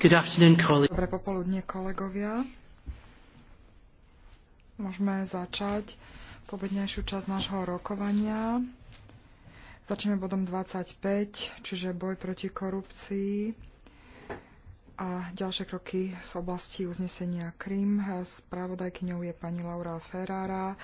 Good afternoon, colleagues. Dobré popoludne, kolegovia. Môžeme začať povednejšiu časť nášho rokovania. Začneme bodom 25, čiže boj proti korupcii a ďalšie kroky v oblasti uznesenia Krym. Spravodajkyňou je pani Laura Ferrara.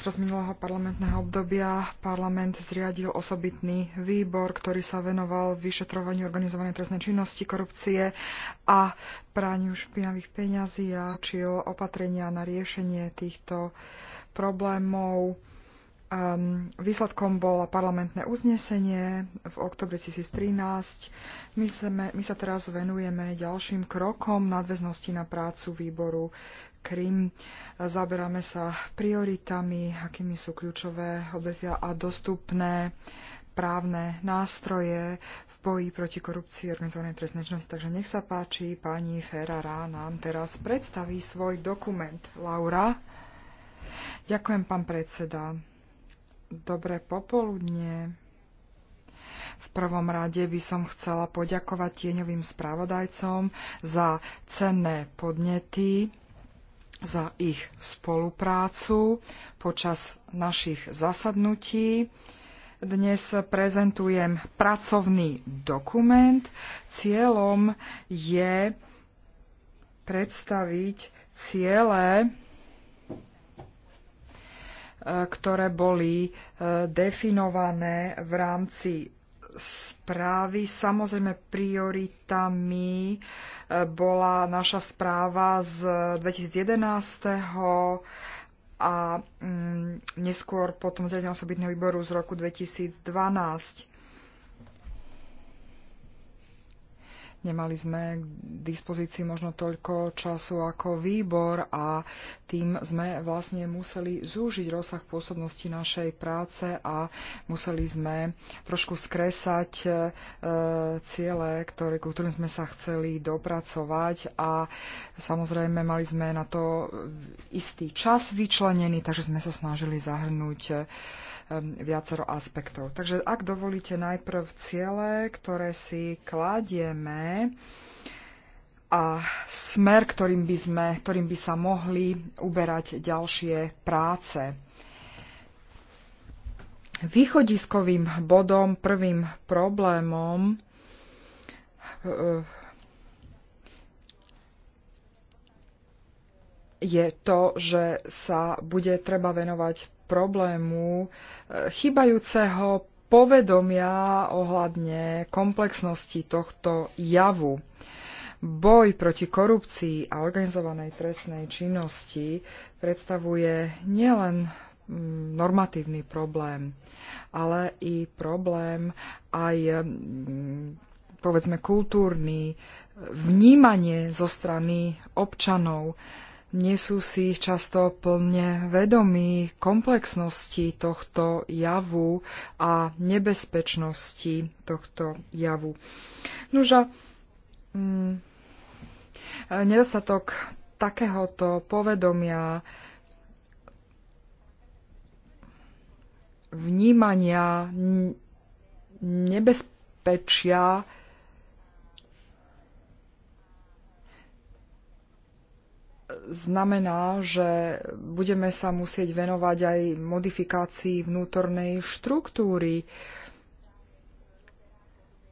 Z minulého parlamentného obdobia parlament zriadil osobitný výbor, ktorý sa venoval vyšetrovaniu organizovanej trestnej činnosti, korupcie a praniu špinavých peňazí a učil opatrenia na riešenie týchto problémov. Um, výsledkom bolo parlamentné uznesenie v oktobri 2013. My, sme, my sa teraz venujeme ďalším krokom nadväznosti na prácu výboru Krym. Zaberáme sa prioritami, akými sú kľúčové odvetvia a dostupné právne nástroje v boji proti korupcii a organizovanej trestnej činnosti. Takže nech sa páči, pani Ferrara nám teraz predstaví svoj dokument. Laura. Ďakujem, pán predseda. Dobré popoludne. V prvom rade by som chcela poďakovať tieňovým spravodajcom za cenné podnety, za ich spoluprácu počas našich zasadnutí. Dnes prezentujem pracovný dokument. Cieľom je predstaviť ciele ktoré boli e, definované v rámci správy. Samozrejme, prioritami e, bola naša správa z 2011 a mm, neskôr potom zriadenia osobitného výboru z roku 2012. Nemali sme k dispozícii možno toľko času ako výbor a tým sme vlastne museli zúžiť rozsah pôsobnosti našej práce a museli sme trošku skresať e, ciele, ktoré, ku ktorým sme sa chceli dopracovať a samozrejme mali sme na to istý čas vyčlenený, takže sme sa snažili zahrnúť e, viacero aspektov. Takže ak dovolíte najprv ciele, ktoré si kladieme a smer, ktorým by, sme, ktorým by sa mohli uberať ďalšie práce. Východiskovým bodom, prvým problémom eh, je to, že sa bude treba venovať problému e, chybajúceho povedomia ohľadne komplexnosti tohto javu. Boj proti korupcii a organizovanej trestnej činnosti predstavuje nielen mm, normatívny problém, ale i problém aj mm, povedzme kultúrny, vnímanie zo strany občanov, nie sú si často plne vedomí komplexnosti tohto javu a nebezpečnosti tohto javu. Nože, mm, nedostatok takéhoto povedomia, vnímania nebezpečia, znamená, že budeme sa musieť venovať aj modifikácii vnútornej štruktúry.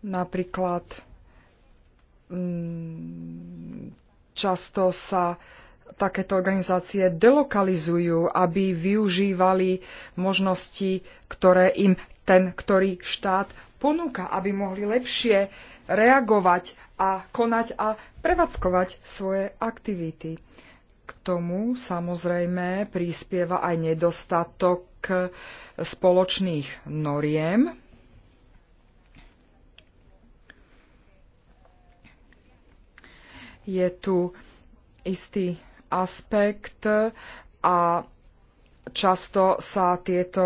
Napríklad mm, často sa takéto organizácie delokalizujú, aby využívali možnosti, ktoré im ten, ktorý štát ponúka, aby mohli lepšie reagovať a konať a prevádzkovať svoje aktivity. K tomu samozrejme prispieva aj nedostatok spoločných noriem. Je tu istý aspekt a často sa tieto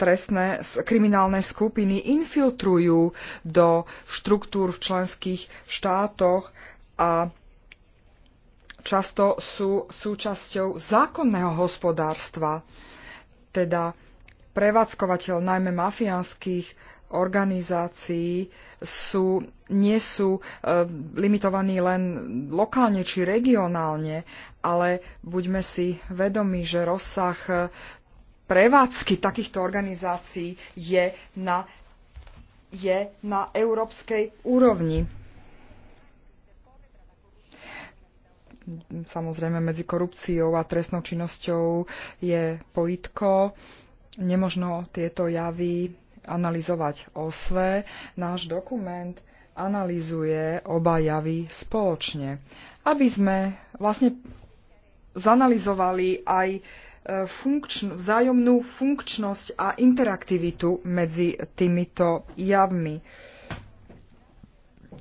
trestné kriminálne skupiny infiltrujú do štruktúr v členských štátoch a často sú súčasťou zákonného hospodárstva, teda prevádzkovateľ najmä mafiánskych organizácií sú, nie sú e, limitovaní len lokálne či regionálne, ale buďme si vedomi, že rozsah e, prevádzky takýchto organizácií je na, je na európskej úrovni. Samozrejme, medzi korupciou a trestnou činnosťou je pojitko. Nemožno tieto javy analyzovať o sve. Náš dokument analýzuje oba javy spoločne, aby sme vlastne zanalizovali aj e, funkčn- vzájomnú funkčnosť a interaktivitu medzi týmito javmi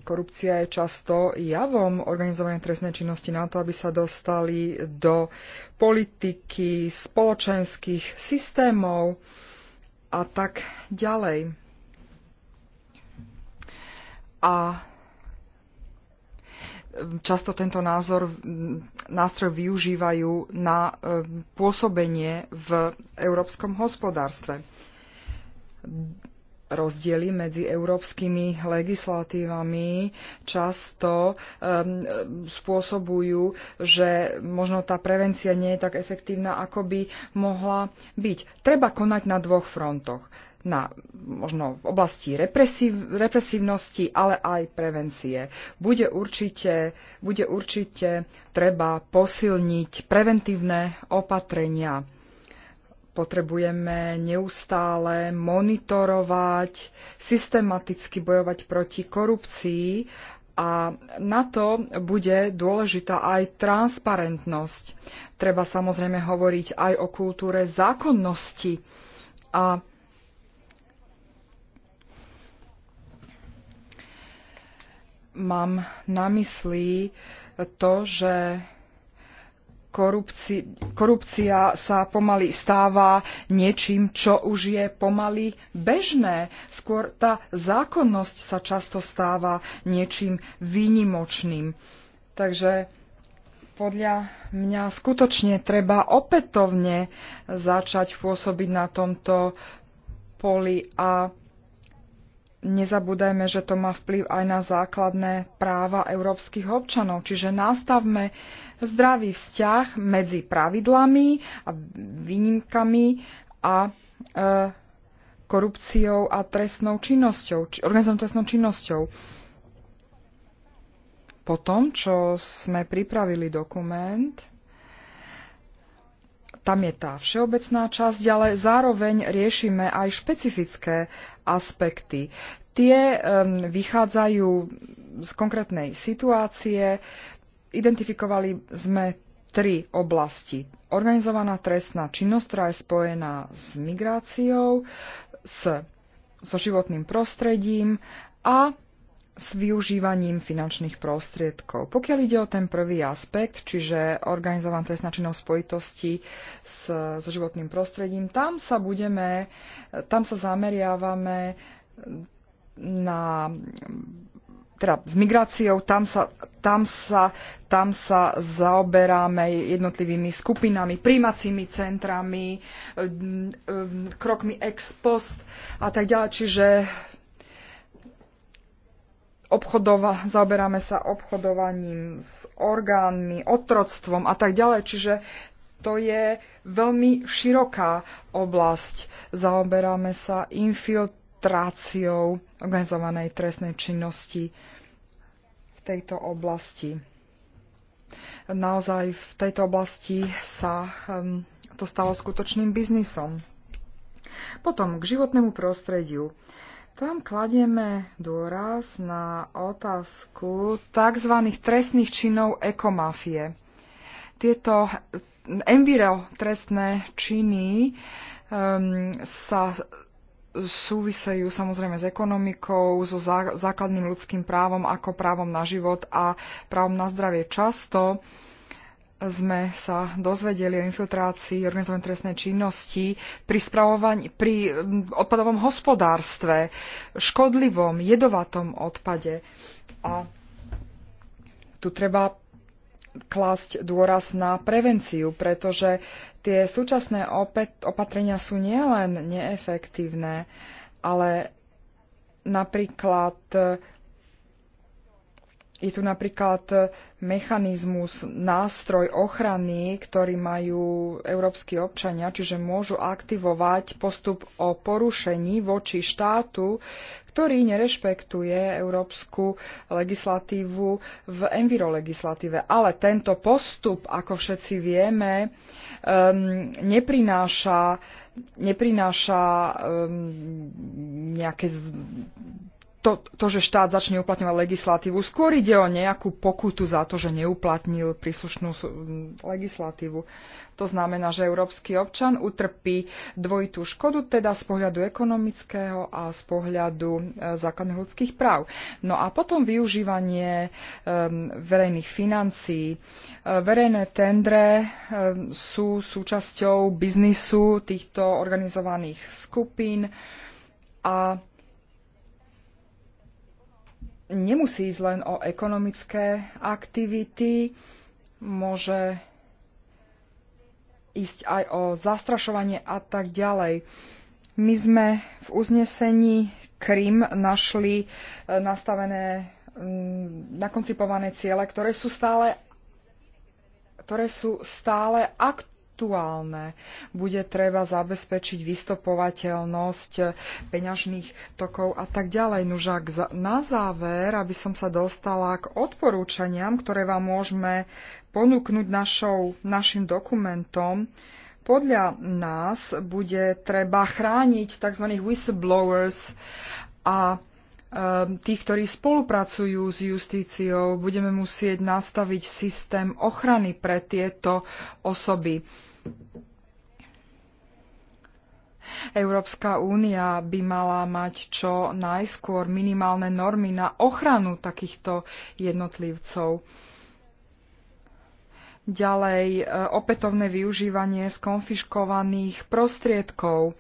korupcia je často javom organizovanej trestnej činnosti na to, aby sa dostali do politiky, spoločenských systémov a tak ďalej. A často tento názor, nástroj využívajú na e, pôsobenie v európskom hospodárstve rozdiely medzi európskymi legislatívami často um, spôsobujú, že možno tá prevencia nie je tak efektívna, ako by mohla byť. Treba konať na dvoch frontoch. Na možno v oblasti represív, represívnosti, ale aj prevencie. Bude určite, bude určite treba posilniť preventívne opatrenia potrebujeme neustále monitorovať, systematicky bojovať proti korupcii a na to bude dôležitá aj transparentnosť. Treba samozrejme hovoriť aj o kultúre zákonnosti a mám na mysli to, že korupci- korupcia sa pomaly stáva niečím, čo už je pomaly bežné. Skôr tá zákonnosť sa často stáva niečím výnimočným. Takže podľa mňa skutočne treba opätovne začať pôsobiť na tomto poli a nezabúdajme, že to má vplyv aj na základné práva európskych občanov. Čiže nastavme zdravý vzťah medzi pravidlami a výnimkami a e, korupciou a trestnou činnosťou, či, organizovanou trestnou činnosťou. Po tom, čo sme pripravili dokument, tam je tá všeobecná časť, ale zároveň riešime aj špecifické aspekty. Tie um, vychádzajú z konkrétnej situácie. Identifikovali sme tri oblasti. Organizovaná trestná činnosť, ktorá je spojená s migráciou, s, so životným prostredím a s využívaním finančných prostriedkov. Pokiaľ ide o ten prvý aspekt, čiže organizovaná trestná činnosť spojitosti s, so životným prostredím, tam sa budeme, tam sa zameriavame na teda s migráciou, tam sa, tam sa, tam sa zaoberáme jednotlivými skupinami, príjmacími centrami, krokmi ex post a tak ďalej. Čiže obchodova, zaoberáme sa obchodovaním s orgánmi, otroctvom a tak ďalej. Čiže to je veľmi široká oblasť. Zaoberáme sa infiltráciou organizovanej trestnej činnosti v tejto oblasti. Naozaj v tejto oblasti sa um, to stalo skutočným biznisom. Potom k životnému prostrediu. Uh, tam kladieme dôraz na otázku tzv. trestných činov ekomafie. Tieto enviro trestné činy um, sa súvisejú samozrejme s ekonomikou, so základným ľudským právom ako právom na život a právom na zdravie. Často sme sa dozvedeli o infiltrácii organizovanej trestnej činnosti pri, pri mm, odpadovom hospodárstve, škodlivom, jedovatom odpade. A tu treba klásť dôraz na prevenciu, pretože tie súčasné opatrenia sú nielen neefektívne, ale napríklad je tu napríklad e, mechanizmus, nástroj ochrany, ktorý majú európsky občania, čiže môžu aktivovať postup o porušení voči štátu, ktorý nerešpektuje európsku legislatívu v envirolegislatíve. Ale tento postup, ako všetci vieme, um, neprináša, neprináša um, nejaké z to, to, že štát začne uplatňovať legislatívu. Skôr ide o nejakú pokutu za to, že neuplatnil príslušnú legislatívu. To znamená, že európsky občan utrpí dvojitú škodu, teda z pohľadu ekonomického a z pohľadu e, základných ľudských práv. No a potom využívanie e, verejných financí, e, verejné tendre sú súčasťou biznisu týchto organizovaných skupín a nemusí ísť len o ekonomické aktivity, môže ísť aj o zastrašovanie a tak ďalej. My sme v uznesení Krym našli e, nastavené, nakoncipované ciele, ktoré sú stále, ktoré sú stále aktuálne aktuálne. Bude treba zabezpečiť vystopovateľnosť peňažných tokov a tak ďalej. Nuž na záver, aby som sa dostala k odporúčaniam, ktoré vám môžeme ponúknuť našou, našim dokumentom, podľa nás bude treba chrániť tzv. whistleblowers a e, tých, ktorí spolupracujú s justíciou, budeme musieť nastaviť systém ochrany pre tieto osoby. Európska únia by mala mať čo najskôr minimálne normy na ochranu takýchto jednotlivcov. Ďalej e, opätovné využívanie skonfiškovaných prostriedkov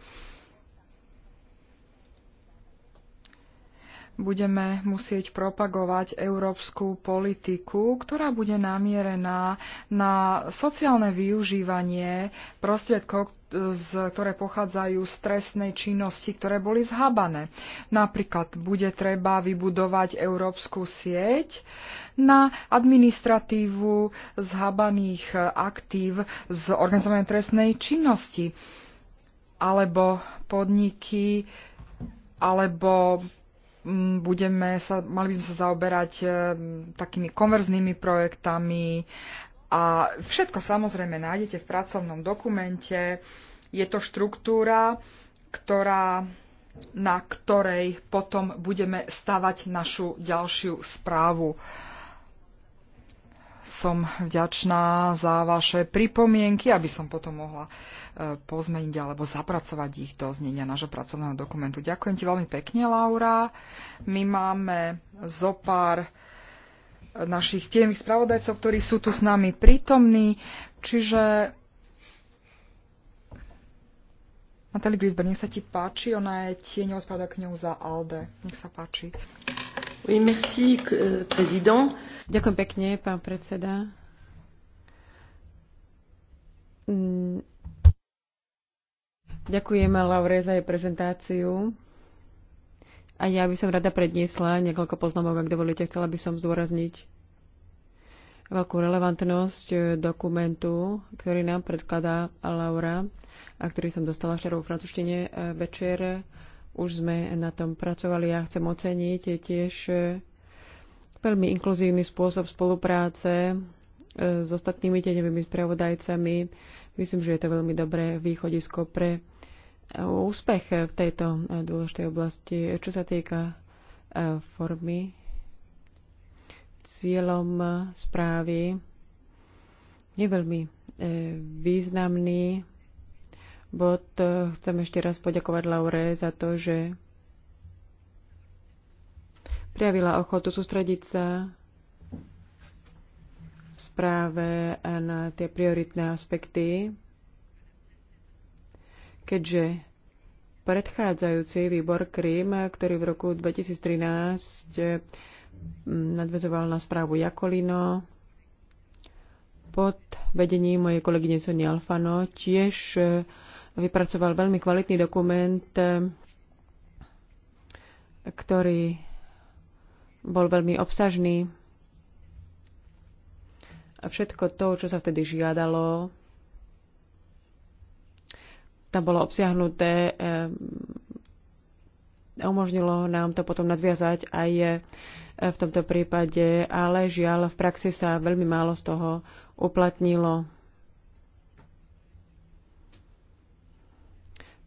budeme musieť propagovať európsku politiku, ktorá bude namierená na sociálne využívanie prostriedkov, z, ktoré pochádzajú z trestnej činnosti, ktoré boli zhabané. Napríklad bude treba vybudovať európsku sieť na administratívu zhabaných aktív z organizovanej trestnej činnosti alebo podniky alebo budeme sa, mali by sme sa zaoberať e, takými konverznými projektami a všetko samozrejme nájdete v pracovnom dokumente. Je to štruktúra, ktorá, na ktorej potom budeme stavať našu ďalšiu správu som vďačná za vaše pripomienky, aby som potom mohla e, pozmeniť alebo zapracovať ich do znenia nášho pracovného dokumentu. Ďakujem ti veľmi pekne, Laura. My máme zo pár našich tieňových spravodajcov, ktorí sú tu s nami prítomní, čiže Natalie Grisberg, nech sa ti páči, ona je tieňou spravodajkňou za ALDE. Nech sa páči. Euh, Ďakujem pekne, pán predseda. Mm. Ďakujem Laure za jej prezentáciu. A ja by som rada predniesla niekoľko poznámok, ak dovolíte. Chcela by som zdôrazniť veľkú relevantnosť eh, dokumentu, ktorý nám predkladá Laura a ktorý som dostala včera vo francúzštine eh, večer už sme na tom pracovali a ja chcem oceniť tiež e, veľmi inkluzívny spôsob spolupráce e, s ostatnými tieňovými spravodajcami. Myslím, že je to veľmi dobré východisko pre e, úspech v tejto dôležitej oblasti. Čo sa týka formy, cieľom správy je veľmi významný bod. E, chcem ešte raz poďakovať Laure za to, že prijavila ochotu sústrediť sa v správe na tie prioritné aspekty, keďže predchádzajúci výbor Krim, ktorý v roku 2013 e, nadvezoval na správu Jakolino, pod vedením mojej kolegyne Sonia Alfano tiež e, vypracoval veľmi kvalitný dokument, e, ktorý bol veľmi obsažný. A všetko to, čo sa vtedy žiadalo, tam bolo obsiahnuté e, a umožnilo nám to potom nadviazať aj e, v tomto prípade, ale žiaľ v praxi sa veľmi málo z toho uplatnilo.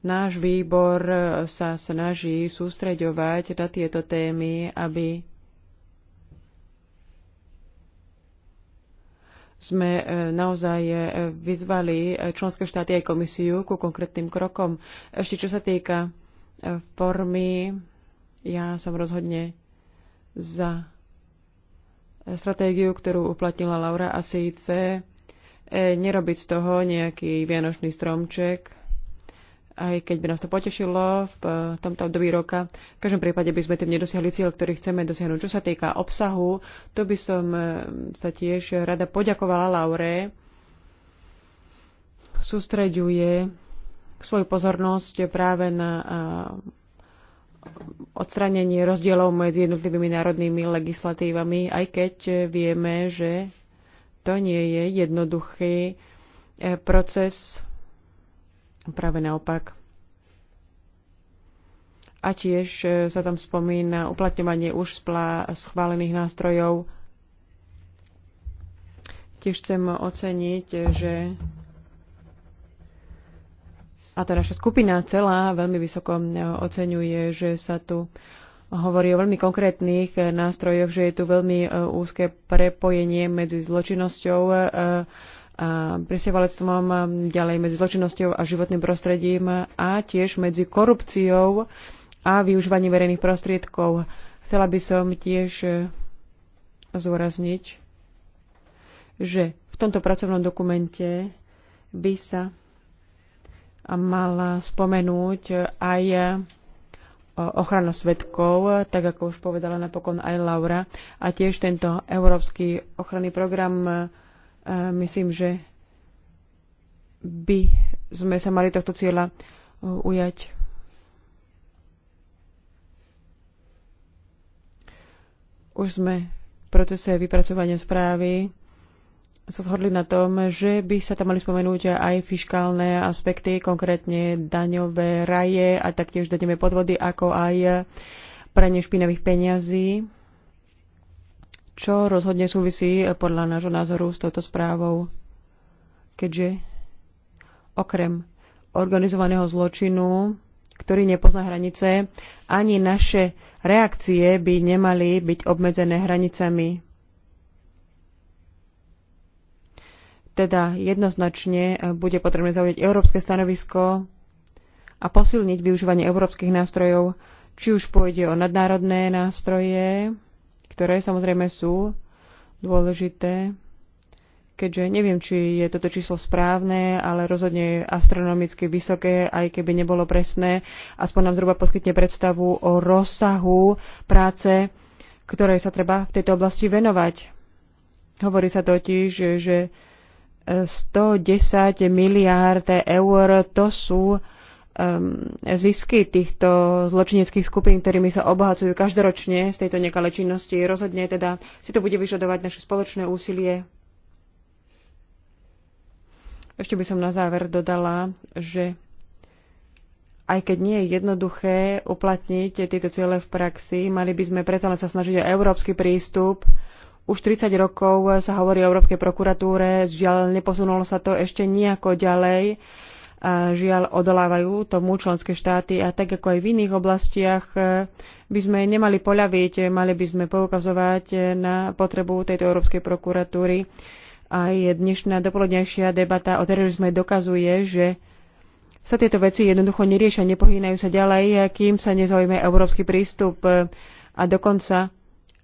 Náš výbor e, sa snaží sústreďovať na tieto témy, aby sme e, naozaj e, vyzvali členské štáty aj komisiu ku konkrétnym krokom. Ešte čo sa týka formy, ja som rozhodne za stratégiu, ktorú uplatnila Laura a síce nerobiť z toho nejaký vianočný stromček, aj keď by nás to potešilo v eh, tomto období roka. V každom prípade by sme tým nedosiahli cieľ, ktorý chceme dosiahnuť. Čo sa týka obsahu, to by som eh, sa tiež rada poďakovala Laure. Sústreďuje svoju pozornosť práve na eh, odstranenie rozdielov medzi jednotlivými národnými legislatívami, aj keď vieme, že to nie je jednoduchý proces Práve naopak. A tiež e, sa tam spomína uplatňovanie už schválených nástrojov. Tiež chcem oceniť, e, že a tá naša skupina celá veľmi vysoko e, oceňuje, že sa tu hovorí o veľmi konkrétnych nástrojoch, že je tu veľmi úzke prepojenie medzi zločinnosťou, a prisievalectvom, ďalej medzi zločinnosťou a životným prostredím a tiež medzi korupciou a využívaním verejných prostriedkov. Chcela by som tiež e, zúrazniť, že v tomto pracovnom dokumente by sa mala spomenúť aj e, ochrana svetkov, tak ako už povedala napokon aj Laura, a tiež tento Európsky ochranný program Myslím, že by sme sa mali tohto cieľa uh, ujať. Už sme v procese vypracovania správy sa zhodli na tom, že by sa tam mali spomenúť aj fiškálne aspekty, konkrétne daňové raje a taktiež daňové podvody, ako aj pranie špinavých peňazí čo rozhodne súvisí eh, podľa nášho názoru s touto správou, keďže okrem organizovaného zločinu, ktorý nepozná hranice, ani naše reakcie by nemali byť obmedzené hranicami. Teda jednoznačne eh, bude potrebné zaujať európske stanovisko a posilniť využívanie európskych nástrojov, či už pôjde o nadnárodné nástroje, ktoré samozrejme sú dôležité, keďže neviem, či je toto číslo správne, ale rozhodne je astronomicky vysoké, aj keby nebolo presné. Aspoň nám zhruba poskytne predstavu o rozsahu práce, ktorej sa treba v tejto oblasti venovať. Hovorí sa totiž, že 110 e, miliárd eur to sú Ehm, zisky týchto zločineckých skupín, ktorými sa obohacujú každoročne z tejto nekalej činnosti. Rozhodne teda si to bude vyžadovať naše spoločné úsilie. Ešte by som na záver dodala, že aj keď nie je jednoduché uplatniť tieto ciele v praxi, mali by sme predsa len sa snažiť o európsky prístup. Už 30 rokov sa hovorí o Európskej prokuratúre, žiaľ neposunulo sa to ešte nejako ďalej a žiaľ odolávajú tomu členské štáty a tak ako aj v iných oblastiach e, by sme nemali poľaviť, mali by sme poukazovať na potrebu tejto Európskej prokuratúry. Aj dnešná dopoludnejšia debata o terorizme dokazuje, že sa tieto veci jednoducho neriešia, nepohýnajú sa ďalej, kým sa nezaujme európsky prístup a dokonca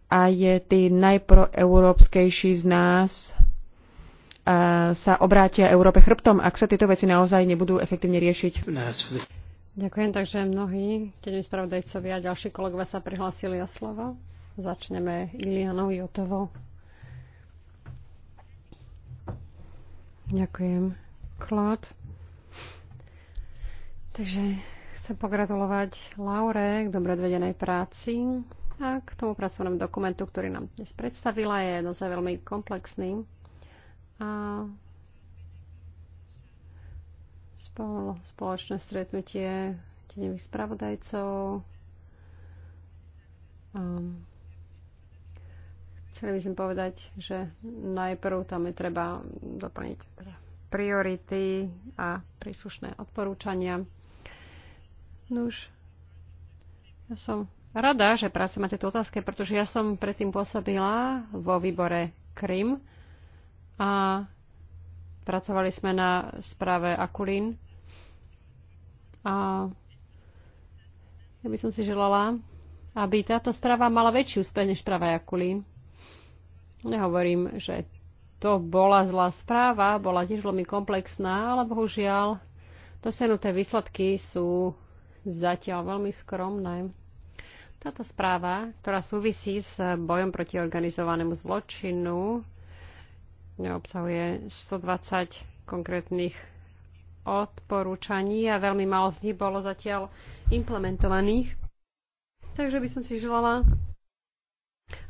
aj tí najproeurópskejší z nás sa obrátia Európe chrbtom, ak sa tieto veci naozaj nebudú efektívne riešiť. Ďakujem, takže mnohí, tiež spravodajcovia a ďalší kolegovia sa prihlásili o slovo. Začneme Ilianou Jotovou. Ďakujem, Claude. Takže chcem pogratulovať Laure k dobre práci a k tomu pracovnému dokumentu, ktorý nám dnes predstavila. Je naozaj veľmi komplexný a spolo, spoločné stretnutie tenevých spravodajcov. A chceli by sme povedať, že najprv tam je treba doplniť priority a príslušné odporúčania. No už, ja som rada, že práce máte tieto otázky, pretože ja som predtým pôsobila vo výbore Krym a pracovali sme na správe Akulín. A ja by som si želala, aby táto správa mala väčší úspech než správa Akulín. Nehovorím, že to bola zlá správa, bola tiež veľmi komplexná, ale bohužiaľ dosiahnuté výsledky sú zatiaľ veľmi skromné. Táto správa, ktorá súvisí s bojom proti organizovanému zločinu, neobsahuje 120 konkrétnych odporúčaní a veľmi málo z nich bolo zatiaľ implementovaných. Takže by som si želala,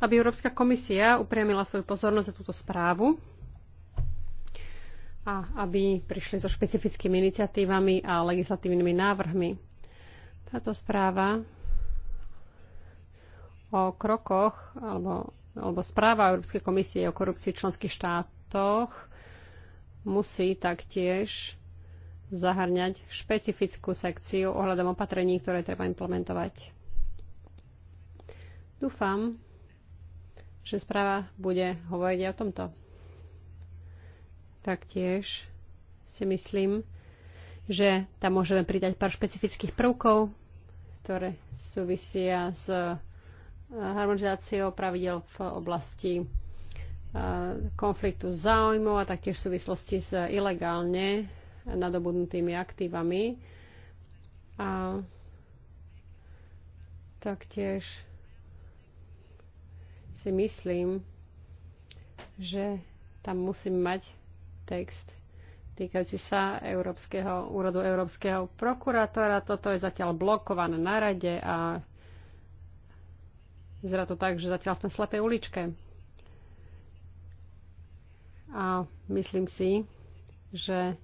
aby Európska komisia upriamila svoju pozornosť za túto správu a aby prišli so špecifickými iniciatívami a legislatívnymi návrhmi. Táto správa o krokoch alebo, alebo správa Európskej komisie o korupcii členských štát, aktoch musí taktiež zahrňať špecifickú sekciu ohľadom opatrení, ktoré treba implementovať. Dúfam, že správa bude hovoriť aj o tomto. Taktiež si myslím, že tam môžeme pridať pár špecifických prvkov, ktoré súvisia s eh, harmonizáciou pravidel v oblasti konfliktu záujmov a taktiež v súvislosti s ilegálne nadobudnutými aktívami. A taktiež si myslím, že tam musím mať text týkajúci sa Európskeho, úradu Európskeho prokurátora. Toto je zatiaľ blokované na rade a vyzerá to tak, že zatiaľ sme v slepej uličke a myslím si, že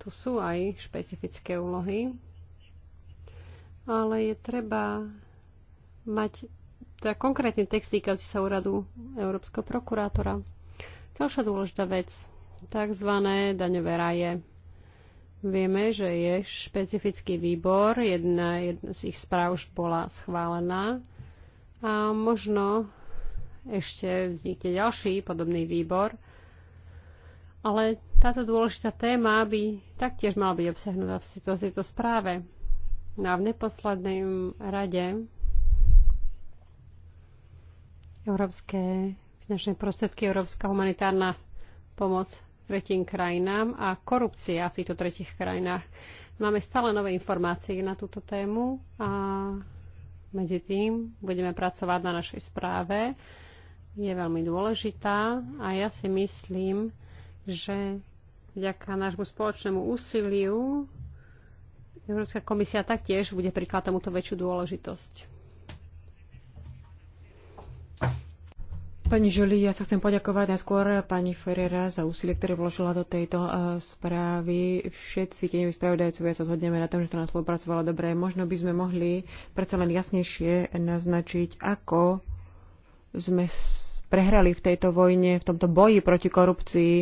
tu sú aj špecifické úlohy, ale je treba mať teda konkrétny text týkajúci sa úradu Európskeho prokurátora. Ďalšia dôležitá vec, tzv. daňové raje. Vieme, že je špecifický výbor, jedna, jedna z ich správ už bola schválená a možno ešte vznikne ďalší podobný výbor, ale táto dôležitá téma by taktiež mala byť obsahnutá v tejto, správe. No a v neposlednej rade európske finančné prostriedky, európska humanitárna pomoc tretím krajinám a korupcia v týchto tretich krajinách. Máme stále nové informácie na túto tému a medzi tým budeme pracovať na našej správe. Je veľmi dôležitá a ja si myslím, že vďaka nášmu spoločnému úsiliu Európska komisia taktiež bude priklad tomuto väčšiu dôležitosť. Pani Žuli, ja sa chcem poďakovať najskôr pani Ferrera za úsilie, ktoré vložila do tejto eh, správy. Všetci tieňoví spravodajcovia sa zhodneme na tom, že sa nám spolupracovala dobre. Možno by sme mohli predsa len jasnejšie naznačiť, ako sme prehrali v tejto vojne, v tomto boji proti korupcii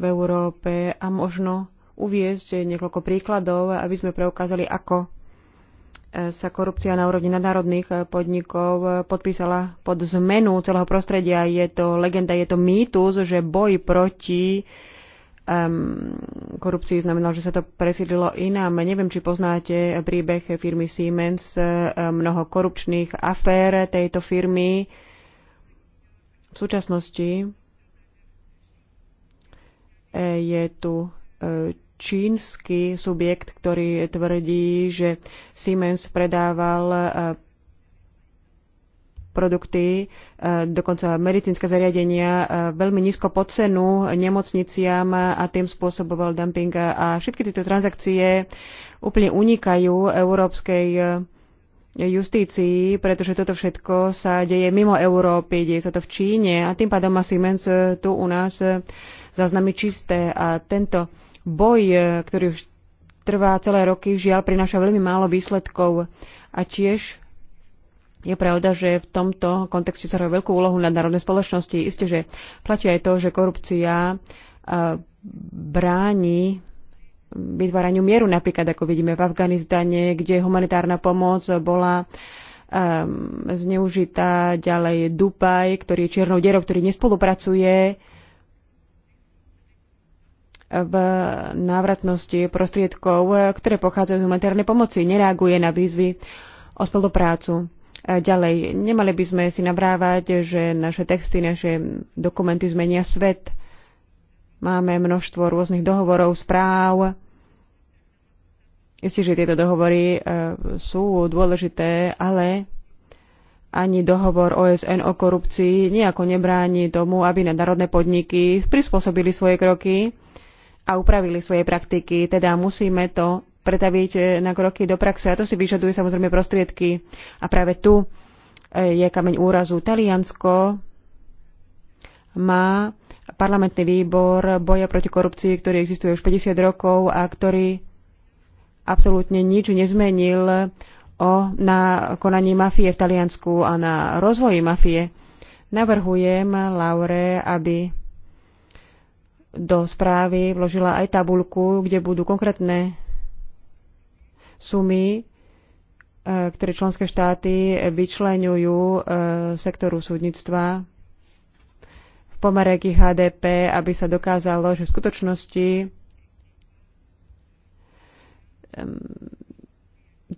v Európe a možno uviezť niekoľko príkladov, aby sme preukázali, ako e, sa korupcia na úrovni nadnárodných e, podnikov e, podpísala pod zmenu celého prostredia. Je to legenda, je to mýtus, že boj proti um, korupcii znamenal, že sa to presídlilo inám. Neviem, či poznáte príbeh firmy Siemens, mnoho korupčných afér tejto firmy v súčasnosti e, je tu e, čínsky subjekt, ktorý tvrdí, že Siemens predával e, produkty, dokonca medicínske zariadenia veľmi nízko po cenu nemocniciam a tým spôsoboval dumping. A všetky tieto transakcie úplne unikajú európskej justícii, pretože toto všetko sa deje mimo Európy, deje sa to v Číne a tým pádom má Siemens eh, tu u nás eh, záznamy čisté a tento boj, eh, ktorý už trvá celé roky, žiaľ prináša veľmi málo výsledkov a tiež je pravda, že v tomto kontexte sa veľkú úlohu národnej spoločnosti. Isté, že platí aj to, že korupcia bráni vytváraniu mieru, napríklad ako vidíme v Afganistane, kde humanitárna pomoc bola um, zneužitá, ďalej Dubaj, ktorý je čiernou dierou, ktorý nespolupracuje v návratnosti prostriedkov, ktoré pochádzajú z humanitárnej pomoci, nereaguje na výzvy o spoluprácu. Ďalej, nemali by sme si nabrávať, že naše texty, naše dokumenty zmenia svet Máme množstvo rôznych dohovorov, správ. Isté, že tieto dohovory e, sú dôležité, ale ani dohovor OSN o korupcii nejako nebráni tomu, aby nadnárodné podniky prispôsobili svoje kroky a upravili svoje praktiky. Teda musíme to pretaviť e, na kroky do praxe a to si vyžaduje samozrejme prostriedky. A práve tu e, je kameň úrazu. Taliansko má parlamentný výbor boja proti korupcii, ktorý existuje už 50 rokov a ktorý absolútne nič nezmenil o, na konaní mafie v Taliansku a na rozvoji mafie. Navrhujem Laure, aby do správy vložila aj tabulku, kde budú konkrétne sumy, e, ktoré členské štáty vyčlenujú e, sektoru súdnictva pomerek ich HDP, aby sa dokázalo, že v skutočnosti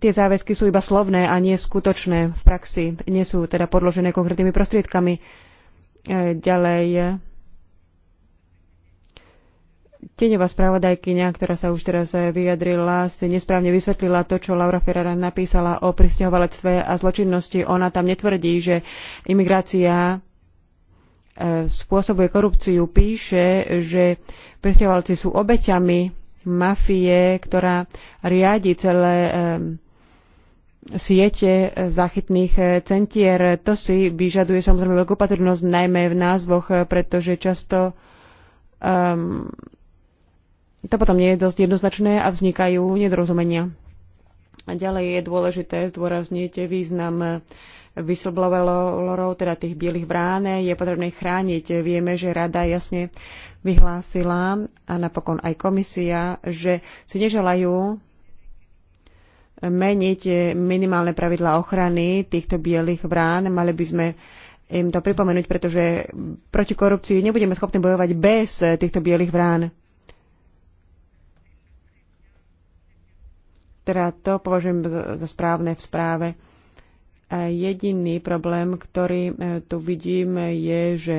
tie záväzky sú iba slovné a nie skutočné v praxi. Nie sú teda podložené konkrétnymi prostriedkami. E, ďalej, e, Tieňová spravodajkyňa, ktorá sa už teraz vyjadrila, si nesprávne vysvetlila to, čo Laura Ferrara napísala o pristahovalectve a zločinnosti. Ona tam netvrdí, že imigrácia spôsobuje korupciu. Píše, že presťahovalci sú obeťami mafie, ktorá riadi celé siete eh, záchytných eh, centier. To si vyžaduje samozrejme veľkú patrnosť, najmä v názvoch, eh, pretože často um, to potom nie je dosť jednoznačné a vznikajú nedorozumenia. A ďalej je dôležité zdôrazniť význam whistleblowerov, teda tých bielých brán, je potrebné chrániť. Vieme, že rada jasne vyhlásila a napokon aj komisia, že si neželajú meniť minimálne pravidla ochrany týchto bielých brán. Mali by sme im to pripomenúť, pretože proti korupcii nebudeme schopní bojovať bez týchto bielých brán. Teda to považujem za správne v správe. Jediný problém, ktorý e, tu vidím, je, že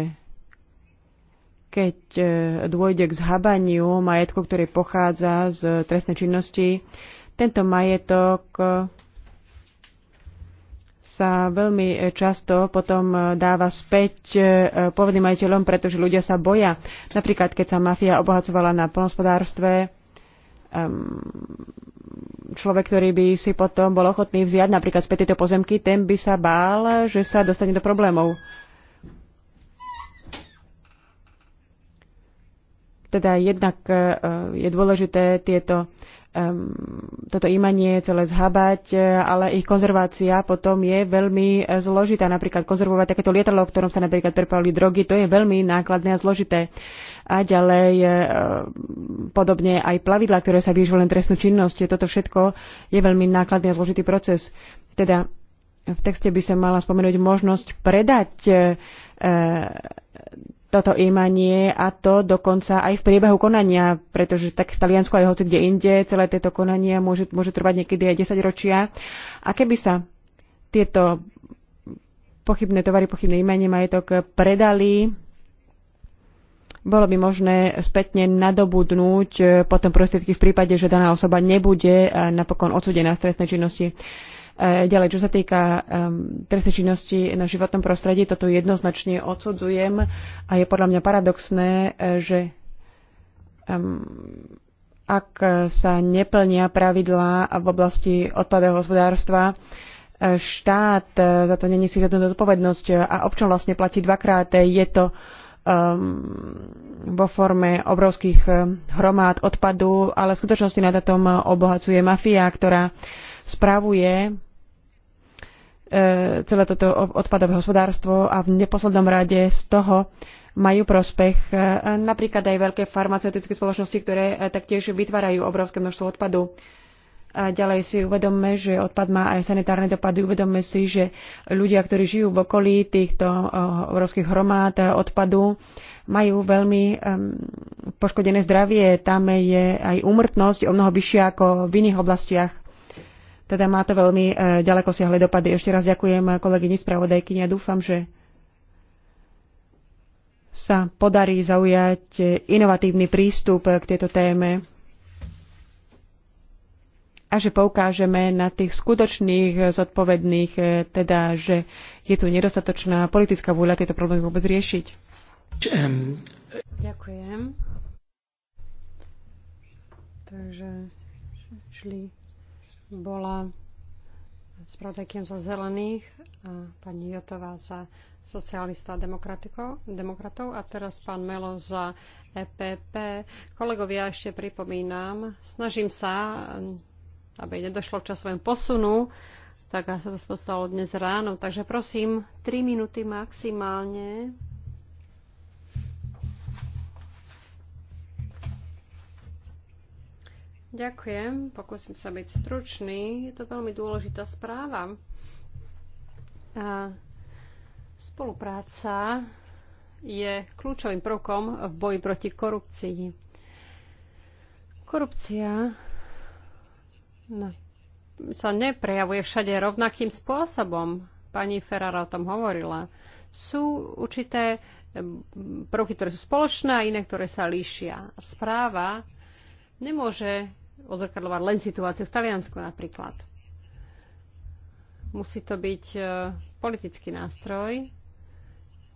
keď e, dôjde k zhabaniu majetku, ktorý pochádza z trestnej činnosti, tento majetok e, sa veľmi často potom dáva späť povedným majiteľom, pretože ľudia sa boja. Napríklad, keď sa mafia obohacovala na polnospodárstve, ehm, človek, ktorý by si potom bol ochotný vziať napríklad späť tieto pozemky, ten by sa bál, že sa dostane do problémov. Teda jednak e, je dôležité tieto, toto imanie celé zhabať, e, ale ich konzervácia potom je veľmi e, zložitá. Napríklad konzervovať takéto lietadlo, v ktorom sa napríklad trpali drogy, to je veľmi nákladné a zložité a ďalej e, podobne aj plavidla, ktoré sa využívajú len trestnú činnosť. Toto všetko je veľmi nákladný a zložitý proces. Teda v texte by sa mala spomenúť možnosť predať e, e, toto imanie a to dokonca aj v priebehu konania, pretože tak v Taliansku aj hoci kde inde celé tieto konania môže, môže trvať niekedy aj 10 ročia. A keby sa tieto pochybné tovary, pochybné imanie, majetok predali bolo by možné spätne nadobudnúť e, potom prostriedky v prípade, že daná osoba nebude e, napokon odsudená z trestnej činnosti. E, ďalej, čo sa týka um, trestnej činnosti na životnom prostredí, toto jednoznačne odsudzujem a je podľa mňa paradoxné, že um, ak sa neplnia pravidlá v oblasti odpadového hospodárstva, štát za to nenesie žiadnu zodpovednosť a občan vlastne platí dvakrát. Je to uh, Um, vo forme obrovských um, hromád odpadu, ale v skutočnosti na tom uh, obohacuje mafia, ktorá spravuje uh, celé toto odpadové hospodárstvo a v neposlednom rade z toho majú prospech uh, napríklad aj veľké farmaceutické spoločnosti, ktoré taktiež vytvárajú obrovské množstvo odpadu. A ďalej si uvedomme, že odpad má aj sanitárne dopady. Uvedomme si, že ľudia, ktorí žijú v okolí týchto eh, obrovských hromád eh, odpadu, majú veľmi um, poškodené zdravie. Tam je aj úmrtnosť o mnoho vyššia ako v iných oblastiach. Teda má to veľmi uh, ďaleko siahle dopady. Ešte raz ďakujem kolegyni spravodajkyni a dúfam, že sa podarí zaujať inovatívny prístup k tejto téme a že poukážeme na tých skutočných eh, zodpovedných, eh, teda, že je tu nedostatočná politická vôľa tieto problémy vôbec riešiť. Ďakujem. Takže šli bola spravodajkým za zelených a pani Jotová za socialistov a demokratov a teraz pán Melo za EPP. Kolegovia, ešte pripomínam, snažím sa aby nedošlo k časovému posunu, tak sa to stalo dnes ráno. Takže prosím, 3 minúty maximálne. Ďakujem, pokúsim sa byť stručný. Je to veľmi dôležitá správa. A spolupráca je kľúčovým prvkom v boji proti korupcii. Korupcia no, sa neprejavuje všade rovnakým spôsobom. Pani Ferrara o tom hovorila. Sú určité prvky, ktoré sú spoločné a iné, ktoré sa líšia. Správa nemôže odzrkadľovať len situáciu v Taliansku napríklad. Musí to byť e, politický nástroj,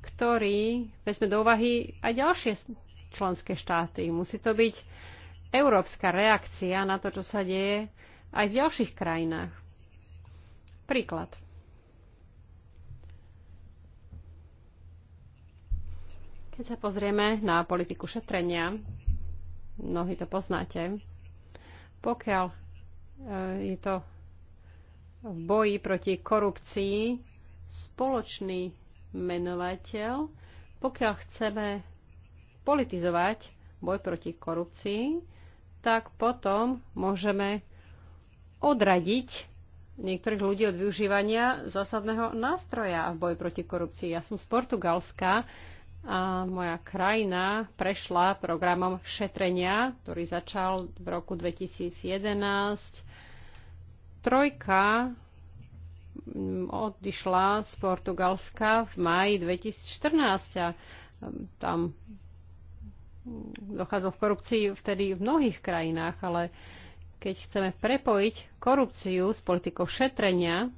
ktorý vezme do úvahy aj ďalšie členské štáty. Musí to byť európska reakcia na to, čo sa deje aj v ďalších krajinách. Príklad. Keď sa pozrieme na politiku šetrenia, mnohí to poznáte, pokiaľ e, je to v boji proti korupcii spoločný menovateľ, pokiaľ chceme politizovať boj proti korupcii, tak potom môžeme odradiť niektorých ľudí od využívania zásadného nástroja v boji proti korupcii. Ja som z Portugalska a moja krajina prešla programom šetrenia, ktorý začal v roku 2011. Trojka odišla z Portugalska v maji 2014 a um, tam dochádzalo v korupcii vtedy v mnohých krajinách, ale keď chceme prepojiť korupciu s politikou šetrenia,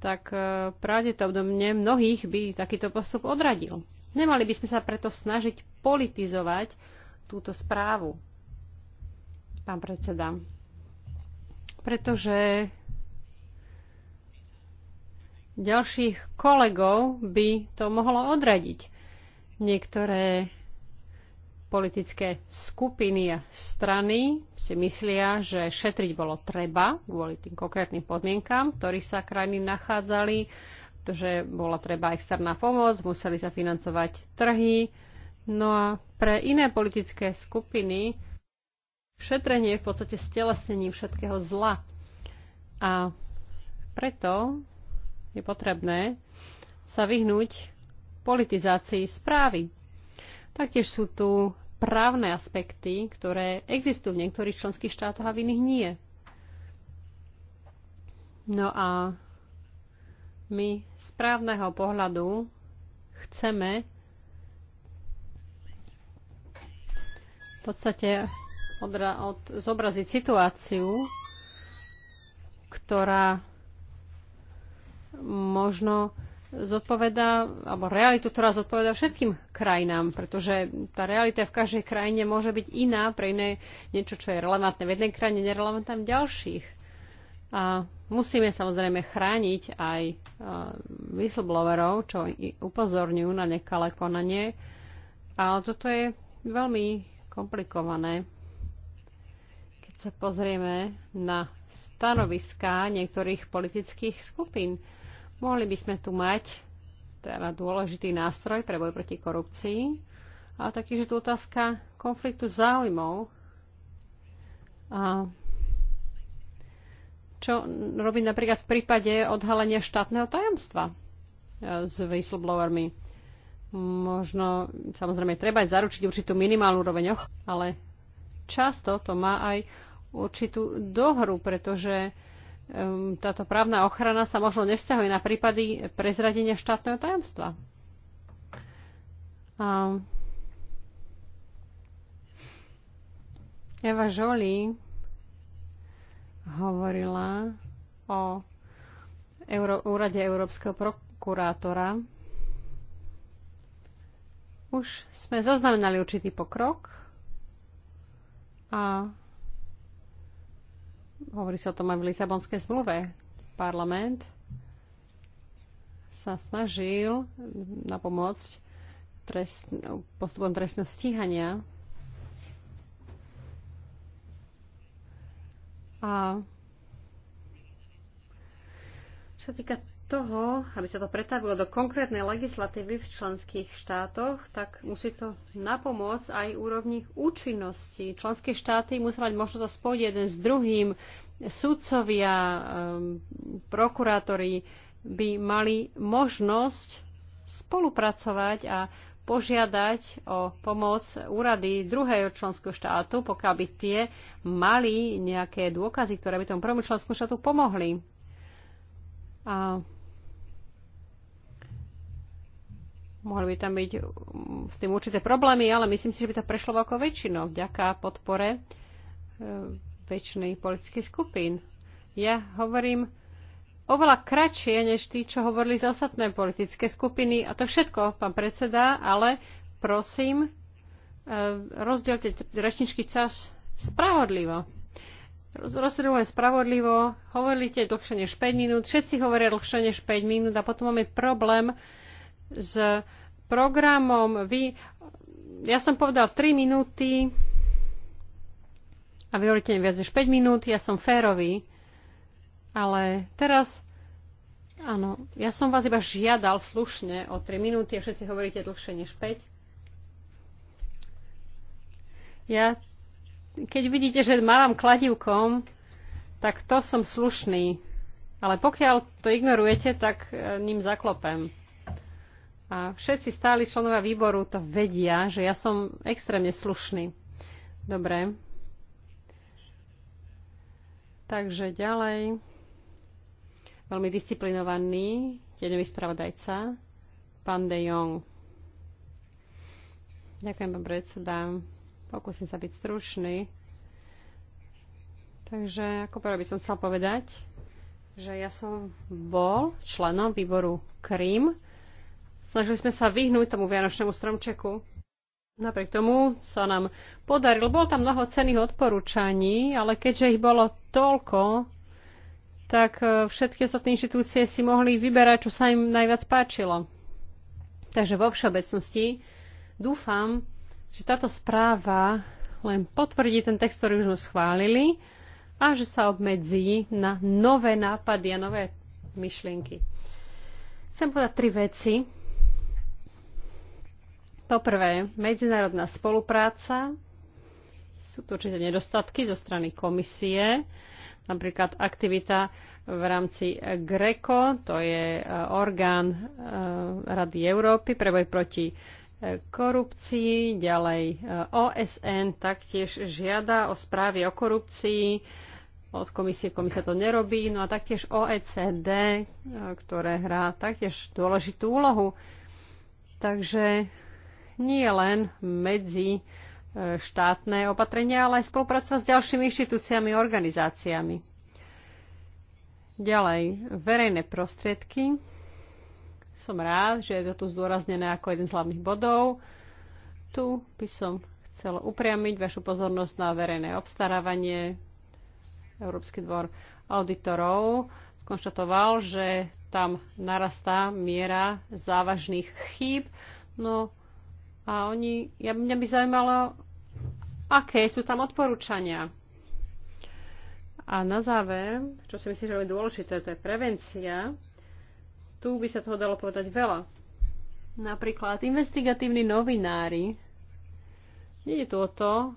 tak e, pravdepodobne mnohých by takýto postup odradil. Nemali by sme sa preto snažiť politizovať túto správu, pán predseda. Pretože ďalších kolegov by to mohlo odradiť. Niektoré politické skupiny a strany si myslia, že šetriť bolo treba kvôli tým konkrétnym podmienkám, v ktorých sa krajiny nachádzali, pretože bola treba externá pomoc, museli sa financovať trhy. No a pre iné politické skupiny šetrenie je v podstate stelesnením všetkého zla. A preto je potrebné sa vyhnúť politizácii správy. Taktiež sú tu právne aspekty, ktoré existujú v niektorých členských štátoch a v iných nie. No a my z právneho pohľadu chceme v podstate odra- od- zobraziť situáciu, ktorá možno zodpoveda, alebo realitu, ktorá zodpoveda všetkým krajinám, pretože tá realita v každej krajine môže byť iná pre iné niečo, čo je relevantné v jednej krajine, nerelevantné v ďalších. A musíme samozrejme chrániť aj e, whistleblowerov, čo upozorňujú na nekalé konanie. Ale toto je veľmi komplikované. Keď sa pozrieme na stanoviská niektorých politických skupín, mohli by sme tu mať teda dôležitý nástroj pre boj proti korupcii, ale taktiež je tu otázka konfliktu záujmov a čo robiť napríklad v prípade odhalenia štátneho tajomstva e, s whistleblowermi. Možno, samozrejme, treba aj zaručiť určitú minimálnu úroveň, ale často to má aj určitú dohru, pretože Ehm, táto právna ochrana sa možno nevzťahuje na prípady prezradenia štátneho tajomstva. A Eva Žoli hovorila o Euró- úrade Európskeho prokurátora. Už sme zaznamenali určitý pokrok a Hovorí sa o tom aj v Lisabonskej zmluve. Parlament sa snažil napomôcť trest, postupom trestného stíhania a čo sa týka toho, aby sa to pretavilo do konkrétnej legislatívy v členských štátoch, tak musí to napomôcť aj úrovni účinnosti. Členské štáty musí mať možnosť to spojiť jeden s druhým. Sudcovia, ehm, prokurátori by mali možnosť spolupracovať a požiadať o pomoc úrady druhého členského štátu, pokiaľ by tie mali nejaké dôkazy, ktoré by tomu prvému členskému štátu pomohli. A mohli by tam byť mm, s tým určité problémy, ale myslím si, že by to prešlo veľkou väčšinou vďaka podpore e, väčšiny politických skupín. Ja hovorím oveľa kratšie, než tí, čo hovorili za ostatné politické skupiny. A to všetko, pán predseda, ale prosím, e, rozdielte rečničký čas spravodlivo. Rozhodujem spravodlivo, hovoríte dlhšie než 5 minút, všetci hovoria dlhšie než 5 minút a potom máme problém s programom. Vy, ja som povedal 3 minúty a vy hovoríte viac než 5 minút, ja som férový. Ale teraz, áno, ja som vás iba žiadal slušne o 3 minúty a všetci hovoríte dlhšie než 5. Ja, keď vidíte, že mám kladivkom, tak to som slušný. Ale pokiaľ to ignorujete, tak eh, ním zaklopem. A všetci stáli členovia výboru to vedia, že ja som extrémne slušný. Dobre. Takže ďalej. Veľmi disciplinovaný, tieňový spravodajca, pán De Jong. Ďakujem, pán predseda. Pokúsim sa byť stručný. Takže ako prvé by som chcel povedať, že ja som bol členom výboru Krím Snažili sme sa vyhnúť tomu vianočnému stromčeku. Napriek tomu sa nám podarilo. Bolo tam mnoho cených odporúčaní, ale keďže ich bolo toľko, tak e, všetky ostatné inštitúcie si mohli vyberať, čo sa im najviac páčilo. Takže vo všeobecnosti dúfam, že táto správa len potvrdí ten text, ktorý už sme schválili a že sa obmedzí na nové nápady a nové myšlienky. Chcem povedať tri veci prvé medzinárodná spolupráca. Sú tu určite nedostatky zo strany komisie, napríklad aktivita v rámci GRECO, to je e, orgán e, Rady Európy pre boj proti e, korupcii, ďalej OSN taktiež žiada o správy o korupcii od komisie, komisia to nerobí, no a taktiež OECD, ktoré hrá taktiež dôležitú úlohu. Takže nie len medzi e, štátne opatrenia, ale aj spolupracovať s ďalšími inštitúciami a organizáciami. Ďalej, verejné prostriedky. Som rád, že je to tu zdôraznené ako jeden z hlavných bodov. Tu by som chcela upriamiť vašu pozornosť na verejné obstarávanie. Európsky dvor auditorov skonštatoval, že tam narastá miera závažných chýb, no a oni, ja, mňa by zaujímalo, aké sú tam odporúčania. A na záver, čo si myslím, že je dôležité, to je prevencia. Tu by sa toho dalo povedať veľa. Napríklad investigatívni novinári. Nie je tu o to,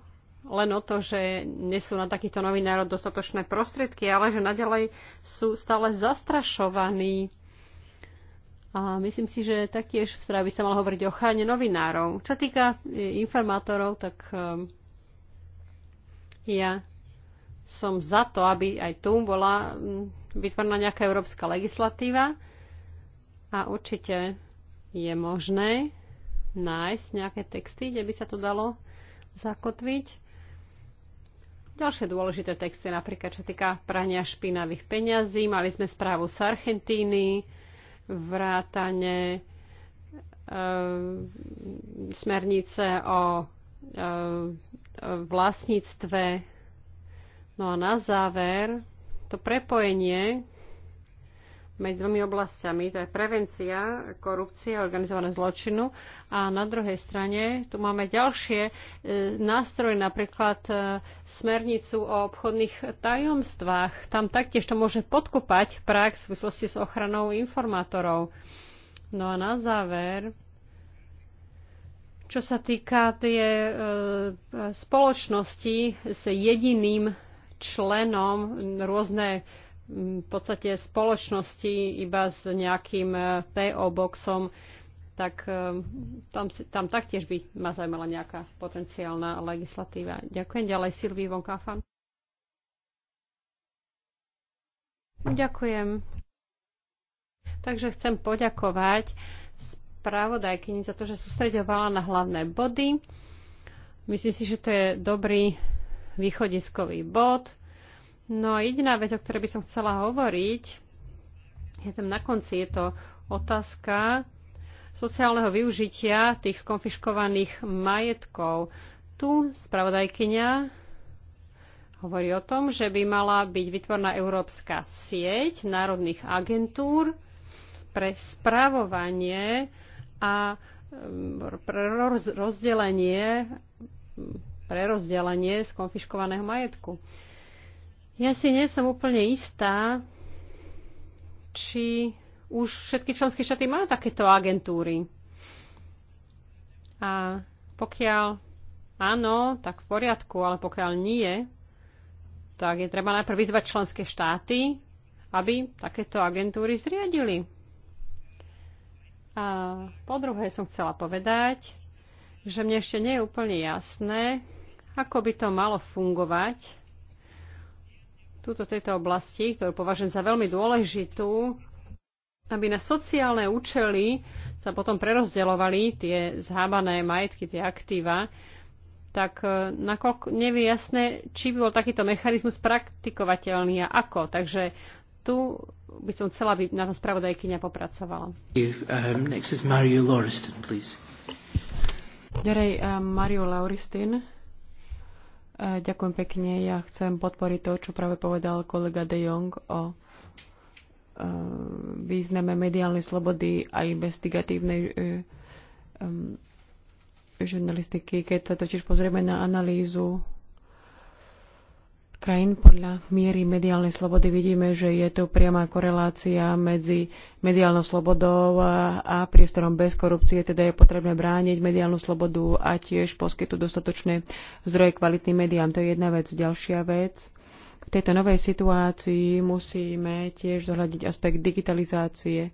len o to, že nie sú na takýchto novinárov dostatočné prostriedky, ale že nadalej sú stále zastrašovaní a myslím si, že taktiež v by sa malo hovoriť o chráne novinárov. Čo týka e, informátorov, tak ehm, ja som za to, aby aj tu bola vytvorená nejaká európska legislatíva a určite je možné nájsť nejaké texty, kde by sa to dalo zakotviť. Ďalšie dôležité texty, napríklad čo týka prania špinavých peňazí, mali sme správu z Argentíny, vrátane e, smernice e, o vlastníctve. No a na záver, to prepojenie, medzi dvomi oblastiami. To je prevencia korupcie a organizovaného zločinu. A na druhej strane tu máme ďalšie e, nástroje, napríklad e, smernicu o obchodných tajomstvách. Tam taktiež to môže podkopať prax v súvislosti s ochranou informátorov. No a na záver, čo sa týka tie e, spoločnosti s jediným členom rôzne v podstate spoločnosti iba s nejakým eh, PO boxom, tak eh, tam, tam taktiež by ma zaujímala nejaká potenciálna legislatíva. Ďakujem ďalej Silvii Vonkáfan. Ďakujem. Takže chcem poďakovať spravodajkyni za to, že sústredovala na hlavné body. Myslím si, že to je dobrý východiskový bod No a jediná vec, o ktorej by som chcela hovoriť, je tam na konci, je to otázka sociálneho využitia tých skonfiškovaných majetkov. Tu spravodajkyňa hovorí o tom, že by mala byť vytvorná európska sieť národných agentúr pre správovanie a mm, pre rozdelenie, pre rozdelenie skonfiškovaného majetku. Ja si nie som úplne istá, či už všetky členské štáty majú takéto agentúry. A pokiaľ áno, tak v poriadku, ale pokiaľ nie, tak je treba najprv vyzvať členské štáty, aby takéto agentúry zriadili. A po druhé som chcela povedať, že mne ešte nie je úplne jasné, ako by to malo fungovať túto tejto oblasti, ktorú považujem za veľmi dôležitú, aby na sociálne účely sa potom prerozdeľovali tie zhábané majetky, tie aktíva, tak e, nakoľko nevie jasné, či by bol takýto mechanizmus praktikovateľný a ako. Takže tu by som chcela, aby na to spravodajkyňa popracovala. Um, next is Mario Lauriston, please. Ďalej um, Mario Lauristin. Eh, ďakujem pekne. Ja chcem podporiť to, čo práve povedal kolega De Jong o eh, význame mediálnej slobody a investigatívnej eh, žurnalistiky. Keď sa totiž pozrieme na analýzu krajín podľa miery mediálnej slobody vidíme, že je tu priama korelácia medzi mediálnou slobodou a priestorom bez korupcie, teda je potrebné brániť mediálnu slobodu a tiež poskytnúť dostatočné zdroje kvalitným médiám. To je jedna vec. Ďalšia vec. V tejto novej situácii musíme tiež zohľadiť aspekt digitalizácie,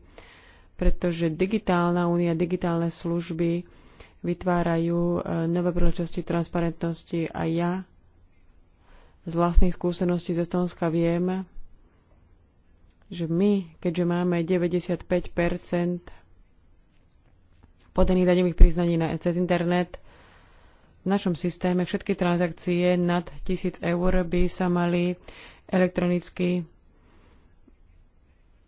pretože digitálna únia, digitálne služby vytvárajú e, nové príležitosti transparentnosti a ja z vlastných skúseností z Estonska viem, že my, keďže máme 95 podaných daňových priznaní na, cez internet, v našom systéme všetky transakcie nad 1000 eur by sa mali elektronicky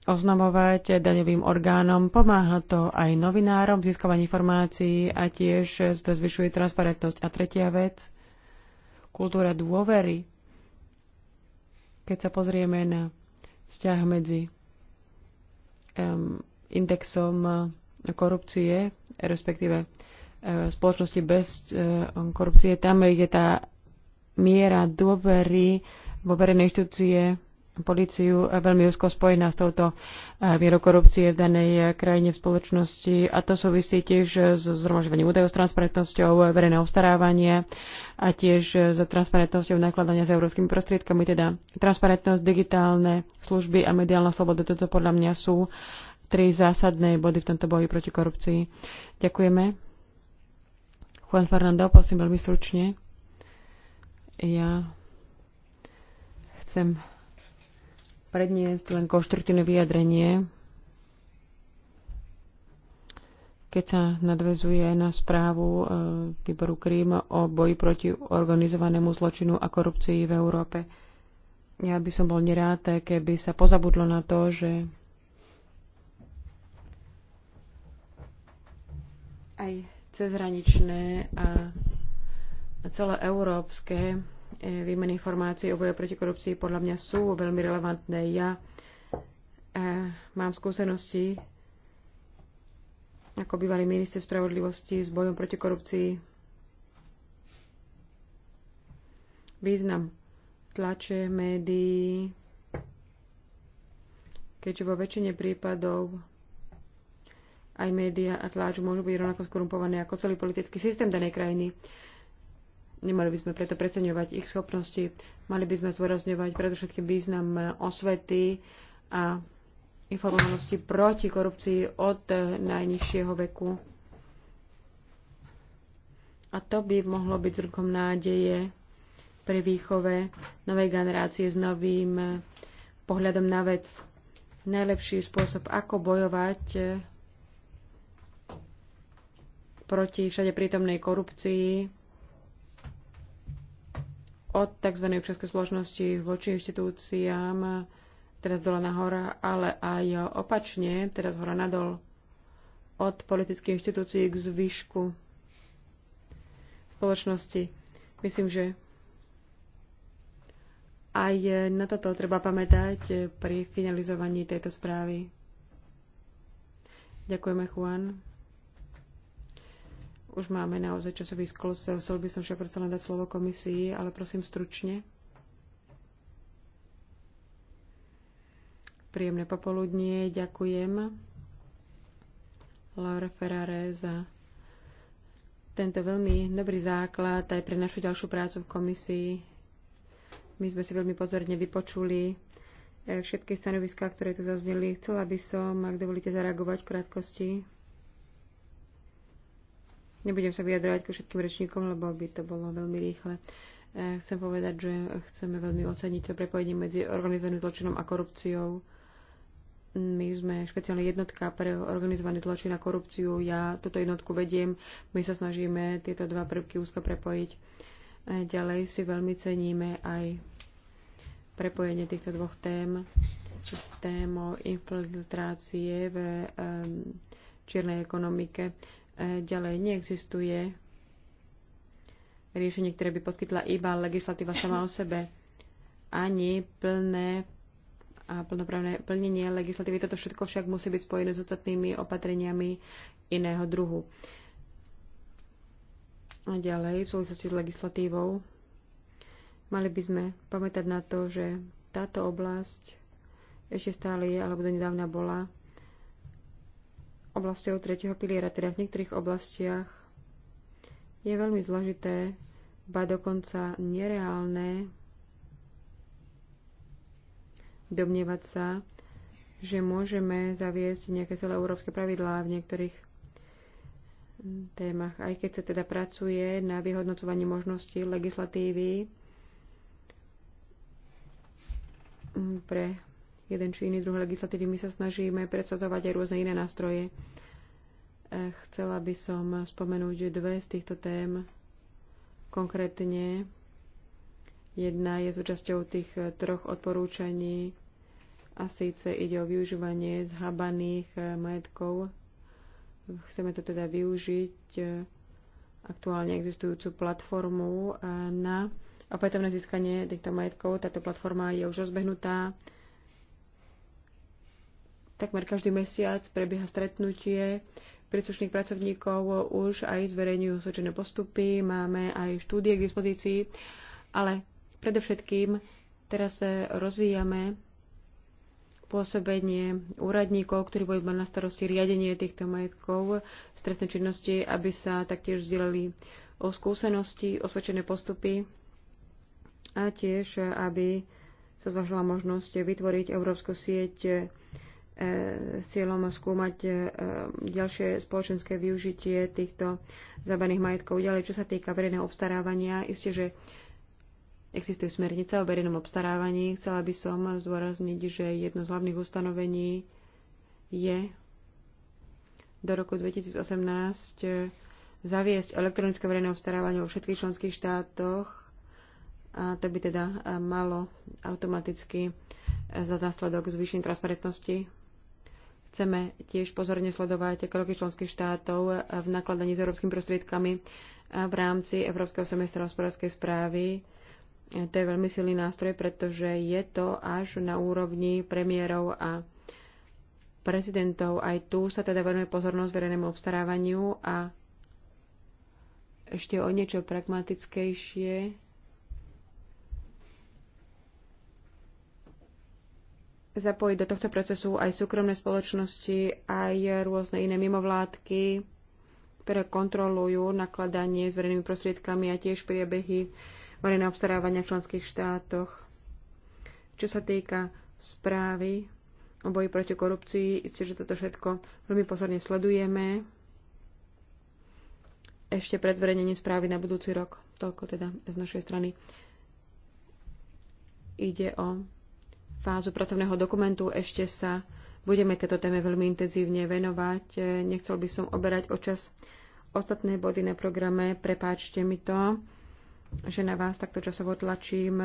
oznamovať daňovým orgánom. Pomáha to aj novinárom získavať informácií a tiež to zvyšuje transparentnosť. A tretia vec, kultúra dôvery keď sa pozrieme na vzťah medzi um, indexom eh, korupcie, respektíve eh, spoločnosti bez eh, korupcie, tam je tá miera dôvery vo verejnej inštitúcie policiu veľmi úzko spojená s touto eh, mierou korupcie v danej eh, krajine v spoločnosti a to súvisí tiež eh, s zhromažďovaním údajov, s transparentnosťou verejného obstarávania a tiež s transparentnosťou nakladania s európskymi prostriedkami, teda transparentnosť, digitálne služby a mediálna sloboda. Toto podľa mňa sú tri zásadné body v tomto boji proti korupcii. Ďakujeme. Juan Fernando, prosím veľmi stručne. Ja chcem predniesť len konštruktívne vyjadrenie, keď sa nadvezuje na správu e, výboru Krím o boji proti organizovanému zločinu a korupcii v Európe. Ja by som bol nerád, keby sa pozabudlo na to, že aj cezhraničné a celoeurópske európske E, výmeny informácií o boja proti korupcii podľa mňa sú veľmi relevantné. Ja e, mám skúsenosti ako bývalý minister spravodlivosti s bojom proti korupcii. Význam tlače, médií, keďže vo väčšine prípadov aj médiá a tlač môžu byť rovnako skorumpované ako celý politický systém danej krajiny. Nemali by sme preto preceňovať ich schopnosti, mali by sme zdôrazňovať predovšetkým význam osvety a informovanosti proti korupcii od najnižšieho veku. A to by mohlo byť zrkom nádeje pri výchove novej generácie s novým pohľadom na vec. Najlepší spôsob, ako bojovať proti všade prítomnej korupcii, od tzv. občianskej spoločnosti voči inštitúciám, teraz dole nahora, ale aj opačne, teraz hora nadol, od politických inštitúcií k zvyšku spoločnosti. Myslím, že aj na toto treba pamätať pri finalizovaní tejto správy. Ďakujeme, Juan už máme naozaj časový sklos. Chcel by som však predsa len dať slovo komisii, ale prosím stručne. Príjemné popoludnie, ďakujem Laura Ferrare za tento veľmi dobrý základ aj pre našu ďalšiu prácu v komisii. My sme si veľmi pozorne vypočuli eh, všetky stanoviská, ktoré tu zazneli. Chcela by som, ak dovolíte, zareagovať v krátkosti Nebudem sa vyjadrovať ku všetkým rečníkom, lebo by to bolo veľmi rýchle. E, chcem povedať, že chceme veľmi oceniť to prepojenie medzi organizovaným zločinom a korupciou. My sme špeciálna jednotka pre organizovaný zločin a korupciu. Ja túto jednotku vediem. My sa snažíme tieto dva prvky úzko prepojiť. E, ďalej si veľmi ceníme aj prepojenie týchto dvoch tém s témou infiltrácie v e, čiernej ekonomike. E, ďalej neexistuje riešenie, ktoré by poskytla iba legislatíva sama o sebe, ani plné a plnopravné plnenie legislatívy. Toto všetko však musí byť spojené s ostatnými opatreniami iného druhu. A ďalej, v súvislosti s legislatívou, mali by sme pamätať na to, že táto oblasť ešte stále je, alebo do nedávna bola, oblasťou tretieho piliera, teda v niektorých oblastiach je veľmi zložité, ba dokonca nereálne domnievať sa, že môžeme zaviesť nejaké celé európske pravidlá v niektorých témach, aj keď sa teda pracuje na vyhodnocovaní možností legislatívy pre jeden či iný druh legislatívy. My sa snažíme predstavovať aj rôzne iné nástroje. E, chcela by som spomenúť dve z týchto tém konkrétne. Jedna je súčasťou tých troch odporúčaní a síce ide o využívanie zhabaných e, majetkov. Chceme to teda využiť e, aktuálne existujúcu platformu na opätovné získanie týchto majetkov. Táto platforma je už rozbehnutá, Takmer každý mesiac prebieha stretnutie príslušných pracovníkov, už aj zverejňujú súčené postupy, máme aj štúdie k dispozícii, ale predovšetkým teraz e, rozvíjame pôsobenie úradníkov, ktorí budú mať na starosti riadenie týchto majetkov v stretnej činnosti, aby sa taktiež vzdielali o skúsenosti, osvedčené postupy a tiež, aby sa zvažila možnosť vytvoriť európsku sieť E, s cieľom skúmať e, ďalšie spoločenské využitie týchto zabaných majetkov. Ďalej, čo sa týka verejného obstarávania, isté, že existuje smernica o verejnom obstarávaní. Chcela by som zdôrazniť, že jedno z hlavných ustanovení je do roku 2018 e, zaviesť elektronické verejné obstarávanie vo všetkých členských štátoch a to by teda malo automaticky za následok zvýšenie transparentnosti Chceme tiež pozorne sledovať kroky členských štátov v nakladaní s európskymi prostriedkami v rámci Európskeho semestra hospodárskej správy. To je veľmi silný nástroj, pretože je to až na úrovni premiérov a prezidentov. Aj tu sa teda venuje pozornosť verejnému obstarávaniu a ešte o niečo pragmatickejšie zapojiť do tohto procesu aj súkromné spoločnosti, aj rôzne iné mimovládky, ktoré kontrolujú nakladanie s verejnými prostriedkami a tiež priebehy verejného obstarávania v členských štátoch. Čo sa týka správy o boji proti korupcii, isté, že toto všetko veľmi pozorne sledujeme ešte pred zverejnením správy na budúci rok. Toľko teda z našej strany. Ide o fázu pracovného dokumentu. Ešte sa budeme tejto téme veľmi intenzívne venovať. Nechcel by som oberať o čas ostatné body na programe. Prepáčte mi to, že na vás takto časovo tlačím.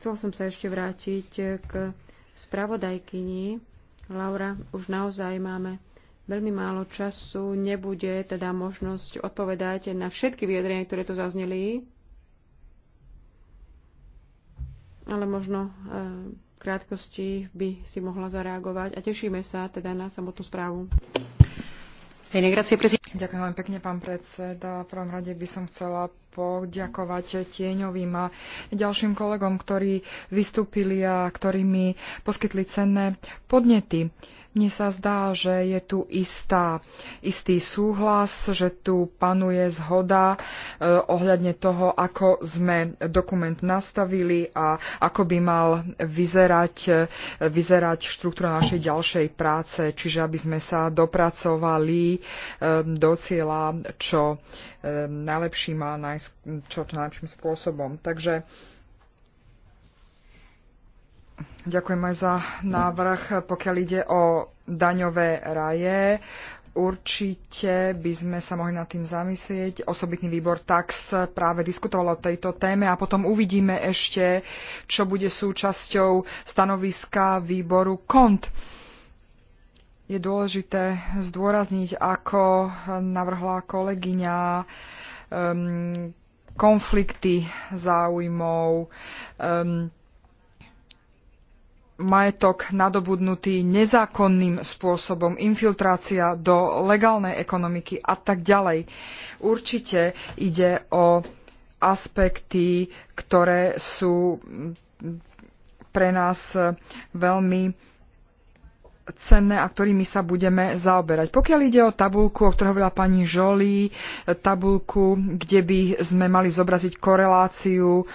Chcel som sa ešte vrátiť k spravodajkyni. Laura, už naozaj máme veľmi málo času, nebude teda možnosť odpovedať na všetky vyjadrenia, ktoré tu zazneli. ale možno e, v krátkosti by si mohla zareagovať a tešíme sa teda na samotnú správu. Ďakujem veľmi pekne, pán predseda. V prvom rade by som chcela poďakovať tieňovým a ďalším kolegom, ktorí vystúpili a ktorí mi poskytli cenné podnety. Mne sa zdá, že je tu istá, istý súhlas, že tu panuje zhoda eh, ohľadne toho, ako sme dokument nastavili a ako by mal vyzerať, e, vyzerať štruktúra našej ďalšej práce, čiže aby sme sa dopracovali eh, do cieľa čo najlepším, a naj, čo, to najlepším spôsobom. Takže ďakujem aj za návrh. Pokiaľ ide o daňové raje, určite by sme sa mohli nad tým zamyslieť. Osobitný výbor TAX práve diskutoval o tejto téme a potom uvidíme ešte, čo bude súčasťou stanoviska výboru KONT je dôležité zdôrazniť, ako navrhla kolegyňa, um, konflikty záujmov, um, majetok nadobudnutý nezákonným spôsobom, infiltrácia do legálnej ekonomiky a tak ďalej. Určite ide o aspekty, ktoré sú pre nás veľmi cenné a ktorými sa budeme zaoberať. Pokiaľ ide o tabulku, o ktorej hovorila pani Žolí, e, tabulku, kde by sme mali zobraziť koreláciu um,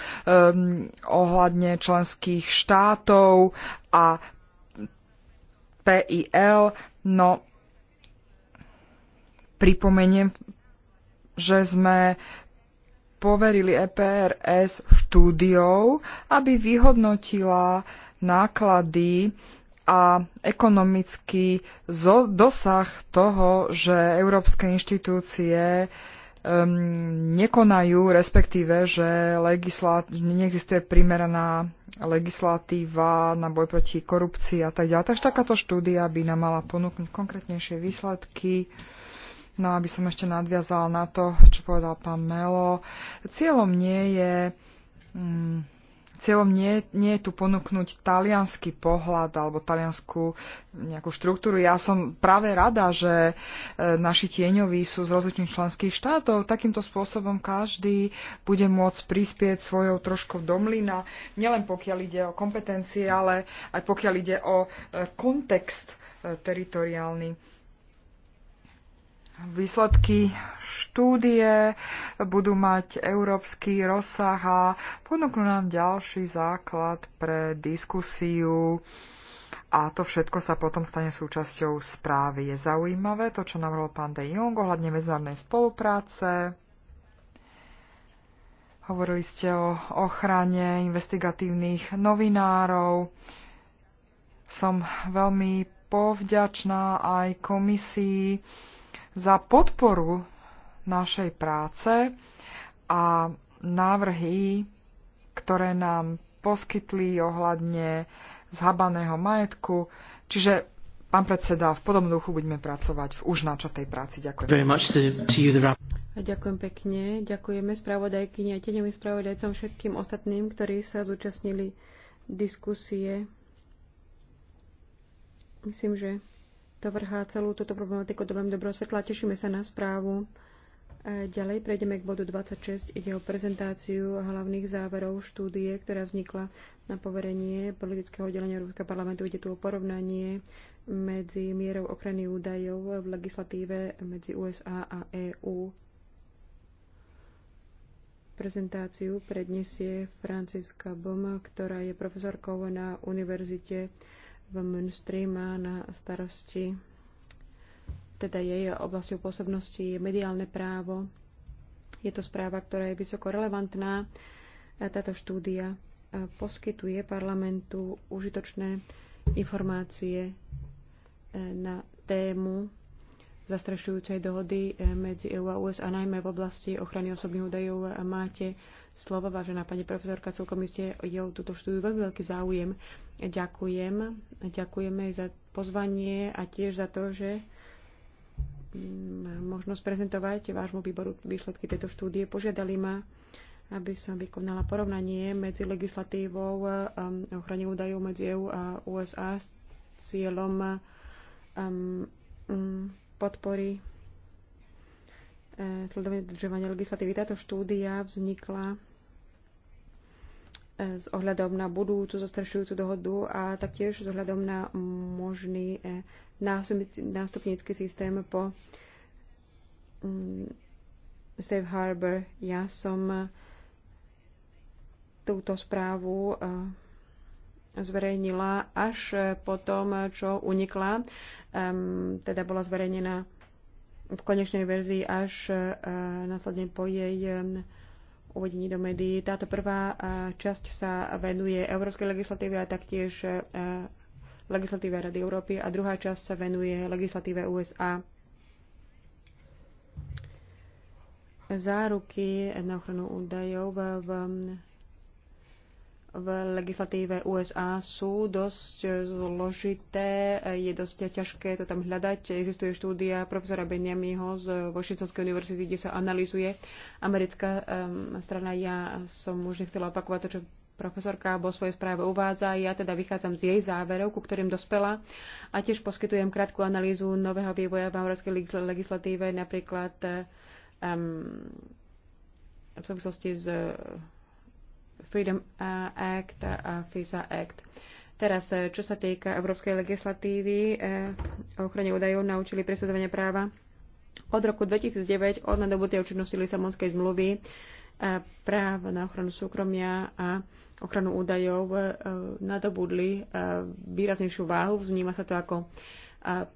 ohľadne členských štátov a PIL, no pripomeniem, že sme poverili EPRS štúdiou, aby vyhodnotila náklady a ekonomický dosah toho, že európske inštitúcie um, nekonajú, respektíve, že legislát- neexistuje primeraná legislatíva na boj proti korupcii a tak ďalej. Takže takáto štúdia by nám mala ponúknuť konkrétnejšie výsledky. No aby som ešte nadviazala na to, čo povedal pán Melo. Cieľom nie je... Um, Cieľom nie, nie je tu ponúknuť talianský pohľad alebo talianskú nejakú štruktúru. Ja som práve rada, že e, naši tieňoví sú z rozličných členských štátov. Takýmto spôsobom každý bude môcť prispieť svojou troškou mlyna, nielen pokiaľ ide o kompetencie, ale aj pokiaľ ide o e, kontext e, teritoriálny výsledky štúdie budú mať európsky rozsah a ponúknú nám ďalší základ pre diskusiu a to všetko sa potom stane súčasťou správy. Je zaujímavé to, čo navrhol pán De Jong ohľadne medzinárodnej spolupráce. Hovorili ste o ochrane investigatívnych novinárov. Som veľmi povďačná aj komisii, za podporu našej práce a návrhy, ktoré nám poskytli ohľadne zhabaného majetku. Čiže, pán predseda, v podobnom duchu budeme pracovať v už načatej práci. Ďakujem. A ďakujem pekne. Ďakujeme spravodajkyni a teňovým spravodajcom všetkým ostatným, ktorí sa zúčastnili diskusie. Myslím, že to vrhá celú túto problematiku do veľmi dobrého svetla. Tešíme sa na správu. Ďalej prejdeme k bodu 26. Ide o prezentáciu hlavných záverov štúdie, ktorá vznikla na poverenie politického oddelenia Európskeho parlamentu. Ide tu o porovnanie medzi mierou ochrany údajov v legislatíve medzi USA a EÚ. Prezentáciu predniesie Franciska Boma, ktorá je profesorkou na Univerzite v Münstri má na starosti teda jej oblasťou pôsobnosti mediálne právo. Je to správa, ktorá je vysoko relevantná. E, táto štúdia e, poskytuje parlamentu užitočné informácie e, na tému zastrešujúcej dohody medzi EU a USA, najmä v oblasti ochrany osobných údajov. Máte slovo, vážená pani profesorka, celkom iste je o túto štúdiu veľmi veľký záujem. Ďakujem. Ďakujeme za pozvanie a tiež za to, že mm, možnosť prezentovať vášmu výboru výsledky tejto štúdie. Požiadali ma, aby som vykonala porovnanie medzi legislatívou um, ochrane údajov medzi EU a USA s cieľom um, mm, podpory sledovanie dodržovania legislatívy. Táto štúdia vznikla e, s ohľadom na budúcu zastrešujúcu dohodu a taktiež s ohľadom na možný e, nástupnícky systém po mm, Safe Harbor. Ja som e, túto správu zverejnila až po tom, čo unikla. Teda bola zverejnená v konečnej verzii až e, následne po jej e, uvedení do médií. Táto prvá e, časť sa venuje európskej legislatíve a taktiež legislatíve Rady Európy a druhá časť sa venuje legislatíve USA. Záruky na ochranu údajov v v legislatíve USA sú dosť zložité, je dosť ťažké to tam hľadať. Existuje štúdia profesora Benjamiho z Washingtonskej univerzity, kde sa analizuje americká um, strana. Ja som už nechcela opakovať to, čo profesorka vo svojej správe uvádza. Ja teda vychádzam z jej záverov, ku ktorým dospela a tiež poskytujem krátku analýzu nového vývoja v americkej legislatíve, napríklad um, v súvislosti s Freedom Act a FISA Act. Teraz, eh, čo sa týka európskej legislatívy eh, o ochrane údajov, naučili presudzovania práva. Od roku 2009, od nadobudnej účinnosti Lisabonskej zmluvy, eh, práv na ochranu súkromia a ochranu údajov nadobudli výraznejšiu váhu. Vníma sa to ako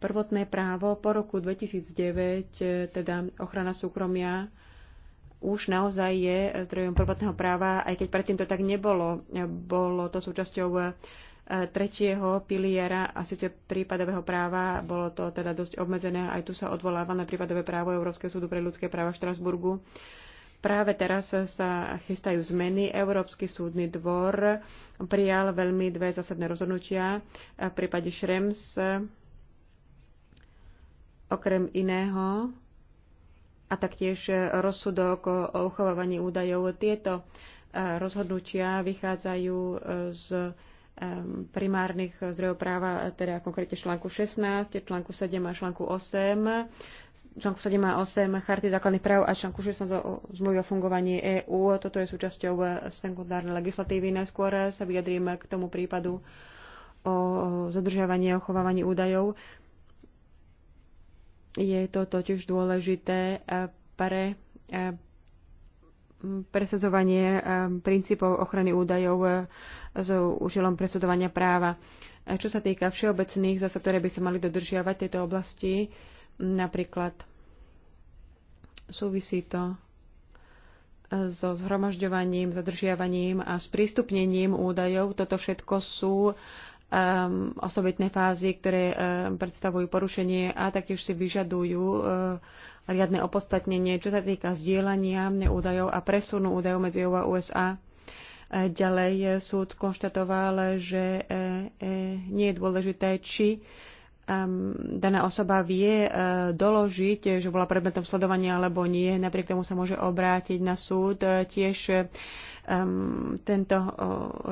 prvotné právo. Po roku 2009 teda ochrana súkromia už naozaj je zdrojom prvotného práva, aj keď predtým to tak nebolo. Bolo to súčasťou e, tretieho piliera a síce prípadového práva, bolo to teda dosť obmedzené, aj tu sa odvoláva na prípadové právo Európskeho súdu pre ľudské práva v Štrasburgu. Práve teraz sa chystajú zmeny. Európsky súdny dvor prijal veľmi dve zásadné rozhodnutia. V prípade Šrems okrem iného a taktiež e, rozsudok o uchovávaní údajov. Tieto e, rozhodnutia vychádzajú e, z primárnych zdrojov práva, teda konkrétne článku 16, článku 7 a článku 8, článku 7 a 8 Charty základných práv a článku 16 zmluvy o fungovaní EÚ. Toto je súčasťou sekundárnej legislatívy. Najskôr sa vyjadríme k tomu prípadu o zadržiavanie a ochovávaní údajov. Je to totiž dôležité eh, pre eh, presadzovanie eh, princípov ochrany údajov s účelom presadzovania práva. Čo sa týka všeobecných zásad, ktoré by sa mali dodržiavať v tejto oblasti, napríklad súvisí to so zhromažďovaním, zadržiavaním a sprístupnením údajov. Toto všetko sú uh, um, osobitné fázy, ktoré um, predstavujú porušenie a taktiež si vyžadujú um, riadne opodstatnenie, čo sa týka zdieľania údajov a presunu údajov medzi EU a USA. Uh, ďalej súd konštatoval, že uh, nie je dôležité, či um, daná osoba vie doložiť, že bola predmetom sledovania alebo nie. Napriek tomu sa môže obrátiť na súd. Tiež um, tento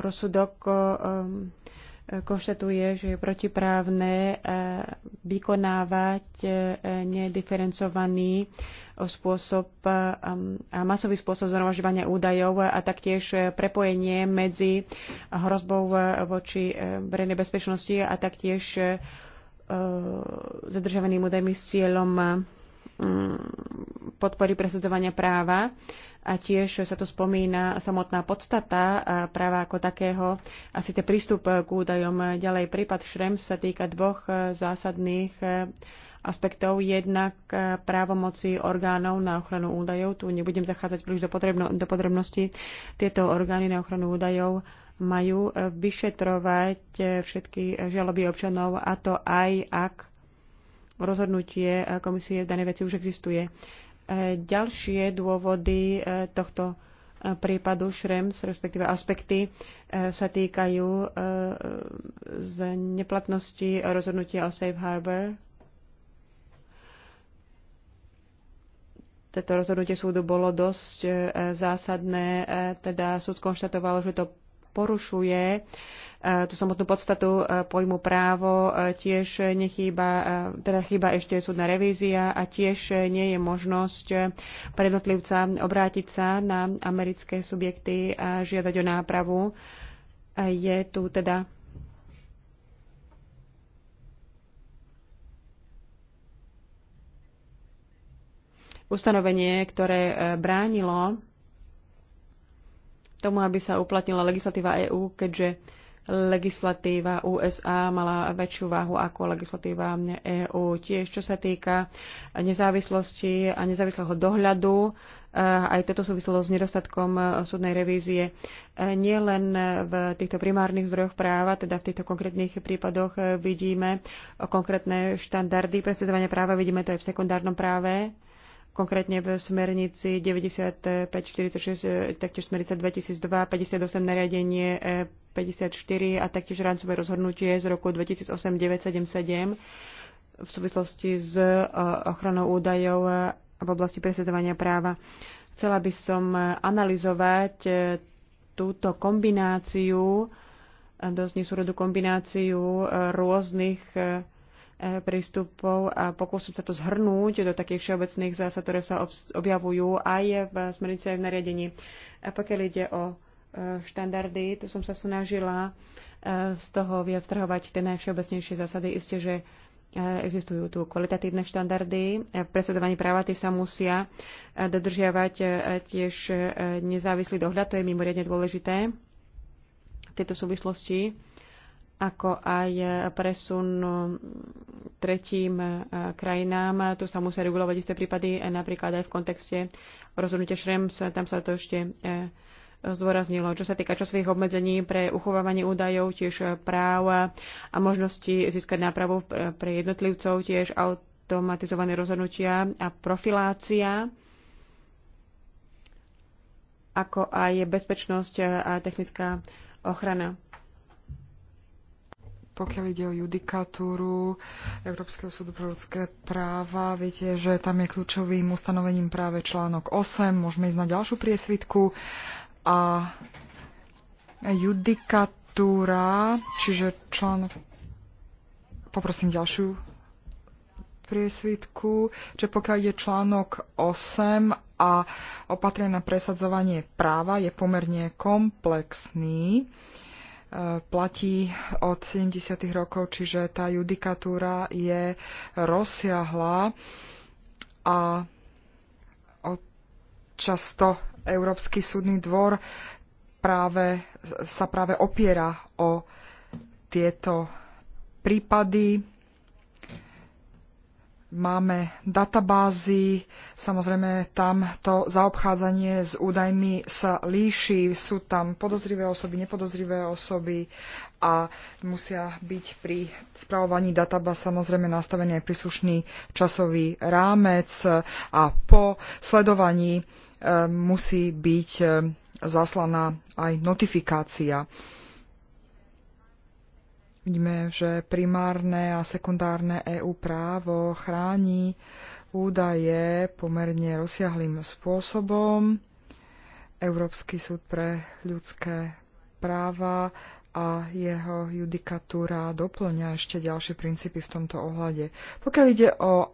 rozsudok um, konštatuje, že je protiprávne e, vykonávať e, nediferencovaný e, spôsob a masový spôsob zhromažďovania údajov a taktiež prepojenie medzi hrozbou voči verejnej bezpečnosti a taktiež zadržavaným údajmi s cieľom Mm, podpory presadzovania práva a tiež sa tu spomína samotná podstata práva ako takého, asi ten prístup k údajom. Ďalej prípad Šrem sa týka dvoch e, zásadných e, aspektov. Jednak e, právomoci orgánov na ochranu údajov. Tu nebudem zachádzať príliš do, potrebno, do podrobností. Tieto orgány na ochranu údajov majú vyšetrovať všetky žaloby občanov a to aj ak rozhodnutie eh, komisie v danej veci už existuje. Eh, ďalšie dôvody eh, tohto prípadu Šrems, respektíve aspekty, sa týkajú z neplatnosti rozhodnutia o Safe Harbor. Toto rozhodnutie súdu bolo dosť zásadné, teda súd skonštatoval, že to porušuje tú samotnú podstatu e, pojmu právo e, tiež nechýba, e, teda chýba ešte súdna revízia a tiež nie je možnosť pre jednotlivca obrátiť sa na americké subjekty a žiadať o nápravu. Je tu teda ustanovenie, ktoré bránilo tomu, aby sa uplatnila legislatíva EÚ, keďže legislatíva USA mala väčšiu váhu ako legislatíva EÚ. Tiež čo sa týka nezávislosti a nezávislého dohľadu, eh, aj toto súviselo s nedostatkom eh, súdnej revízie. Eh, nie len v týchto primárnych zdrojoch práva, teda v týchto konkrétnych prípadoch vidíme konkrétne štandardy presadzovania práva, vidíme to aj v sekundárnom práve, konkrétne v smernici 9546, taktiež smernica 2002, 58 nariadenie 54 e, a taktiež rámcové rozhodnutie z roku 2008-977 v súvislosti s e, ochranou údajov v oblasti presedovania práva. Chcela by som analyzovať e, túto kombináciu, dosť nesúrodú kombináciu rôznych Eh, prístupov a pokúsim sa to zhrnúť do takých všeobecných zásad, ktoré sa objavujú aj v smernici aj v nariadení. A pokiaľ ide o eh, štandardy, tu som sa snažila eh, z toho vyabstrahovať tie najvšeobecnejšie zásady. Isté, že existujú tu kvalitatívne štandardy. V presedovaní práva tie sa musia dodržiavať tiež nezávislý dohľad, to je mimoriadne dôležité v tejto súvislosti ako aj presun tretím e, krajinám. Tu sa musia regulovať isté prípady, e, napríklad aj v kontexte rozhodnutia Šrems, e, tam sa to ešte zdôraznilo. Čo sa týka časových obmedzení pre uchovávanie údajov, tiež práv a možnosti získať nápravu pre jednotlivcov, tiež automatizované rozhodnutia a profilácia ako aj bezpečnosť a technická ochrana pokiaľ ide o judikatúru Európskeho súdu pre ľudské práva, viete, že tam je kľúčovým ustanovením práve článok 8, môžeme ísť na ďalšiu priesvitku a judikatúra, čiže článok... Poprosím ďalšiu priesvitku, že pokiaľ je článok 8 a opatrenie na presadzovanie práva je pomerne komplexný. Uh, platí od 70. rokov, čiže tá judikatúra je rozsiahla a často Európsky súdny dvor práve, sa práve opiera o tieto prípady máme databázy, samozrejme tam to zaobchádzanie s údajmi sa líši, sú tam podozrivé osoby, nepodozrivé osoby a musia byť pri spravovaní databáz samozrejme nastavený aj príslušný časový rámec a po sledovaní eh, musí byť eh, zaslaná aj notifikácia. Vidíme, že primárne a sekundárne EU právo chráni údaje pomerne rozsiahlým spôsobom. Európsky súd pre ľudské práva a jeho judikatúra doplňa ešte ďalšie princípy v tomto ohľade. Pokiaľ ide o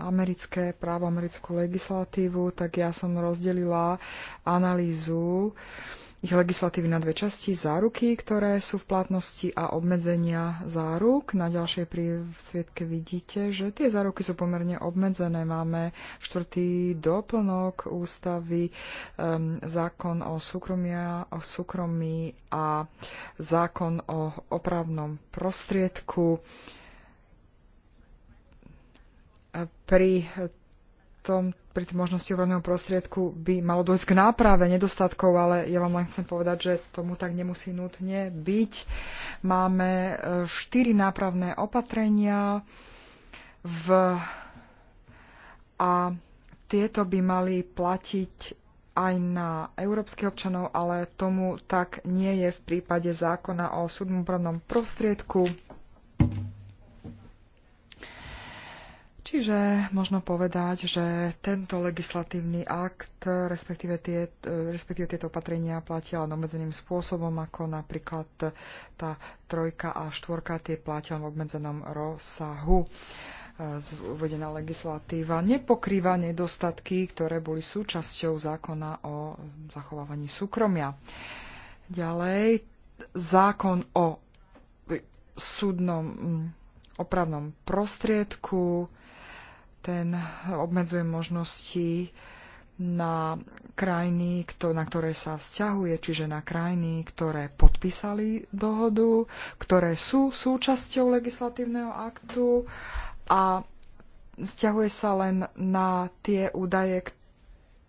americké právo, americkú legislatívu, tak ja som rozdelila analýzu ich legislatívy na dve časti, záruky, ktoré sú v platnosti a obmedzenia záruk. Na ďalšej prísvietke vidíte, že tie záruky sú pomerne obmedzené. Máme štvrtý doplnok ústavy, um, zákon o, súkromia, o súkromí a zákon o opravnom prostriedku. Pri tomto pri možnosti obranného prostriedku by malo dojsť k náprave nedostatkov, ale ja vám len chcem povedať, že tomu tak nemusí nutne byť. Máme e, štyri nápravné opatrenia v... a tieto by mali platiť aj na európskych občanov, ale tomu tak nie je v prípade zákona o súdnom prostriedku Čiže možno povedať, že tento legislatívny akt, respektíve, tie, e, respektíve tieto opatrenia platia len obmedzeným spôsobom, ako napríklad tá trojka a štvorka, tie platia len v obmedzenom rozsahu. E, uvedená legislatíva nepokrýva nedostatky, ktoré boli súčasťou zákona o zachovávaní súkromia. Ďalej, zákon o e, súdnom opravnom prostriedku, ten obmedzuje možnosti na krajiny, na ktoré sa vzťahuje, čiže na krajiny, ktoré podpísali dohodu, ktoré sú súčasťou legislatívneho aktu a vzťahuje sa len na tie údaje,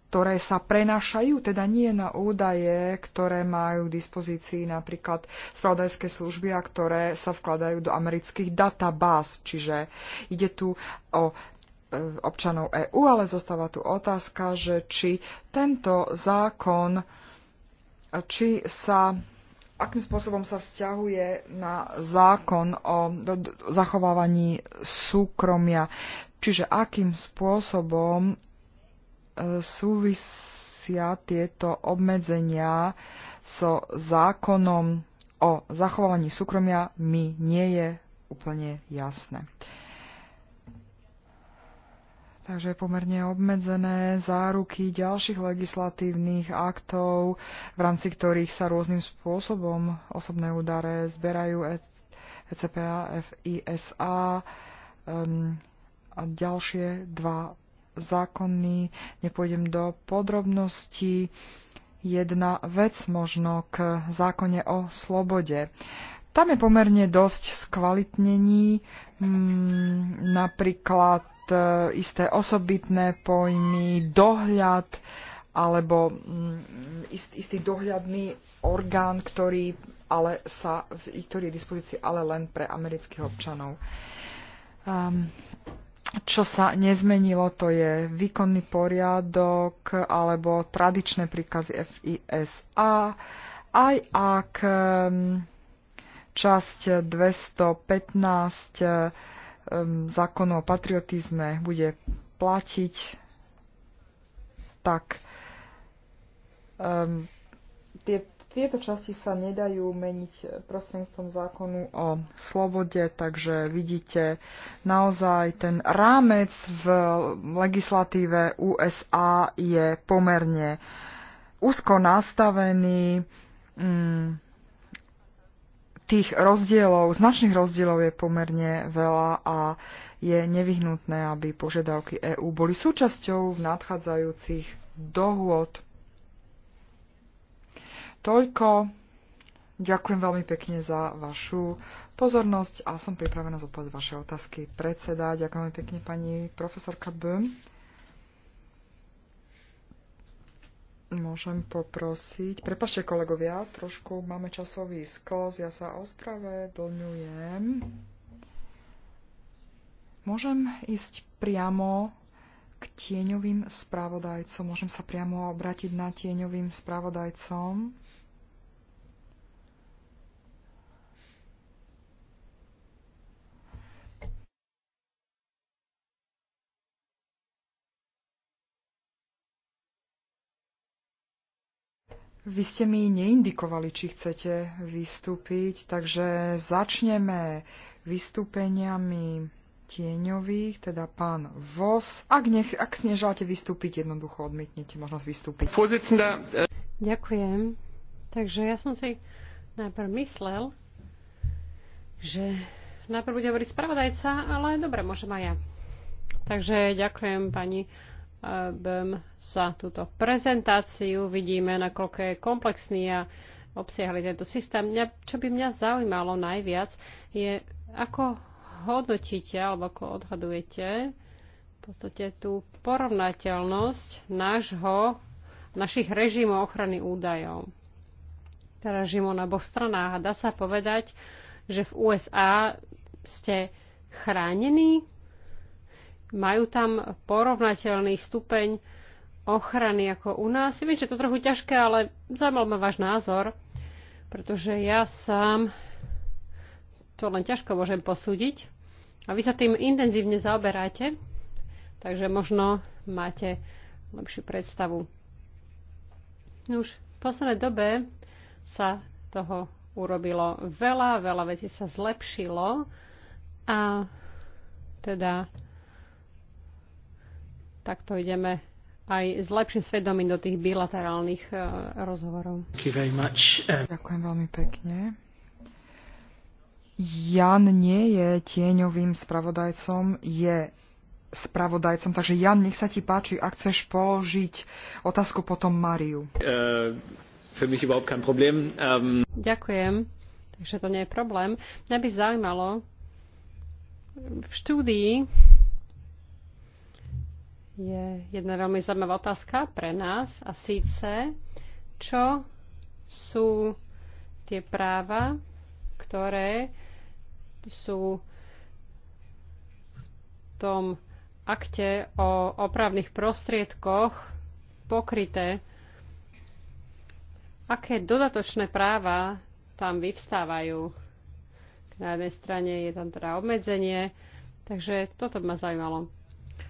ktoré sa prenášajú, teda nie na údaje, ktoré majú k dispozícii napríklad spravodajské služby a ktoré sa vkladajú do amerických databáz. Čiže ide tu o E, občanov EÚ, ale zostáva tu otázka, že či tento zákon, či sa akým spôsobom sa vzťahuje na zákon o zachovávaní súkromia. Čiže akým spôsobom e, súvisia tieto obmedzenia so zákonom o zachovávaní súkromia mi nie je úplne jasné. Takže je pomerne obmedzené záruky ďalších legislatívnych aktov, v rámci ktorých sa rôznym spôsobom osobné údare zberajú ECPA, e FISA um, a ďalšie dva zákony. Nepôjdem do podrobností. Jedna vec možno k zákone o slobode. Tam je pomerne dosť skvalitnení, Mm, napríklad E, isté osobitné pojmy, dohľad alebo mm, istý dohľadný orgán, ktorý, ale sa, ktorý je v dispozícii ale len pre amerických občanov. Um, čo sa nezmenilo, to je výkonný poriadok alebo tradičné príkazy FISA, aj ak ehm, časť 215 zákon o patriotizme bude platiť, tak um, tie, tieto časti sa nedajú meniť prostredníctvom zákonu o slobode, takže vidíte naozaj ten rámec v legislatíve USA je pomerne úzko nastavený. Um, tých rozdielov, značných rozdielov je pomerne veľa a je nevyhnutné, aby požiadavky EÚ boli súčasťou v nadchádzajúcich dohôd. Toľko. Ďakujem veľmi pekne za vašu pozornosť a som pripravená zodpovedať vaše otázky. Predseda, ďakujem pekne pani profesorka Böhm. Môžem poprosiť. Prepašte kolegovia, trošku máme časový skos, ja sa ospravedlňujem. Môžem ísť priamo k tieňovým spravodajcom. Môžem sa priamo obrátiť na tieňovým spravodajcom. Vy ste mi neindikovali, či chcete vystúpiť, takže začneme vystúpeniami tieňových, teda pán Vos. Ak, nech, ak neželáte vystúpiť, jednoducho odmietnete možnosť vystúpiť. Ďakujem. Takže ja som si najprv myslel, že najprv bude hovoriť spravodajca, ale dobre, môžem aj ja. Takže ďakujem pani sa túto prezentáciu. Vidíme, nakoľko je komplexný a obsiahli tento systém. Mňa, čo by mňa zaujímalo najviac, je ako hodnotíte alebo ako odhadujete v podstate tú porovnateľnosť nášho, našich režimov ochrany údajov. Teda režimov na oboch stranách. A dá sa povedať, že v USA ste chránení majú tam porovnateľný stupeň ochrany ako u nás. Ja viem, že je to trochu ťažké, ale zaujímal ma váš názor, pretože ja sám to len ťažko môžem posúdiť. A vy sa tým intenzívne zaoberáte, takže možno máte lepšiu predstavu. No už v poslednej dobe sa toho urobilo veľa, veľa vecí sa zlepšilo a teda takto ideme aj s lepším svedomím do tých bilaterálnych e, rozhovorov. Uh, Ďakujem veľmi pekne. Jan nie je tieňovým spravodajcom, je spravodajcom. Takže Jan, nech sa ti páči, ak chceš položiť otázku potom Mariu. Uh, um... Ďakujem. Takže to nie je problém. Mňa by zaujímalo, v štúdii je jedna veľmi zaujímavá otázka pre nás a síce, čo sú tie práva, ktoré sú v tom akte o opravných prostriedkoch pokryté. Aké dodatočné práva tam vyvstávajú? Na jednej strane je tam teda obmedzenie, takže toto ma zaujímalo.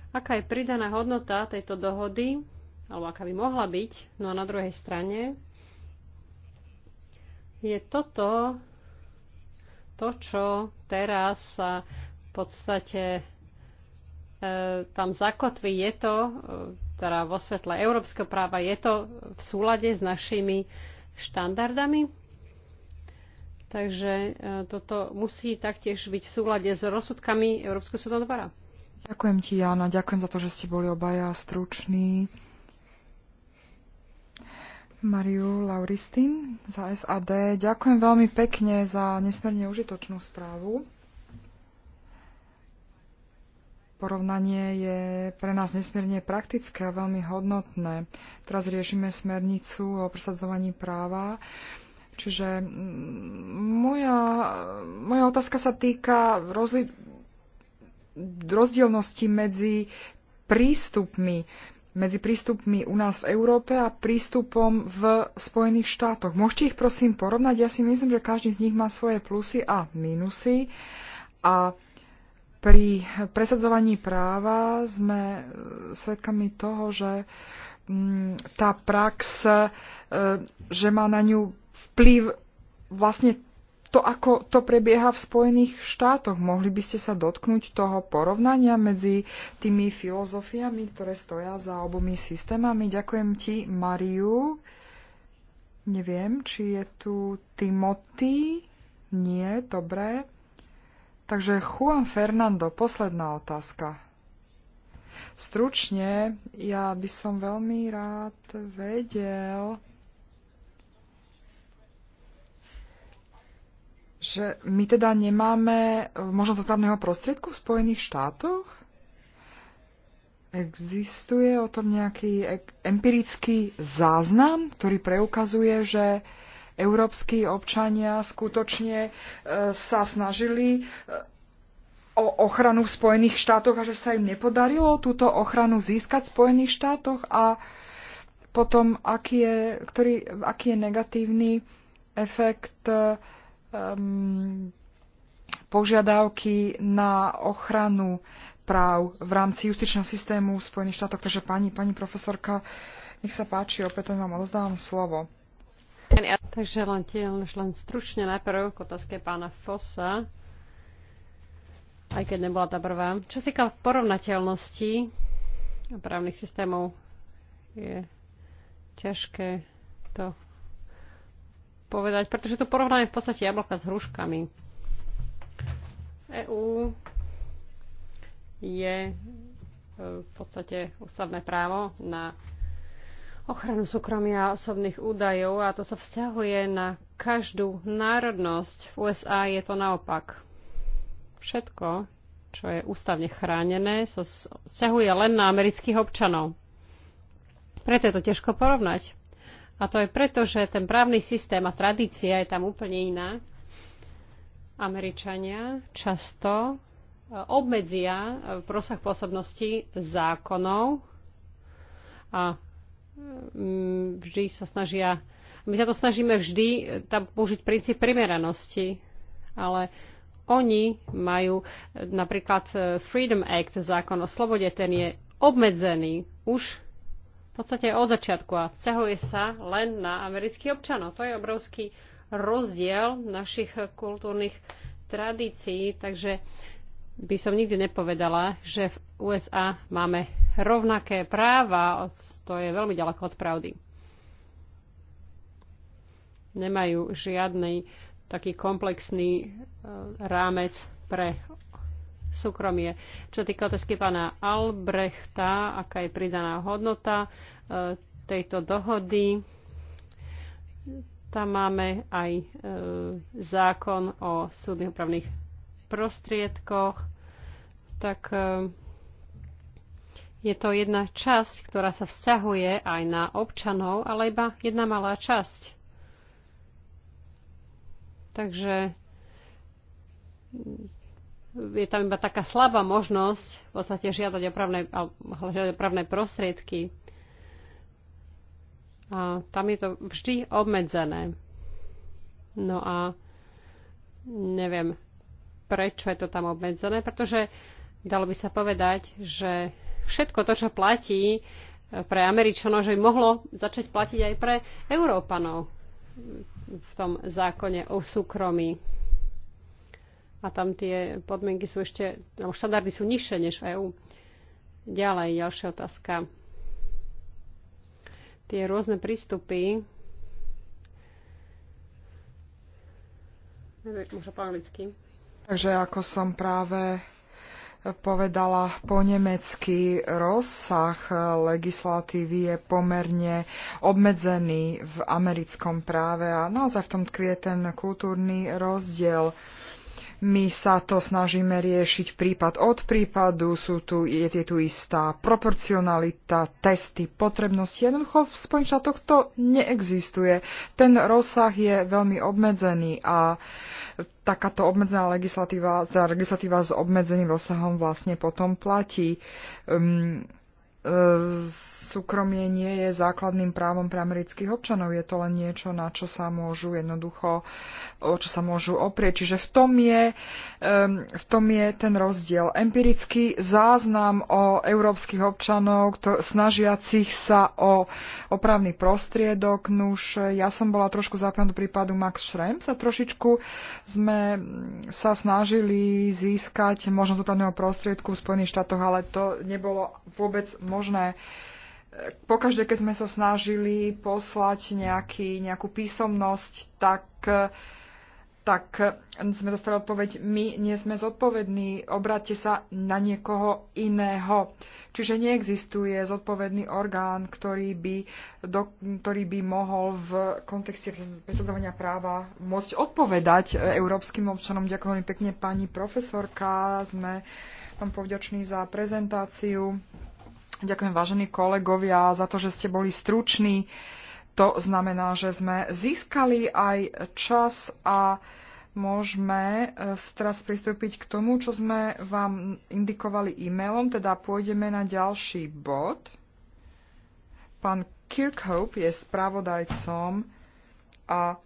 Aká je pridaná hodnota tejto dohody, alebo aká by mohla byť, no a na druhej strane je toto to, čo teraz sa v podstate e, tam zakotví, je to, e, teda vo svetle európskeho práva, je to v súlade s našimi štandardami. Takže e, toto musí taktiež byť v súlade s rozsudkami Európskeho súdneho dvora. Ďakujem ti, Jana. Ďakujem za to, že ste boli obaja struční. Mariu Lauristin za SAD. Ďakujem veľmi pekne za nesmierne užitočnú správu. Porovnanie je pre nás nesmierne praktické a veľmi hodnotné. Teraz riešime smernicu o presadzovaní práva. Čiže mm, moja, moja otázka sa týka rozli- rozdielnosti medzi prístupmi medzi prístupmi u nás v Európe a prístupom v Spojených štátoch. Môžete ich prosím porovnať? Ja si myslím, že každý z nich má svoje plusy a minusy. A pri presadzovaní práva sme e, svedkami toho, že mm, tá prax, e, e, že má na ňu vplyv vlastne to, ako to prebieha v Spojených štátoch. Mohli by ste sa dotknúť toho porovnania medzi tými filozofiami, ktoré stoja za obomi systémami. Ďakujem ti, Mariu. Neviem, či je tu Timothy. Nie, dobre. Takže Juan Fernando, posledná otázka. Stručne, ja by som veľmi rád vedel, že my teda nemáme e, možnosť dopravného prostriedku v Spojených štátoch? Existuje o tom nejaký empirický záznam, ktorý preukazuje, že európsky občania skutočne e, sa snažili e, o ochranu v Spojených štátoch a že sa im nepodarilo túto ochranu získať v Spojených štátoch a potom aký je, ktorý, aký je negatívny efekt e, um, požiadavky na ochranu práv v rámci justičného systému v Spojených štátoch. Takže pani, pani profesorka, nech sa páči, opäť vám odozdávam slovo. Takže len, len stručne najprv k otázke pána Fossa, aj keď nebola tá prvá. Čo sa týka porovnateľnosti právnych systémov, je ťažké to povedať, pretože to porovnáme v podstate jablka s hruškami. EÚ je e, v podstate ústavné právo na ochranu súkromia a osobných údajov a to sa vzťahuje na každú národnosť. V USA je to naopak. Všetko, čo je ústavne chránené, sa vzťahuje len na amerických občanov. Preto je to ťažko porovnať. A to je preto, že ten právny systém a tradícia je tam úplne iná. Američania často e, obmedzia v e, prosah pôsobnosti zákonov a mm, vždy sa snažia, my sa to snažíme vždy e, tam použiť princíp primeranosti, ale oni majú napríklad Freedom Act, zákon o slobode, ten je obmedzený. Už podstate od začiatku a vzťahuje sa len na amerických občanov. To je obrovský rozdiel našich kultúrnych tradícií, takže by som nikdy nepovedala, že v USA máme rovnaké práva, to je veľmi ďaleko od pravdy. Nemajú žiadny taký komplexný e, rámec pre súkromie. Čo týka otázky pána Albrechta, aká je pridaná hodnota eh, tejto dohody, tam máme aj eh, zákon o súdnych opravných prostriedkoch, tak eh, je to jedna časť, ktorá sa vzťahuje aj na občanov, ale iba jedna malá časť. Takže je tam iba taká slabá možnosť v podstate žiadať opravné, žiadať opravné prostriedky. A tam je to vždy obmedzené. No a neviem, prečo je to tam obmedzené, pretože dalo by sa povedať, že všetko to, čo platí pre Američanov, že by mohlo začať platiť aj pre Európanov v tom zákone o súkromí a tam tie podmienky sú ešte, alebo štandardy sú nižšie než v EÚ. Ďalej, ďalšia otázka. Tie rôzne prístupy, možno po anglicky. Takže ako som práve povedala po nemecky, rozsah legislatívy je pomerne obmedzený v americkom práve a naozaj v tom tkvie ten kultúrny rozdiel. Uh, my sa to snažíme riešiť prípad od prípadu, sú tu, je, je tu istá proporcionalita, testy, potrebnosti. Jednoducho v Spojených štátoch to neexistuje. Ten rozsah je veľmi obmedzený a takáto obmedzená legislatíva, tá legislatíva s obmedzeným rozsahom vlastne potom platí. Um, súkromie nie je základným právom pre amerických občanov. Je to len niečo, na čo sa môžu jednoducho, o čo sa môžu oprieť. Čiže v tom je, v tom je ten rozdiel. Empirický záznam o európskych občanov, kto, snažiacich sa o opravný prostriedok. Nuž, ja som bola trošku zapianá do prípadu Max Schrems a trošičku sme sa snažili získať možnosť opravného prostriedku v Spojených štátoch, ale to nebolo vôbec možné možné. Pokaždé, keď sme sa snažili poslať nejaký, nejakú písomnosť, tak tak sme dostali odpoveď, my nie sme zodpovední, obráťte sa na niekoho iného. Čiže neexistuje zodpovedný orgán, ktorý by, do, ktorý by mohol v kontexte presadzovania práva môcť odpovedať e, európskym občanom. Ďakujem pekne pani profesorka, sme vám povďační za prezentáciu. Ďakujem vážení kolegovia za to, že ste boli struční. To znamená, že sme získali aj čas a môžeme e, teraz pristúpiť k tomu, čo sme vám indikovali e-mailom, teda pôjdeme na ďalší bod. Pán Kirkhope je spravodajcom a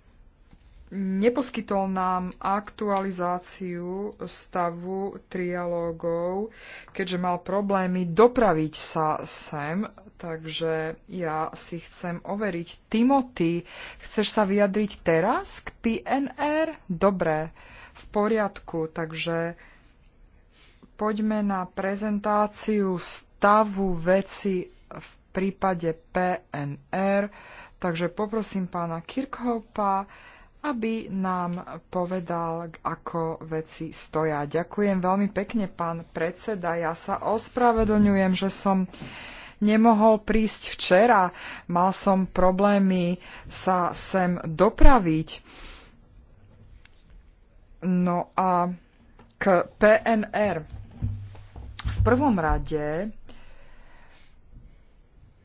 neposkytol nám aktualizáciu stavu trialógov, keďže mal problémy dopraviť sa sem, takže ja si chcem overiť. Timothy, chceš sa vyjadriť teraz k PNR? Dobre, v poriadku, takže poďme na prezentáciu stavu veci v prípade PNR. Takže poprosím pána Kirkhopa, aby nám povedal, ako veci stoja. Ďakujem veľmi pekne, pán predseda. Ja sa ospravedlňujem, že som nemohol prísť včera. Mal som problémy sa sem dopraviť. No a k PNR. V prvom rade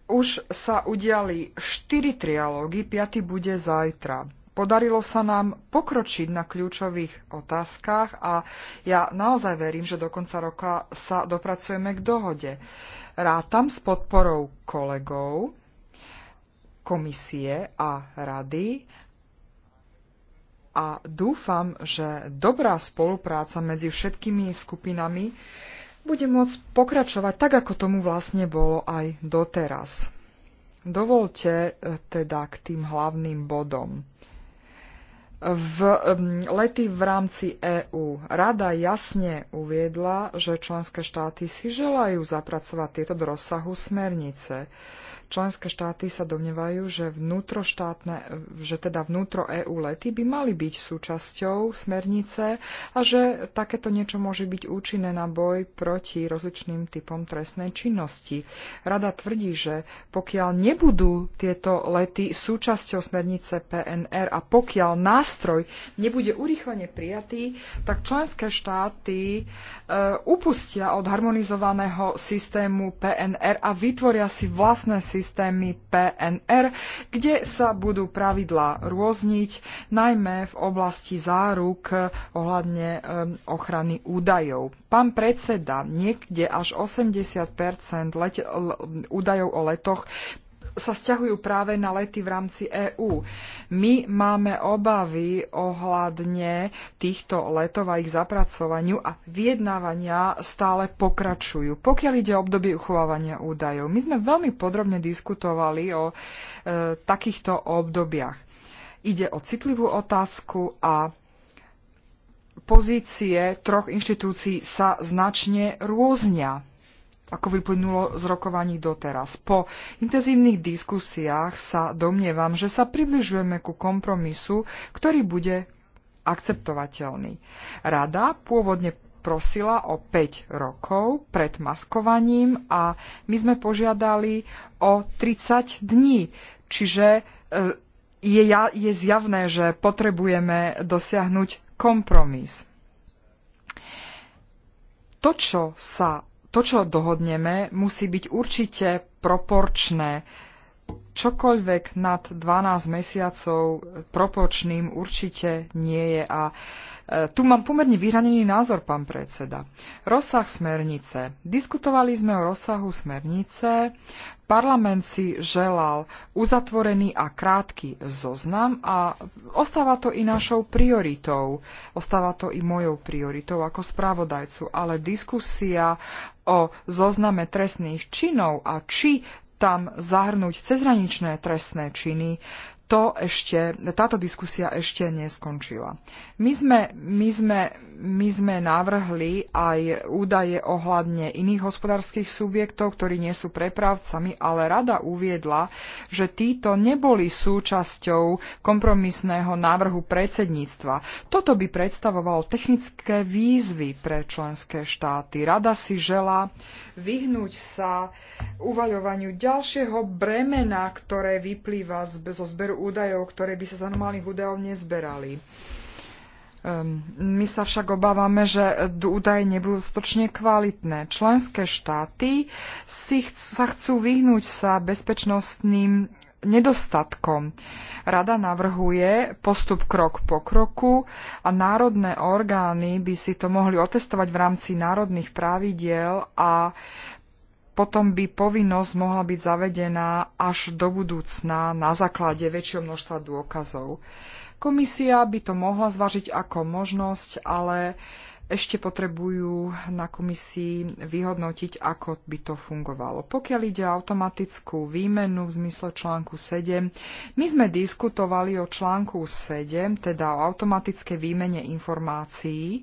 už sa udiali 4 trialógy, 5. bude zajtra Podarilo sa nám pokročiť na kľúčových otázkach a ja naozaj verím, že do konca roka sa dopracujeme k dohode. Rátam s podporou kolegov, komisie a rady a dúfam, že dobrá spolupráca medzi všetkými skupinami bude môcť pokračovať tak, ako tomu vlastne bolo aj doteraz. Dovolte eh, teda k tým hlavným bodom v lety v rámci EÚ. Rada jasne uviedla, že členské štáty si želajú zapracovať tieto do rozsahu smernice. Členské štáty sa domnievajú, že, vnútroštátne, že teda vnútro EU lety by mali byť súčasťou smernice a že takéto niečo môže byť účinné na boj proti rozličným typom trestnej činnosti. Rada tvrdí, že pokiaľ nebudú tieto lety súčasťou smernice PNR a pokiaľ nástroj nebude urýchlene prijatý, tak členské štáty e, upustia od harmonizovaného systému PNR a vytvoria si vlastné systémy systémy PNR, kde sa budú pravidlá rôzniť, najmä v oblasti záruk eh, ohľadne eh, ochrany údajov. Pán predseda, niekde až 80 údajov o letoch sa stiahujú práve na lety v rámci EÚ. My máme obavy ohľadne týchto letov a ich zapracovaniu a vyjednávania stále pokračujú. Pokiaľ ide o obdobie uchovávania údajov, my sme veľmi podrobne diskutovali o e, takýchto obdobiach. Ide o citlivú otázku a pozície troch inštitúcií sa značne rôznia ako vyplynulo z rokovaní doteraz. Po intenzívnych diskusiách sa domnievam, že sa približujeme ku kompromisu, ktorý bude akceptovateľný. Rada pôvodne prosila o 5 rokov pred maskovaním a my sme požiadali o 30 dní, čiže e, je, je zjavné, že potrebujeme dosiahnuť kompromis. To, čo sa to, čo dohodneme, musí byť určite proporčné. Čokoľvek nad 12 mesiacov proporčným určite nie je a E, tu mám pomerne vyhranený názor, pán predseda. Rozsah smernice. Diskutovali sme o rozsahu smernice. Parlament si želal uzatvorený a krátky zoznam a ostáva to i našou prioritou. Ostáva to i mojou prioritou ako spravodajcu. Ale diskusia o zozname trestných činov a či tam zahrnúť cezhraničné trestné činy to ešte, táto diskusia ešte neskončila. My sme, my sme, my sme navrhli aj údaje ohľadne iných hospodárskych subjektov, ktorí nie sú prepravcami, ale rada uviedla, že títo neboli súčasťou kompromisného návrhu predsedníctva. Toto by predstavovalo technické výzvy pre členské štáty. Rada si žela vyhnúť sa uvaľovaniu ďalšieho bremena, ktoré vyplýva zo zberu údajov, ktoré by sa z normálnych údajov nezberali. Ehm, my sa však obávame, že údaje nebudú stočne kvalitné. Členské štáty si ch- sa chcú vyhnúť sa bezpečnostným nedostatkom. Rada navrhuje postup krok po kroku a národné orgány by si to mohli otestovať v rámci národných pravidiel a potom by povinnosť mohla byť zavedená až do budúcna na základe väčšieho množstva dôkazov. Komisia by to mohla zvažiť ako možnosť, ale ešte potrebujú na komisii vyhodnotiť, ako by to fungovalo. Pokiaľ ide o automatickú výmenu v zmysle článku 7, my sme diskutovali o článku 7, teda o automatické výmene informácií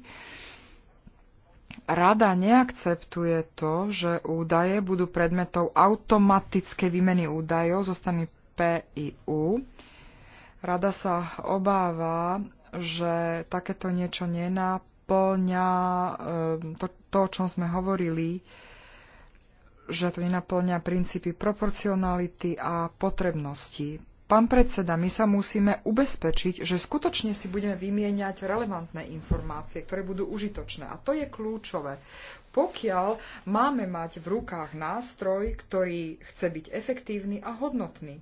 Rada neakceptuje to, že údaje budú predmetov automatickej výmeny údajov zo strany PIU. Rada sa obáva, že takéto niečo nenaplňa ehm, to, to o čom sme hovorili, že to nenaplňa princípy proporcionality a potrebnosti Pán predseda, my sa musíme ubezpečiť, že skutočne si budeme vymieňať relevantné informácie, ktoré budú užitočné. A to je kľúčové. Pokiaľ máme mať v rukách nástroj, ktorý chce byť efektívny a hodnotný.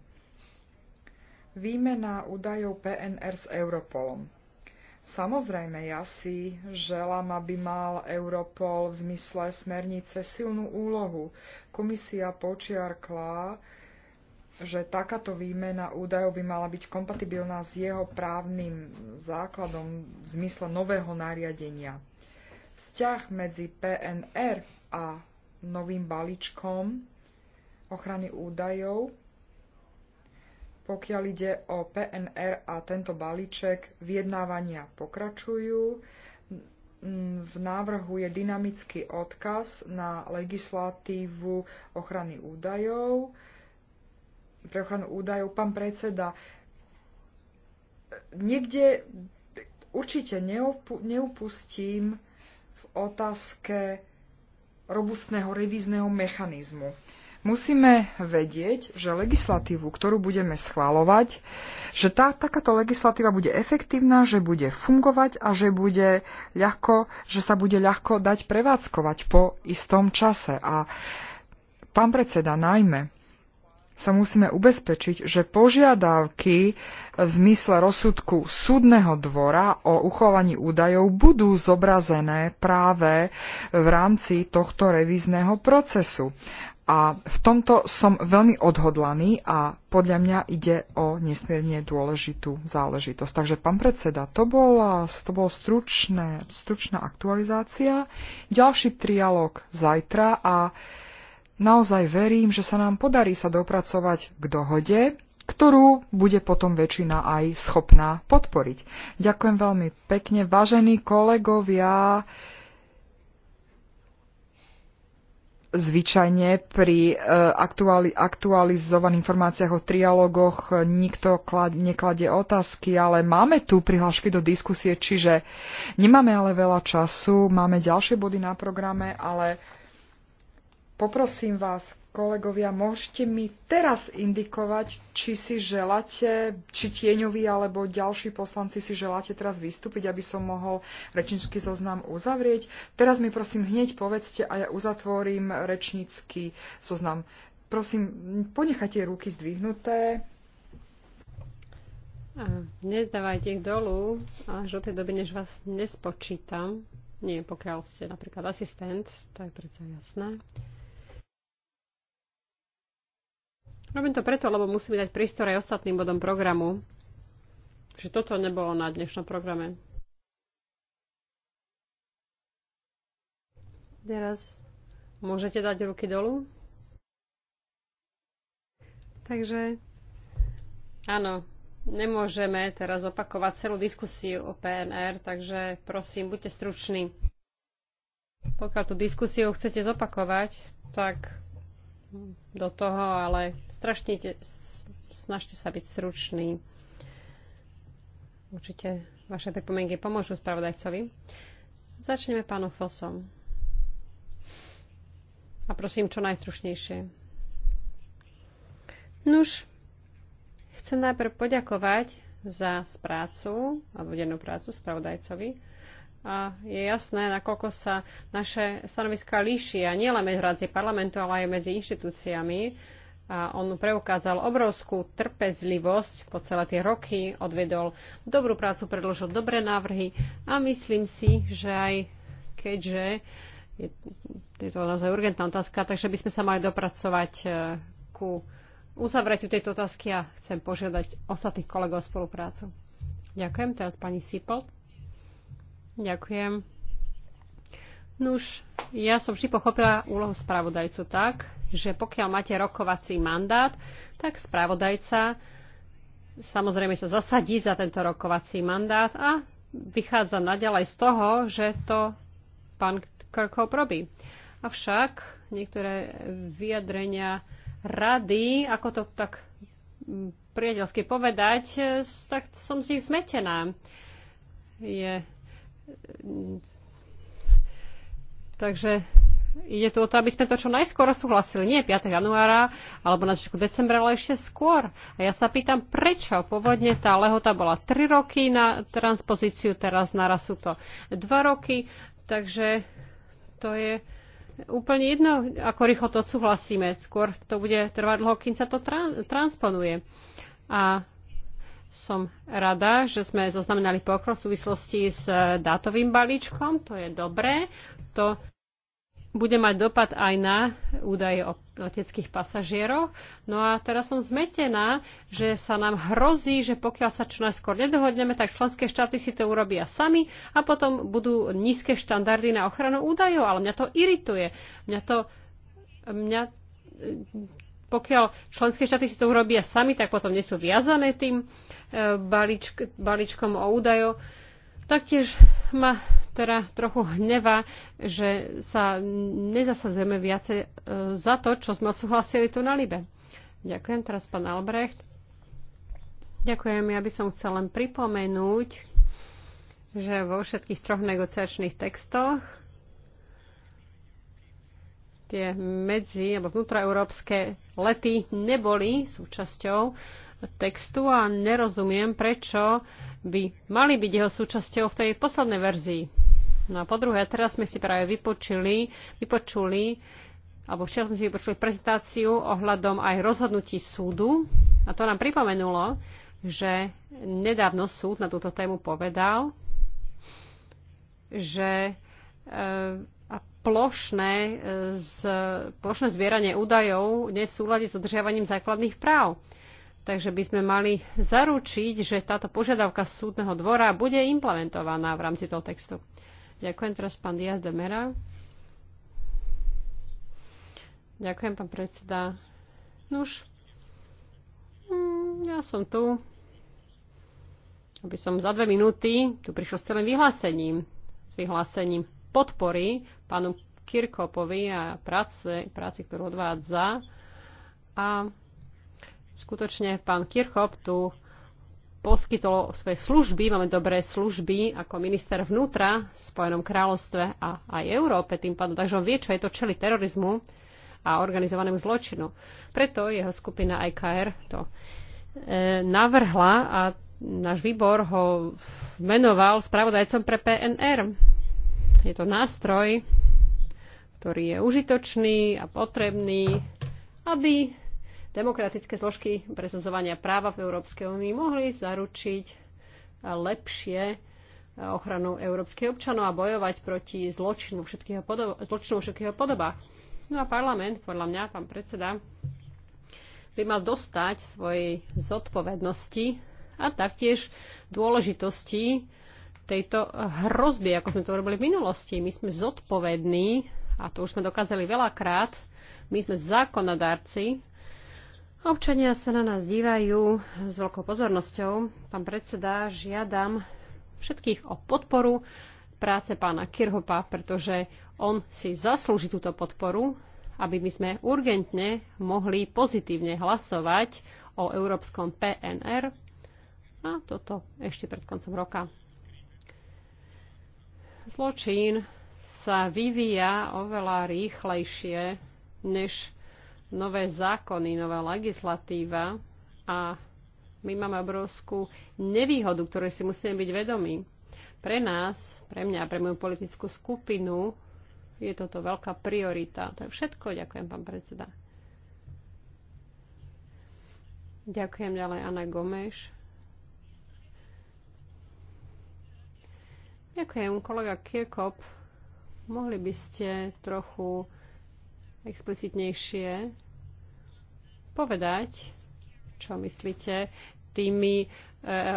Výmena údajov PNR s Europolom. Samozrejme, ja si želám, aby mal Europol v zmysle smernice silnú úlohu. Komisia počiarkla, že takáto výmena údajov by mala byť kompatibilná s jeho právnym základom v zmysle nového nariadenia. Vzťah medzi PNR a novým balíčkom ochrany údajov, pokiaľ ide o PNR a tento balíček, vyjednávania pokračujú. V návrhu je dynamický odkaz na legislatívu ochrany údajov pre ochranu údajov. Pán predseda, niekde určite neupustím v otázke robustného revízneho mechanizmu. Musíme vedieť, že legislatívu, ktorú budeme schváľovať, že tá, takáto legislatíva bude efektívna, že bude fungovať a že, bude ľahko, že sa bude ľahko dať prevádzkovať po istom čase. A pán predseda, najmä, sa musíme ubezpečiť, že požiadavky v zmysle rozsudku súdneho dvora o uchovaní údajov budú zobrazené práve v rámci tohto revízneho procesu. A v tomto som veľmi odhodlaný a podľa mňa ide o nesmierne dôležitú záležitosť. Takže, pán predseda, to bola, to bol stručné, stručná aktualizácia. Ďalší trialog zajtra a naozaj verím, že sa nám podarí sa dopracovať k dohode, ktorú bude potom väčšina aj schopná podporiť. Ďakujem veľmi pekne, vážení kolegovia. Zvyčajne pri e, aktuali- aktualizovaných informáciách o trialogoch nikto klad- nekladie otázky, ale máme tu prihlášky do diskusie, čiže nemáme ale veľa času, máme ďalšie body na programe, ale poprosím vás, kolegovia, môžete mi teraz indikovať, či si želáte, či tieňoví alebo ďalší poslanci si želáte teraz vystúpiť, aby som mohol rečnícky zoznam uzavrieť. Teraz mi prosím hneď povedzte a ja uzatvorím rečnícky zoznam. Prosím, ponechajte ruky zdvihnuté. A nedávajte ich dolu až do tej doby, než vás nespočítam. Nie, pokiaľ ste napríklad asistent, to je predsa jasné. Robím to preto, lebo musíme dať priestor aj ostatným bodom programu. Že toto nebolo na dnešnom programe. Teraz môžete dať ruky dolu. Takže áno, nemôžeme teraz opakovať celú diskusiu o PNR, takže prosím, buďte struční. Pokiaľ tú diskusiu chcete zopakovať, tak do toho, ale strašne snažte sa byť stručný. Určite vaše pripomienky pomôžu spravodajcovi. Začneme pánom Fosom. A prosím, čo najstrušnejšie. Nuž, chcem najprv poďakovať za prácu, alebo dennú prácu spravodajcovi a je jasné, nakoľko sa naše stanoviska líšia nielen medzi hradci parlamentu, ale aj medzi inštitúciami. A on preukázal obrovskú trpezlivosť po celé tie roky, odvedol dobrú prácu, predložil dobré návrhy a myslím si, že aj keďže je, je to naozaj urgentná otázka, takže by sme sa mali dopracovať e, ku uzavretiu tejto otázky a chcem požiadať ostatných kolegov o spoluprácu. Ďakujem. Teraz pani Sipol. Ďakujem. Nuž, ja som vždy pochopila úlohu spravodajcu tak, že pokiaľ máte rokovací mandát, tak spravodajca samozrejme sa zasadí za tento rokovací mandát a vychádza naďalej z toho, že to pán Krkov robí. Avšak niektoré vyjadrenia rady, ako to tak priateľsky povedať, tak som z nich zmetená. Je Takže ide tu o to, aby sme to čo najskôr súhlasili. Nie 5. januára alebo na začiatku decembra, ale ešte skôr. A ja sa pýtam, prečo pôvodne tá lehota bola 3 roky na transpozíciu, teraz naraz sú to 2 roky. Takže to je úplne jedno, ako rýchlo to súhlasíme. Skôr to bude trvať dlho, kým sa to tra- transponuje. A som rada, že sme zaznamenali pokrok v súvislosti s dátovým balíčkom. To je dobré. To bude mať dopad aj na údaje o leteckých pasažieroch. No a teraz som zmetená, že sa nám hrozí, že pokiaľ sa čo najskôr nedohodneme, tak členské štáty si to urobia sami a potom budú nízke štandardy na ochranu údajov. Ale mňa to irituje. Mňa to, mňa pokiaľ členské štáty si to urobia sami, tak potom nie sú viazané tým e, balíčk, balíčkom o údajov. Taktiež ma teda trochu hneva, že sa nezasadzujeme viacej e, za to, čo sme odsúhlasili tu na Libe. Ďakujem teraz pán Albrecht. Ďakujem, ja by som chcel len pripomenúť, že vo všetkých troch negociačných textoch tie medzi alebo vnútroeurópske lety neboli súčasťou textu a nerozumiem, prečo by mali byť jeho súčasťou v tej poslednej verzii. No a po druhé, teraz sme si práve vypočuli, vypočuli alebo všetko sme si vypočuli prezentáciu ohľadom aj rozhodnutí súdu a to nám pripomenulo, že nedávno súd na túto tému povedal, že plošné, e, z, plošné zbieranie údajov nie v súlade s udržiavaním základných práv. Takže by sme mali zaručiť, že táto požiadavka súdneho dvora bude implementovaná v rámci toho textu. Ďakujem teraz pán Diaz de Mera. Ďakujem, pán predseda. Nuž, mm, ja som tu, aby som za dve minúty tu prišiel s celým vyhlásením. S vyhlásením podpory pánu Kirkopovi a práce, práci, ktorú odvádza. A skutočne pán Kirchop tu poskytol svoje služby, máme dobré služby ako minister vnútra v Spojenom kráľovstve a aj Európe tým pádom, takže on vie, čo je to čeli terorizmu a organizovanému zločinu. Preto jeho skupina IKR e to e, navrhla a náš výbor ho menoval spravodajcom pre PNR. Je to nástroj, ktorý je užitočný a potrebný, aby demokratické zložky presadzovania práva v Európskej únii mohli zaručiť lepšie ochranu európskych občanov a bojovať proti zločinu všetkých podob- zločinu všetkých podobách. No a parlament, podľa mňa, pán predseda, by mal dostať svojej zodpovednosti a taktiež dôležitosti tejto hrozby, ako sme to robili v minulosti. My sme zodpovední, a to už sme dokázali veľakrát, my sme zákonodárci, Občania sa na nás dívajú s veľkou pozornosťou. Pán predseda, žiadam všetkých o podporu práce pána Kirhopa, pretože on si zaslúži túto podporu, aby my sme urgentne mohli pozitívne hlasovať o európskom PNR. A toto ešte pred koncom roka zločin sa vyvíja oveľa rýchlejšie než nové zákony, nová legislatíva a my máme obrovskú nevýhodu, ktorej si musíme byť vedomí. Pre nás, pre mňa a pre moju politickú skupinu je toto veľká priorita. To je všetko. Ďakujem, pán predseda. Ďakujem ďalej Ana Gomeš. Ďakujem, kolega Kirkop. Mohli by ste trochu explicitnejšie povedať, čo myslíte tými e,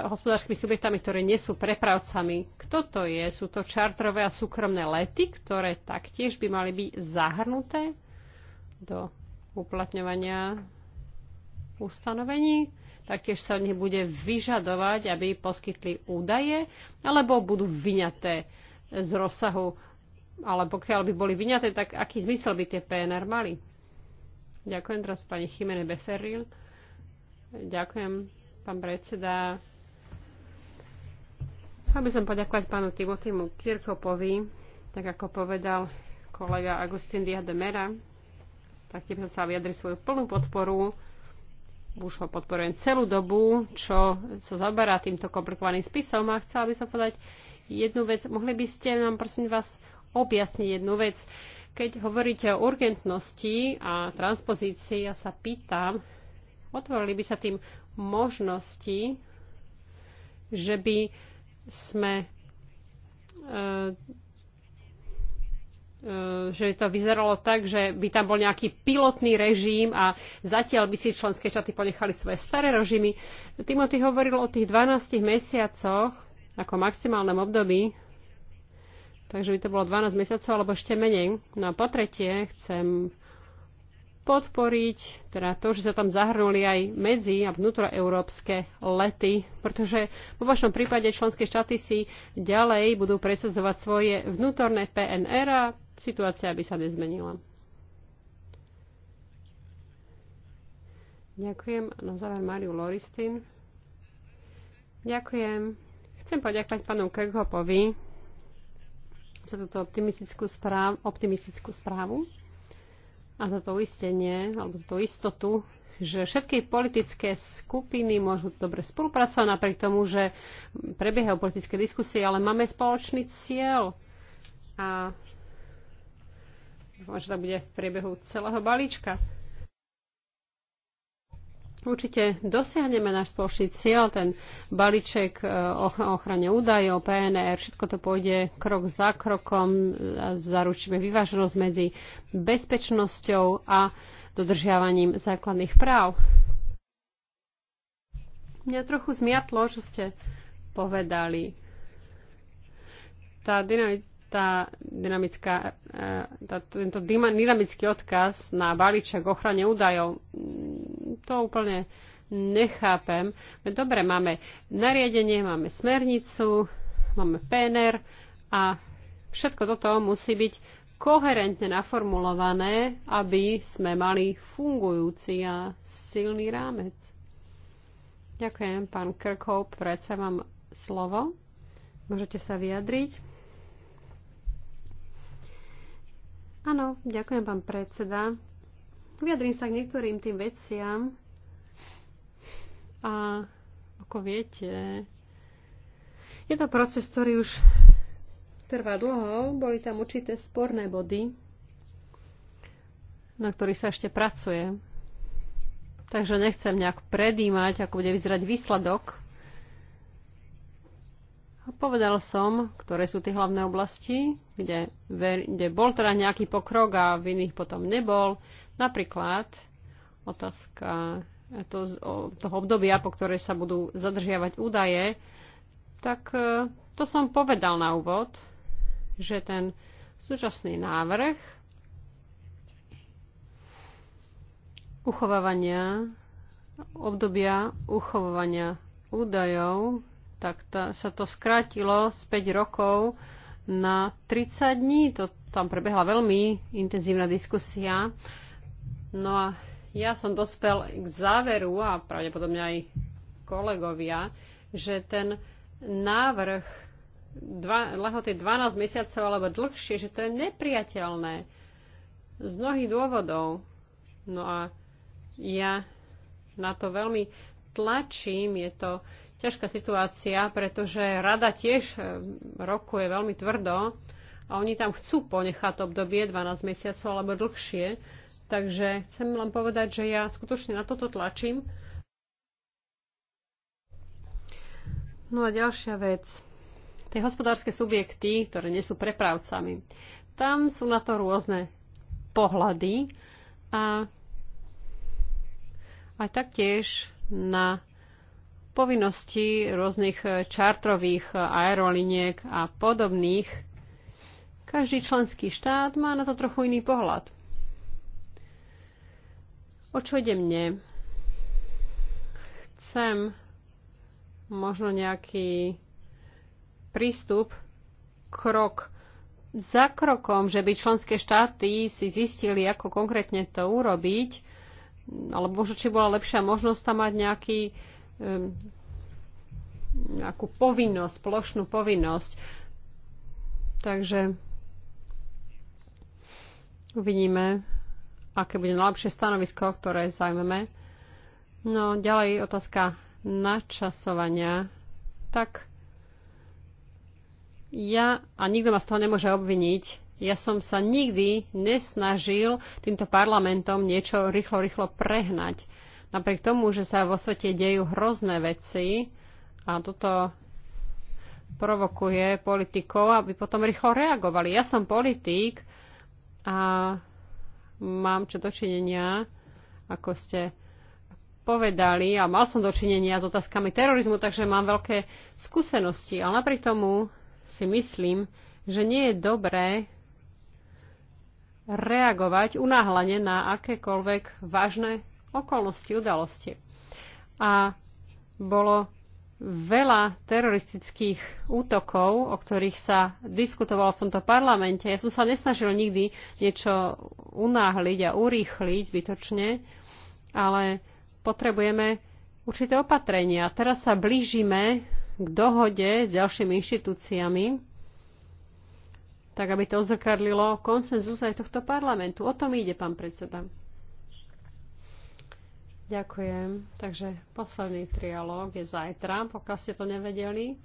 hospodárskymi subjektami, ktoré nie sú prepravcami. Kto to je? Sú to čartrové a súkromné lety, ktoré taktiež by mali byť zahrnuté do uplatňovania ustanovení? taktiež sa od nich bude vyžadovať, aby poskytli údaje, alebo budú vyňaté z rozsahu, ale pokiaľ by boli vyňaté, tak aký zmysel by tie PNR mali? Ďakujem teraz pani Chimene Beferil. Ďakujem, pán predseda. Chcel by som poďakovať pánu Timotimu Kirkopovi, tak ako povedal kolega Agustín Diademera, tak tým som sa vyjadri svoju plnú podporu už ho podporujem celú dobu, čo sa zaberá týmto komplikovaným spisom a chcela by som povedať jednu vec. Mohli by ste nám, prosím vás, objasniť jednu vec. Keď hovoríte o urgentnosti a transpozícii, ja sa pýtam, otvorili by sa tým možnosti, že by sme e, E, že to vyzeralo tak, že by tam bol nejaký pilotný režim a zatiaľ by si členské štáty ponechali svoje staré režimy. Timothy hovoril o tých 12 mesiacoch ako maximálnom období, takže by to bolo 12 mesiacov alebo ešte menej. No a po tretie chcem podporiť teda to, že sa tam zahrnuli aj medzi a vnútroeurópske lety, pretože vo vašom prípade členské štáty si ďalej budú presadzovať svoje vnútorné PNR a situácia by sa nezmenila. Ďakujem. Na záver Mariu Loristin. Ďakujem. Chcem poďakovať panu Kirchhoffovi za túto optimistickú, správ, optimistickú správu a za to uistenie, alebo za tú istotu, že všetky politické skupiny môžu dobre spolupracovať napriek tomu, že prebiehajú politické diskusie, ale máme spoločný cieľ. A Dúfam, že to bude v priebehu celého balíčka. Určite dosiahneme náš spoločný cieľ, ten balíček e, o ochrane údajov, PNR, všetko to pôjde krok za krokom a zaručíme vyváženosť medzi bezpečnosťou a dodržiavaním základných práv. Mňa trochu zmiatlo, čo ste povedali. Tá, tá dynamická E, tento dynamický odkaz na balíček ochrane údajov, mm, to úplne nechápem. Dobre, máme nariadenie, máme smernicu, máme PNR a všetko toto musí byť koherentne naformulované, aby sme mali fungujúci a silný rámec. Ďakujem, pán Kirkhope, predsa vám slovo. Môžete sa vyjadriť. Áno, ďakujem, pán predseda. Vyjadrím sa k niektorým tým veciam. A ako viete, je to proces, ktorý už trvá dlho. Boli tam určité sporné body, na ktorých sa ešte pracuje. Takže nechcem nejak predýmať, ako bude vyzerať výsledok Povedal som, ktoré sú tie hlavné oblasti, kde, kde bol teda nejaký pokrok a v iných potom nebol. Napríklad otázka to, toho obdobia, po ktoré sa budú zadržiavať údaje, tak e, to som povedal na úvod, že ten súčasný návrh uchovávania obdobia uchovávania údajov tak to sa to skrátilo z 5 rokov na 30 dní. To, tam prebehla veľmi intenzívna diskusia. No a ja som dospel k záveru a pravdepodobne aj kolegovia, že ten návrh dva, lehoty 12 mesiacov alebo dlhšie, že to je nepriateľné z mnohých dôvodov. No a ja na to veľmi tlačím, je to ťažká situácia, pretože rada tiež e, rokuje veľmi tvrdo a oni tam chcú ponechať obdobie 12 mesiacov alebo dlhšie. Takže chcem len povedať, že ja skutočne na toto tlačím. No a ďalšia vec. Tie hospodárske subjekty, ktoré nie sú prepravcami, tam sú na to rôzne pohľady a aj taktiež na povinností rôznych eh, čartrových eh, aeroliniek a podobných. Každý členský štát má na to trochu iný pohľad. O čo ide mne? Chcem možno nejaký prístup, krok za krokom, že by členské štáty si zistili, ako konkrétne to urobiť, alebo možno, či bola lepšia možnosť tam mať nejaký nejakú povinnosť, plošnú povinnosť. Takže uvidíme, aké bude najlepšie stanovisko, ktoré zajmeme. No ďalej otázka načasovania. Tak ja, a nikto ma z toho nemôže obviniť, ja som sa nikdy nesnažil týmto parlamentom niečo rýchlo, rýchlo prehnať. Napriek tomu, že sa vo svete dejú hrozné veci a toto provokuje politikov, aby potom rýchlo reagovali. Ja som politik a mám čo dočinenia, ako ste povedali, a mal som dočinenia s otázkami terorizmu, takže mám veľké skúsenosti. Ale napriek tomu si myslím, že nie je dobré reagovať unáhlane na akékoľvek vážne okolnosti, udalosti. A bolo veľa teroristických útokov, o ktorých sa diskutovalo v tomto parlamente. Ja som sa nesnažil nikdy niečo unáhliť a urýchliť zbytočne, ale potrebujeme určité opatrenia. Teraz sa blížime k dohode s ďalšími inštitúciami, tak aby to ozrkadlilo konsenzus aj tohto parlamentu. O tom ide, pán predseda. Ďakujem. Takže posledný trialóg je zajtra, pokiaľ ste to nevedeli.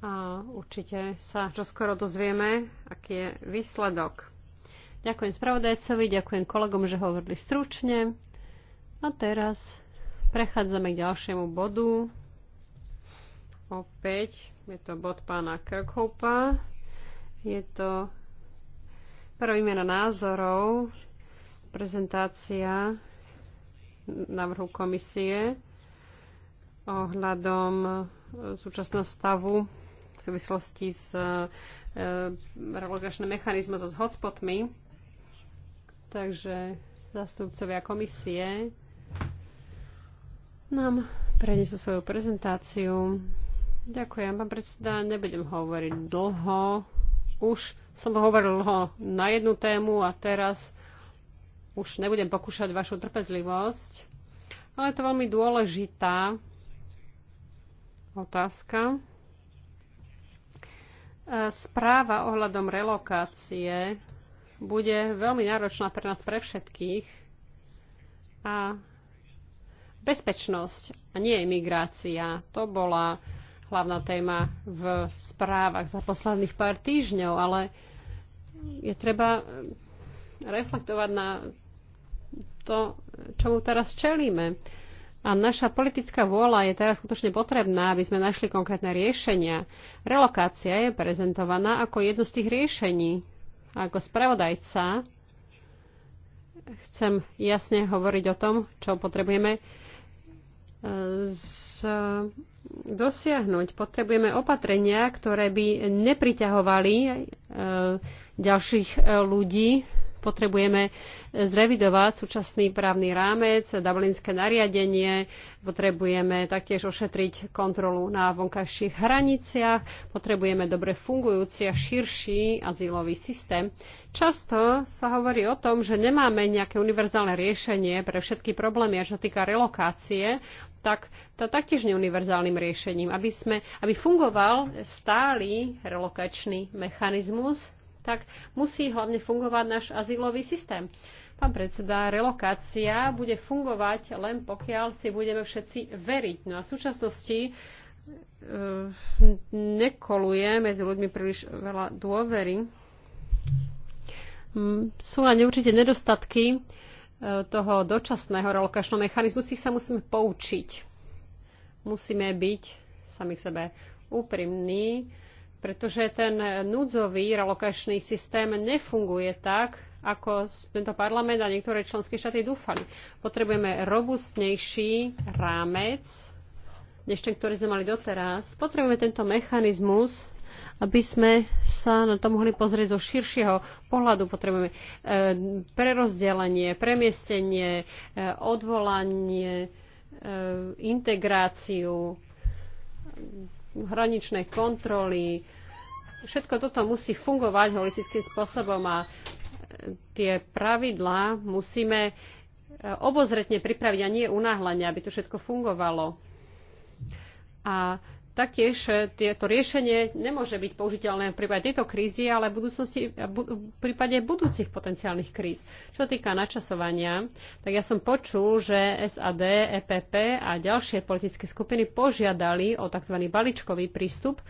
A určite sa čoskoro dozvieme, aký je výsledok. Ďakujem spravodajcovi, ďakujem kolegom, že hovorili stručne. A teraz prechádzame k ďalšiemu bodu. Opäť je to bod pána Kirkhopa. Je to prvý výmena názorov, prezentácia návrhu komisie ohľadom e, súčasného stavu v súvislosti s e, e, relokačným mechanizmom so hotspotmi. Takže zastupcovia komisie nám prenesú svoju prezentáciu. Ďakujem, pán predseda. Nebudem hovoriť dlho. Už som hovoril dlho na jednu tému a teraz už nebudem pokúšať vašu trpezlivosť, ale je to veľmi dôležitá otázka. E, správa ohľadom relokácie bude veľmi náročná pre nás, pre všetkých. A bezpečnosť a nie imigrácia, to bola hlavná téma v správach za posledných pár týždňov, ale je treba reflektovať na to, čomu teraz čelíme. A naša politická vôľa je teraz skutočne potrebná, aby sme našli konkrétne riešenia. Relokácia je prezentovaná ako jedno z tých riešení. A ako spravodajca chcem jasne hovoriť o tom, čo potrebujeme e, z, dosiahnuť. Potrebujeme opatrenia, ktoré by nepriťahovali e, ďalších e, ľudí potrebujeme e, zrevidovať súčasný právny rámec, dublinské nariadenie, potrebujeme taktiež ošetriť kontrolu na vonkajších hraniciach, potrebujeme dobre fungujúci a širší azylový systém. Často sa hovorí o tom, že nemáme nejaké univerzálne riešenie pre všetky problémy, čo sa týka relokácie, tak to taktiež neuniverzálnym riešením, aby, sme, aby fungoval stály relokačný mechanizmus, tak musí hlavne fungovať náš azylový systém. Pán predseda, relokácia bude fungovať len pokiaľ si budeme všetci veriť. No a v súčasnosti eh, nekoluje medzi ľuďmi príliš veľa dôvery. Mm, sú na určite nedostatky eh, toho dočasného relokačného mechanizmu, z tých sa musíme poučiť. Musíme byť sami k sebe úprimní pretože ten núdzový relokačný systém nefunguje tak, ako tento parlament a niektoré členské štáty dúfali. Potrebujeme robustnejší rámec, než ten, ktorý sme mali doteraz. Potrebujeme tento mechanizmus, aby sme sa na to mohli pozrieť zo širšieho pohľadu. Potrebujeme e, prerozdelenie, premiestnenie, e, odvolanie, e, integráciu, hraničné kontroly. Všetko toto musí fungovať holistickým spôsobom a e, tie pravidlá musíme e, obozretne pripraviť a nie unáhľania, aby to všetko fungovalo. A Taktiež e, tieto riešenie nemôže byť použiteľné v prípade tejto krízy, ale v, budúcnosti, v prípade budúcich potenciálnych kríz. Čo týka načasovania, tak ja som počul, že SAD, EPP a ďalšie politické skupiny požiadali o tzv. balíčkový prístup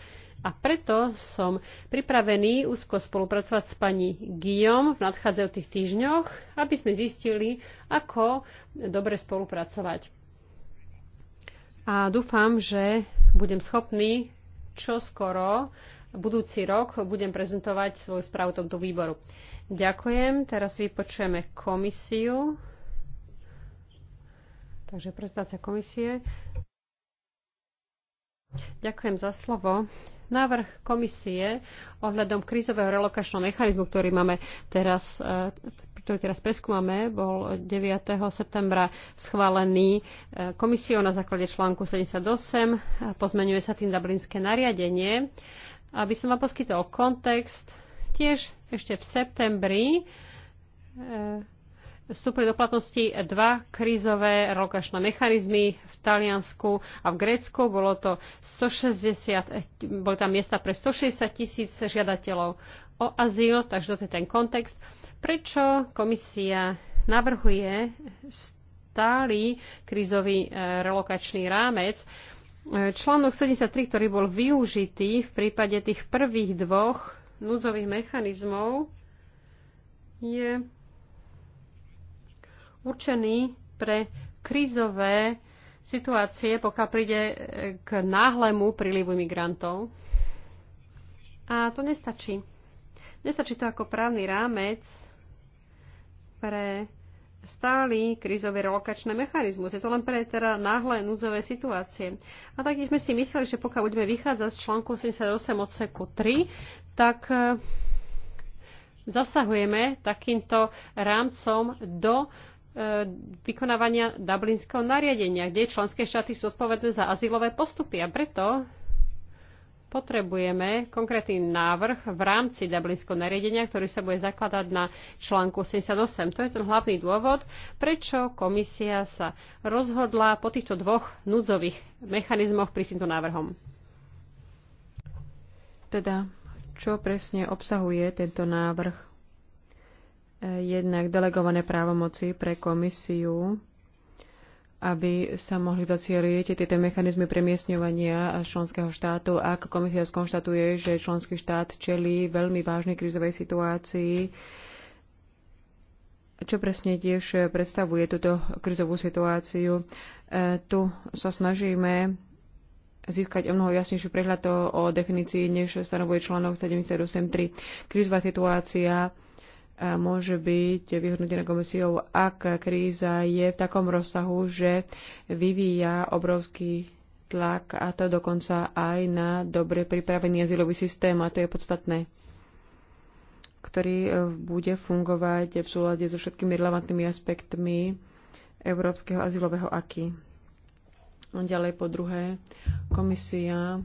a preto som pripravený úzko spolupracovať s pani Guillaume v nadchádzajúcich týždňoch, aby sme zistili, ako dobre spolupracovať a dúfam, že budem schopný čoskoro budúci rok budem prezentovať svoju správu tomto výboru. Ďakujem. Teraz vypočujeme komisiu. Takže prezentácia komisie. Ďakujem za slovo. Návrh komisie ohľadom krízového relokačného mechanizmu, ktorý máme teraz v e, ktorý teraz preskúmame, bol 9. septembra schválený e, komisiou na základe článku 78. E, Pozmenuje sa tým dublinské nariadenie. Aby som vám poskytol kontext, tiež ešte v septembri e, vstúpili do platnosti dva krízové rokačné mechanizmy v Taliansku a v Grécku. Bolo to 160, boli tam miesta pre 160 tisíc žiadateľov o azyl, takže toto je ten kontext. Prečo komisia navrhuje stály krízový e, relokačný rámec? E, článok 73, ktorý bol využitý v prípade tých prvých dvoch núdzových mechanizmov, je určený pre krízové situácie, pokiaľ príde e, k náhlemu prílivu migrantov. A to nestačí. Nestačí to ako právny rámec, pre stály krizový relokačný mechanizmus. Je to len pre teda náhle núdzové situácie. A taktiež sme si mysleli, že pokiaľ budeme vychádzať z článku 88 odseku 3, tak e, zasahujeme takýmto rámcom do e, vykonávania Dublinského nariadenia, kde členské štáty sú odpovedné za azylové postupy. A preto potrebujeme konkrétny návrh v rámci Dublinského nariadenia, ktorý sa bude zakladať na článku 88. To je ten hlavný dôvod, prečo komisia sa rozhodla po týchto dvoch núdzových mechanizmoch pri týmto návrhom. Teda, čo presne obsahuje tento návrh? Eh, jednak delegované právomoci pre komisiu aby sa mohli zacieliť tieto mechanizmy premiesňovania členského štátu, ak komisia skonštatuje, že členský štát čelí veľmi vážnej krizovej situácii, čo presne tiež predstavuje túto krizovú situáciu. E, tu sa snažíme získať o mnoho jasnejší prehľad o definícii, než stanovuje článok 78.3. Krizová situácia môže byť vyhodnotená komisiou, ak kríza je v takom rozsahu, že vyvíja obrovský tlak a to dokonca aj na dobre pripravený azylový systém a to je podstatné ktorý e, bude fungovať v súlade so všetkými relevantnými aspektmi európskeho azylového aky. Ďalej po druhé, komisia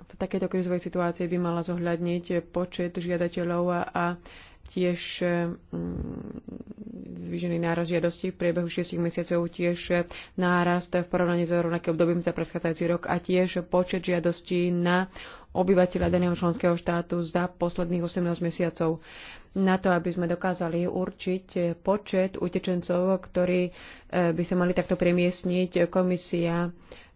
v takejto krizovej situácii by mala zohľadniť počet žiadateľov a tiež mm, zvýšený náraz žiadosti v priebehu 6 mesiacov, tiež nárast v porovnaní s rovnakým obdobím za predchádzajúci rok a tiež počet žiadostí na obyvateľa daného členského štátu za posledných 18 mesiacov. Na to, aby sme dokázali určiť počet utečencov, ktorí eh, by sa mali takto premiestniť, komisia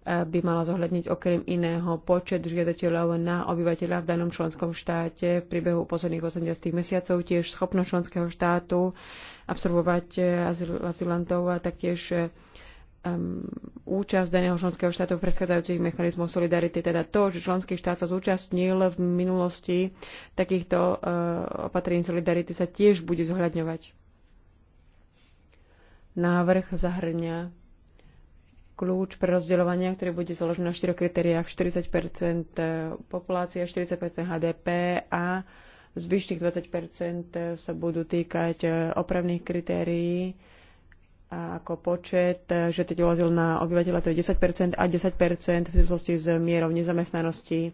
by mala zohľadniť okrem iného počet žiadateľov na obyvateľa v danom členskom štáte v priebehu posledných 80 mesiacov, tiež schopnosť členského štátu absorbovať eh, azylantov a taktiež um, účasť daného členského štátu v predchádzajúcich mechanizmoch solidarity, teda to, že členský štát sa zúčastnil v minulosti takýchto uh, opatrení solidarity sa tiež bude zohľadňovať. Návrh zahrňa kľúč pre rozdeľovanie, ktorý bude založený na štyroch kritériách 40 populácie, 40 HDP a zvyšných 20 sa budú týkať e, opravných kritérií a ako počet, e, že teď ulazil na obyvateľa to je 10 a 10 v súvislosti s mierou nezamestnanosti v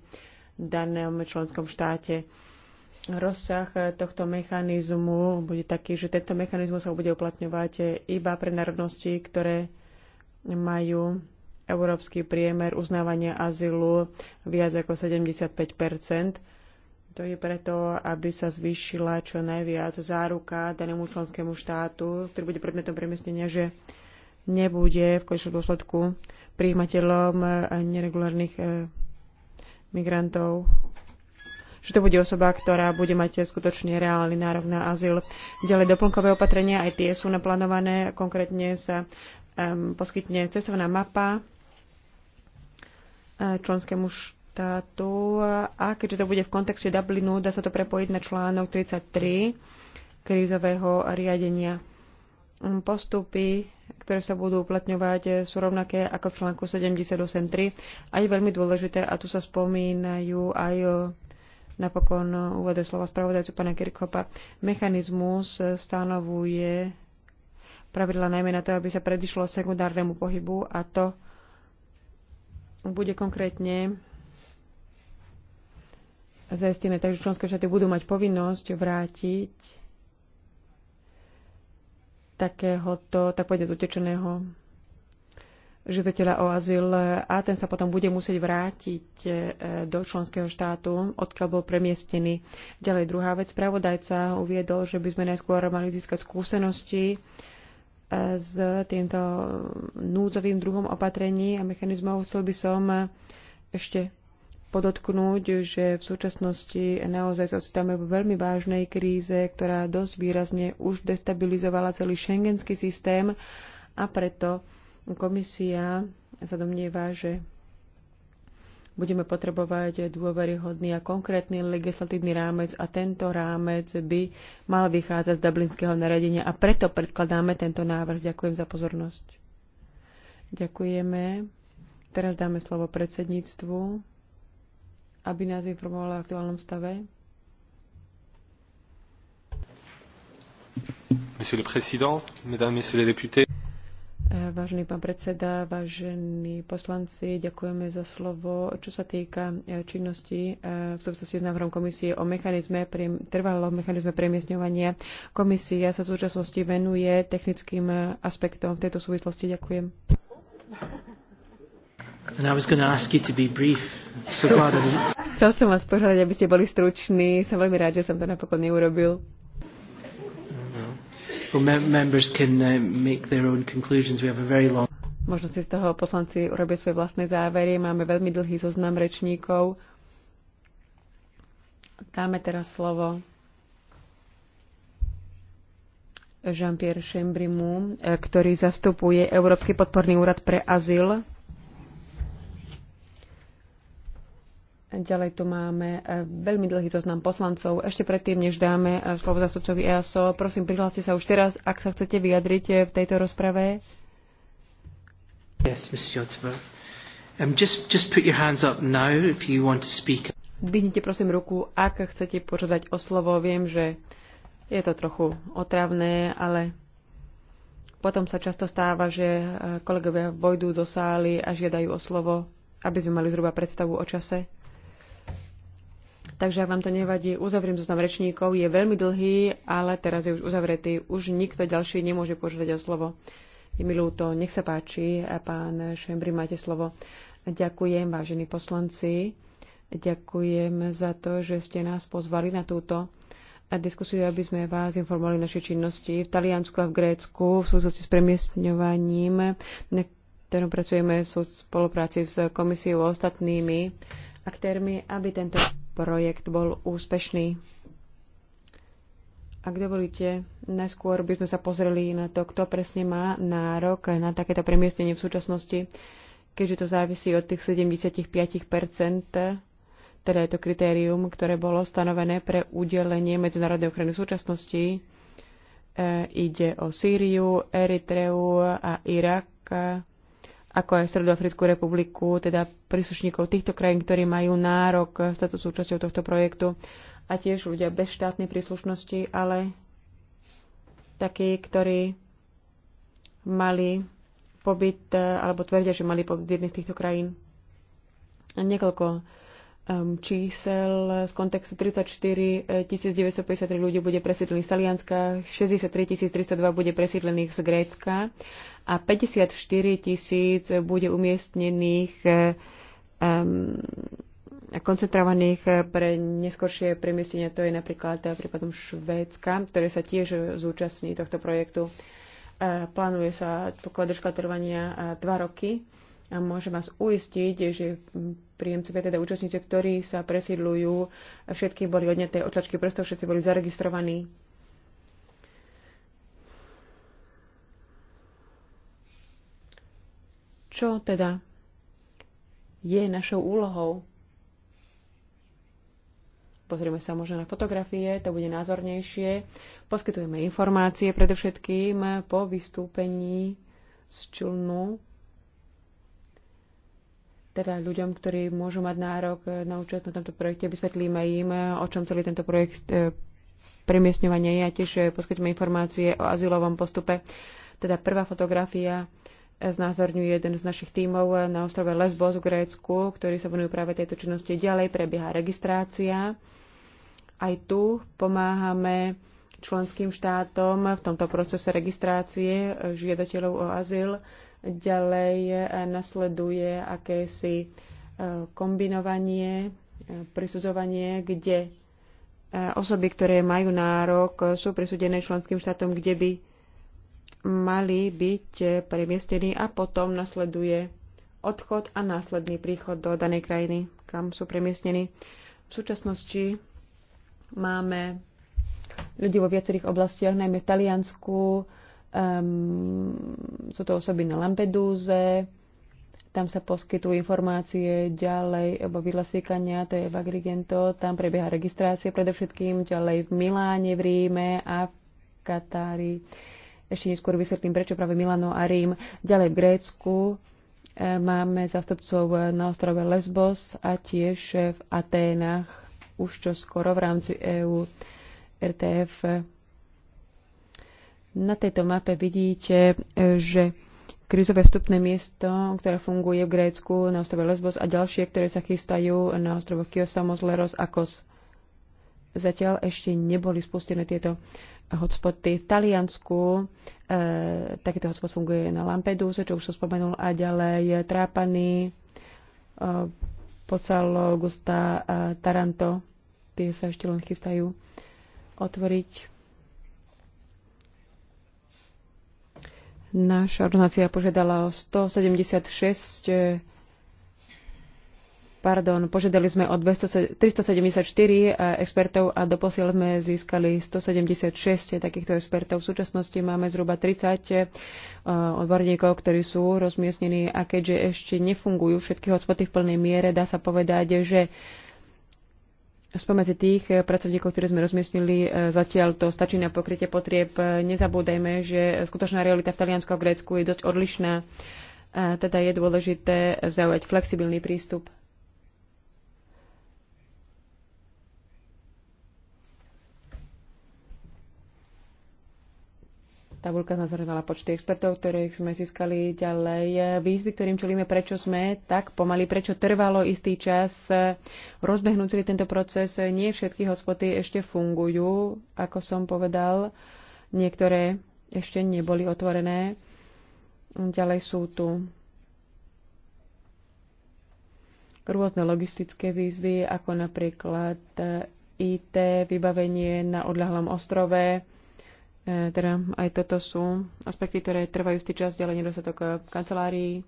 danom členskom štáte. Rozsah e, tohto mechanizmu bude taký, že tento mechanizmus sa bude uplatňovať iba pre národnosti, ktoré majú európsky priemer uznávania azylu viac ako 75 To je preto, aby sa zvýšila čo najviac záruka danému členskému štátu, ktorý bude predmetom premiestnenia, že nebude v končnom dôsledku príjimateľom eh, neregulárnych eh, migrantov že to bude osoba, ktorá bude mať skutočne reálny nárok na azyl. Ďalej doplnkové opatrenia, aj tie sú naplánované. Konkrétne sa poskytne cestovná mapa e, členskému štátu a keďže to bude v kontexte Dublinu, dá sa to prepojiť na článok 33 krízového riadenia. Postupy, ktoré sa budú uplatňovať, sú rovnaké ako v článku 78.3 a je veľmi dôležité a tu sa spomínajú aj e, napokon uvede slova spravodajcu pana Kirchhoffa, mechanizmus stanovuje pravidla najmä na to, aby sa predišlo sekundárnemu pohybu a to bude konkrétne zaistené, takže členské štáty budú mať povinnosť vrátiť takéhoto, tak povedať, utečeného žiadateľa o azyl a ten sa potom bude musieť vrátiť e, do členského štátu, odkiaľ bol premiestnený. Ďalej druhá vec, pravodajca uviedol, že by sme najskôr mali získať skúsenosti s týmto núdzovým druhom opatrení a mechanizmov. Chcel by som ešte podotknúť, že v súčasnosti naozaj sa ocitáme v veľmi vážnej kríze, ktorá dosť výrazne už destabilizovala celý šengenský systém a preto komisia sa domnieva, že budeme potrebovať dôveryhodný a konkrétny legislatívny rámec a tento rámec by mal vychádzať z Dublinského naradenia a preto predkladáme tento návrh. Ďakujem za pozornosť. Ďakujeme. Teraz dáme slovo predsedníctvu, aby nás informovala o aktuálnom stave. Monsieur le Président, Mesdames, Messieurs les députés, Vážený pán predseda, vážení poslanci, ďakujeme za slovo. Čo sa týka e, činnosti e, v súvislosti s návrhom komisie o mechanizme, trvalom mechanizme premiesňovania, komisia sa v súčasnosti venuje technickým e, aspektom. V tejto súvislosti ďakujem. And I was going to ask you to be brief. So glad I Chcel som vás požiadať, aby ste boli struční. Som veľmi rád, že som to napokon neurobil. Uh, Možno si z toho poslanci urobia svoje vlastné závery. Máme veľmi dlhý zoznam rečníkov. Dáme teraz slovo Jean-Pierre Chambrimu, eh, ktorý zastupuje Európsky podporný úrad pre azyl Ďalej tu máme e, veľmi dlhý zoznam poslancov. Ešte predtým, než dáme e, slovo zastupcovi EASO, prosím, prihláste sa už teraz, ak sa chcete vyjadriť e, v tejto rozprave. Yes, Um, just, just put your hands up now if you want to speak. Dvihnite prosím ruku, ak chcete požiadať o slovo. Viem, že je to trochu otravné, ale potom sa často stáva, že kolegovia vojdú do sály a žiadajú o slovo, aby sme mali zhruba predstavu o čase. Takže ak vám to nevadí, uzavriem zoznam rečníkov. Je veľmi dlhý, ale teraz je už uzavretý. Už nikto ďalší nemôže požiadať o slovo. Je mi ľúto. Nech sa páči. A pán Šembri, máte slovo. Ďakujem, vážení poslanci. Ďakujem za to, že ste nás pozvali na túto diskusiu, aby sme vás informovali o našej činnosti v Taliansku a v Grécku v súvislosti s premiestňovaním, na ktorom pracujeme v spolupráci s komisiou a ostatnými aktérmi, aby tento projekt bol úspešný. Ak dovolíte, najskôr by sme sa pozreli na to, kto presne má nárok na takéto premiestnenie v súčasnosti, keďže to závisí od tých 75 teda je to kritérium, ktoré bolo stanovené pre udelenie medzinárodnej ochrany v súčasnosti. E, ide o Sýriu, Eritreu a Irak ako aj Stredoafrickú republiku, teda príslušníkov týchto krajín, ktorí majú nárok stať súčasťou tohto projektu a tiež ľudia bez štátnej príslušnosti, ale takí, ktorí mali pobyt, e, alebo tvrdia, že mali pobyt v jednej z týchto krajín. Niekoľko um, čísel z kontextu 34 953 e, ľudí bude presídlených z Talianska, 63 302 bude presídlených z Grécka a 54 tisíc bude umiestnených um, koncentrovaných pre neskoršie premiestnenia. To je napríklad eh, prípadom Švédska, ktoré sa tiež zúčastní tohto projektu. Eh, plánuje sa kladržka trvania dva roky a môžem vás uistiť, že príjemcovia, teda účastníci, ktorí sa presídľujú, všetky boli odňaté otlačky prstov, všetci boli zaregistrovaní Čo teda je našou úlohou? Pozrieme sa možno na fotografie, to bude názornejšie. Poskytujeme informácie predovšetkým po vystúpení z člnu, teda ľuďom, ktorí môžu mať nárok na účasť na tomto projekte. Vysvetlíme im, o čom celý tento projekt e, premiestňovania je a tiež poskytujeme informácie o azylovom postupe. Teda prvá fotografia znázorňuje jeden z našich tímov na ostrove Lesbos v Grécku, ktorý sa venujú práve tejto činnosti. Ďalej prebieha registrácia. Aj tu pomáhame členským štátom v tomto procese registrácie žiadateľov o azyl. Ďalej e, nasleduje akési e, kombinovanie, e, prisudzovanie, kde osoby, ktoré majú nárok, sú prisudené členským štátom, kde by mali byť e, premiestnení a potom nasleduje odchod a následný príchod do danej krajiny, kam sú premiestnení. V súčasnosti máme ľudí vo viacerých oblastiach, najmä v Taliansku, um, sú to osoby na Lampedúze, tam sa poskytujú informácie ďalej o Villa to je v Agrigento, tam prebieha registrácia predovšetkým, ďalej v Miláne, v Ríme a v Katári. Ešte neskôr vysvetlím, prečo práve Milano a Rím. Ďalej v Grécku e, máme zástupcov na ostrove Lesbos a tiež v Aténach už čo skoro v rámci EU RTF. Na tejto mape vidíte, e, že krizové vstupné miesto, ktoré funguje v Grécku na ostrove Lesbos a ďalšie, ktoré sa chystajú na ostrove Kiosamos, Leros a Kos. Zatiaľ ešte neboli spustené tieto uh, hotspoty v Taliansku. E, takýto hotspot funguje na Lampeduse, čo už som spomenul, a ďalej Trápany, e, Pocalo, Gusta, e, Taranto. Tie sa ešte len chystajú otvoriť. Naša ordinácia požiadala o 176 Pardon, požiadali sme o 200, 374 eh, expertov a doposiaľ sme získali 176 takýchto expertov. V súčasnosti máme zhruba 30 eh, odborníkov, ktorí sú rozmiestnení a keďže ešte nefungujú všetky hotspoty v plnej miere, dá sa povedať, že spomedzi tých eh, pracovníkov, ktoré sme rozmiestnili, zatiaľ to stačí na pokrytie potrieb. Nezabúdajme, že skutočná realita v Taliansku a Grécku je dosť odlišná, a teda je dôležité zaujať flexibilný prístup. Tabulka zazorovala počty expertov, ktorých sme získali ďalej. Výzvy, ktorým čelíme, prečo sme tak pomaly, prečo trvalo istý čas rozbehnúť celý tento proces. Nie všetky hotspoty ešte fungujú, ako som povedal. Niektoré ešte neboli otvorené. Ďalej sú tu rôzne logistické výzvy, ako napríklad IT, vybavenie na odľahlom ostrove, E, teda aj toto sú aspekty, ktoré trvajú tý čas, ďalej nedostatok e, kancelárií.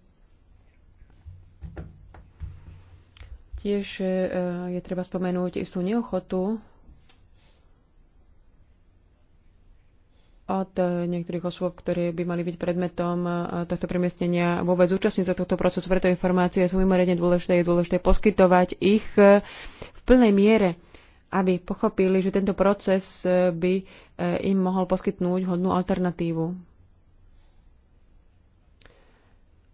Tiež e, je treba spomenúť istú neochotu od niektorých osôb, ktoré by mali byť predmetom tohto premiestnenia vôbec účastníca tohto procesu. Preto informácie sú mimoriadne dôležité. Je dôležité poskytovať ich v plnej miere aby pochopili, že tento proces e, by e, im mohol poskytnúť hodnú alternatívu.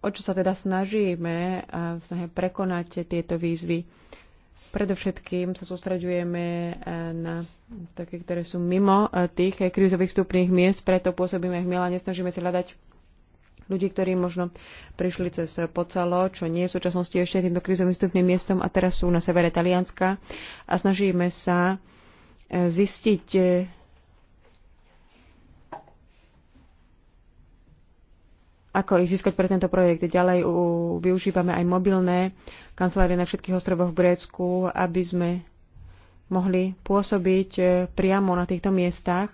O čo sa teda snažíme e, v snahe prekonať tieto výzvy? Predovšetkým sa sústreďujeme na také, ktoré sú mimo tých krízových vstupných miest, preto pôsobíme v Milane, snažíme sa hľadať ľudí, ktorí možno prišli cez Pocalo, čo nie je v súčasnosti ešte týmto krizovým stupným miestom a teraz sú na severe Talianska a snažíme sa e, zistiť e, ako ich získať pre tento projekt. Ďalej u, využívame aj mobilné kancelárie na všetkých ostrovoch v Grécku, aby sme mohli pôsobiť e, priamo na týchto miestach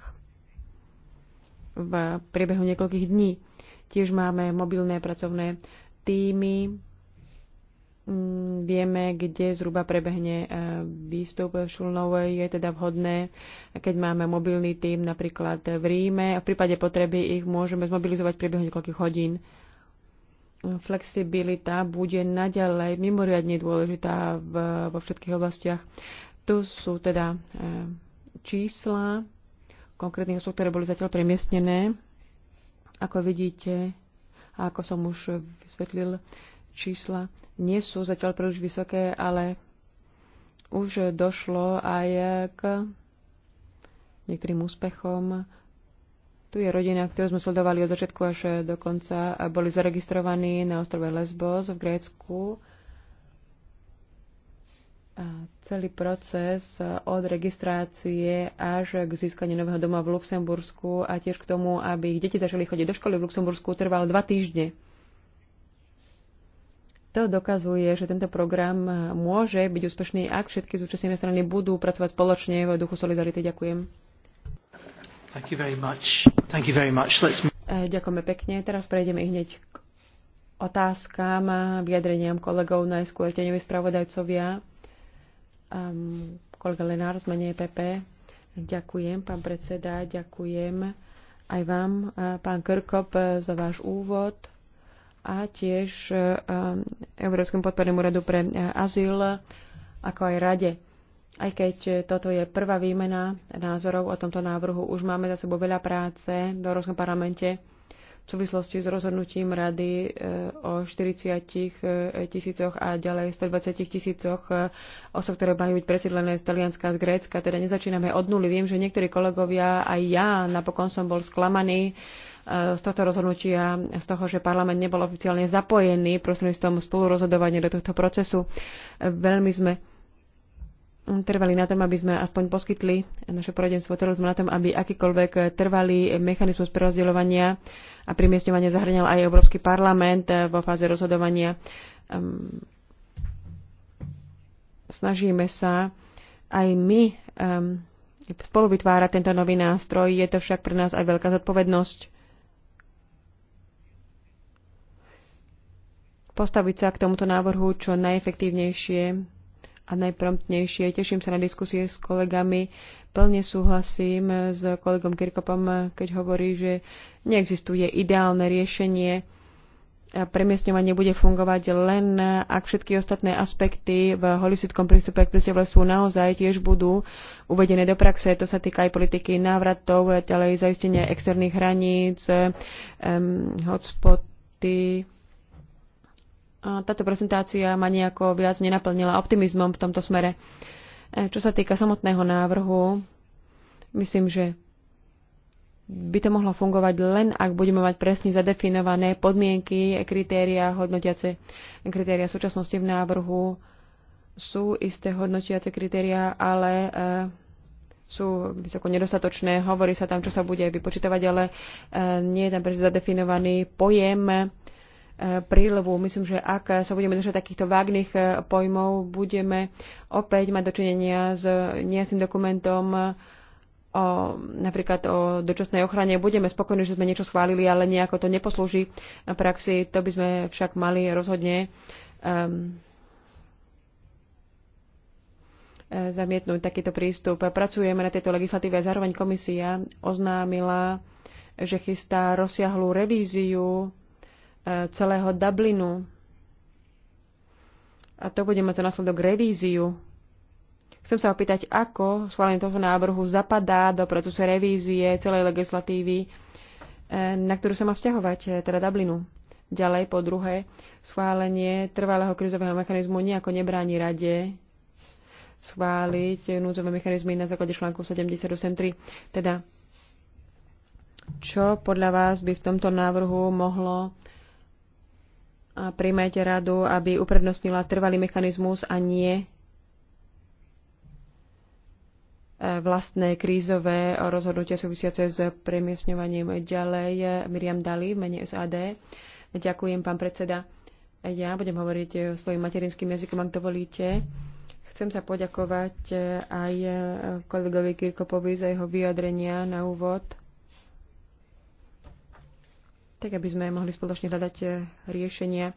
v priebehu niekoľkých dní. Tiež máme mobilné pracovné týmy. Mm, vieme, kde zhruba prebehne e, výstup v Šulnovej. Je teda vhodné, keď máme mobilný tým napríklad v Ríme. V prípade potreby ich môžeme zmobilizovať v priebehu niekoľkých hodín flexibilita bude naďalej mimoriadne dôležitá v, vo všetkých oblastiach. Tu sú teda e, čísla konkrétnych osôb, ktoré boli zatiaľ premiestnené ako vidíte, a ako som už vysvetlil, čísla nie sú zatiaľ príliš vysoké, ale už došlo aj k niektorým úspechom. Tu je rodina, ktorú sme sledovali od začiatku až do konca. A boli zaregistrovaní na ostrove Lesbos v Grécku. A celý proces e, od registrácie až k získaniu nového doma v Luxembursku a tiež k tomu, aby ich deti začali chodiť do školy v Luxembursku, trval dva týždne. To dokazuje, že tento program e, môže byť úspešný, ak všetky zúčastnené strany budú pracovať spoločne v duchu solidarity. Ďakujem. Thank you very much. Thank you very much. Let's... E, ďakujeme pekne. Teraz prejdeme hneď k otázkám a vyjadreniam kolegov SQL, teňoví spravodajcovia Um, kolega Lenár z menej e PP. Ďakujem, pán predseda, ďakujem aj vám, pán Krkop, e, za váš úvod a tiež e, Európskom podpornému radu pre azyl, ako aj rade. Aj keď toto je prvá výmena názorov o tomto návrhu, už máme za sebou veľa práce v Európskom parlamente v súvislosti s rozhodnutím rady e, o 40 e, tisícoch a ďalej 120 tisícoch e, osob, ktoré majú byť presídlené z Talianska a z Grécka. Teda nezačíname od nuly. Viem, že niektorí kolegovia, aj ja, napokon som bol sklamaný z tohto rozhodnutia, z toho, že parlament nebol oficiálne zapojený prostredníctvom spolurozhodovania do tohto procesu. Veľmi sme trvali na tom, aby sme aspoň poskytli naše poradenstvo, trvali sme na tom, aby akýkoľvek trvalý mechanizmus prerozdeľovania a primiestňovania zahrňal aj Európsky parlament vo fáze rozhodovania. Ehm, snažíme sa aj my ehm, spolu vytvárať tento nový nástroj. Je to však pre nás aj veľká zodpovednosť. Postaviť sa k tomuto návrhu čo najefektívnejšie a najpromptnejšie. Teším sa na diskusie s kolegami. Plne súhlasím s kolegom Kirkopom, keď hovorí, že neexistuje ideálne riešenie. Premiestňovanie bude fungovať len, ak všetky ostatné aspekty v holistickom prístupe k prisťahovalstvu naozaj tiež budú uvedené do praxe. To sa týka aj politiky návratov, aj zaistenia externých hraníc, um, hotspoty, táto prezentácia ma nejako viac nenaplnila optimizmom v tomto smere. E, čo sa týka samotného návrhu, myslím, že by to mohlo fungovať len, ak budeme mať presne zadefinované podmienky, kritéria, hodnotiace kritéria súčasnosti v návrhu. Sú isté hodnotiace kritéria, ale e, sú vysoko nedostatočné. Hovorí sa tam, čo sa bude vypočítavať, ale e, nie je tam presne zadefinovaný pojem prílevu. Myslím, že ak sa budeme držať takýchto vágnych eh, pojmov, budeme opäť mať dočinenia s nejasným dokumentom eh, o, napríklad o dočasnej ochrane. Budeme spokojní, že sme niečo schválili, ale nejako to neposlúži na praxi. To by sme však mali rozhodne um, zamietnúť takýto prístup. Pracujeme na tejto legislatíve a zároveň komisia oznámila, že chystá rozsiahlú revíziu celého Dublinu. A to bude mať za následok revíziu. Chcem sa opýtať, ako schválenie tohto návrhu zapadá do procesu revízie celej legislatívy, eh, na ktorú sa má vzťahovať, eh, teda Dublinu. Ďalej, po druhé, schválenie trvalého krizového mechanizmu nejako nebráni rade schváliť núdzové mechanizmy na základe článku 78.3. Teda, čo podľa vás by v tomto návrhu mohlo a príjmajte radu, aby uprednostnila trvalý mechanizmus a nie e, vlastné krízové rozhodnutia súvisiace s premiesňovaním. Ďalej e, Miriam Dali v mene SAD. Ďakujem, pán predseda. Ja budem hovoriť e, svojim materinským jazykom, ak dovolíte. Chcem sa poďakovať aj kolegovi Kirkopovi za jeho vyjadrenia na úvod tak aby sme mohli spoločne hľadať e, riešenia. E,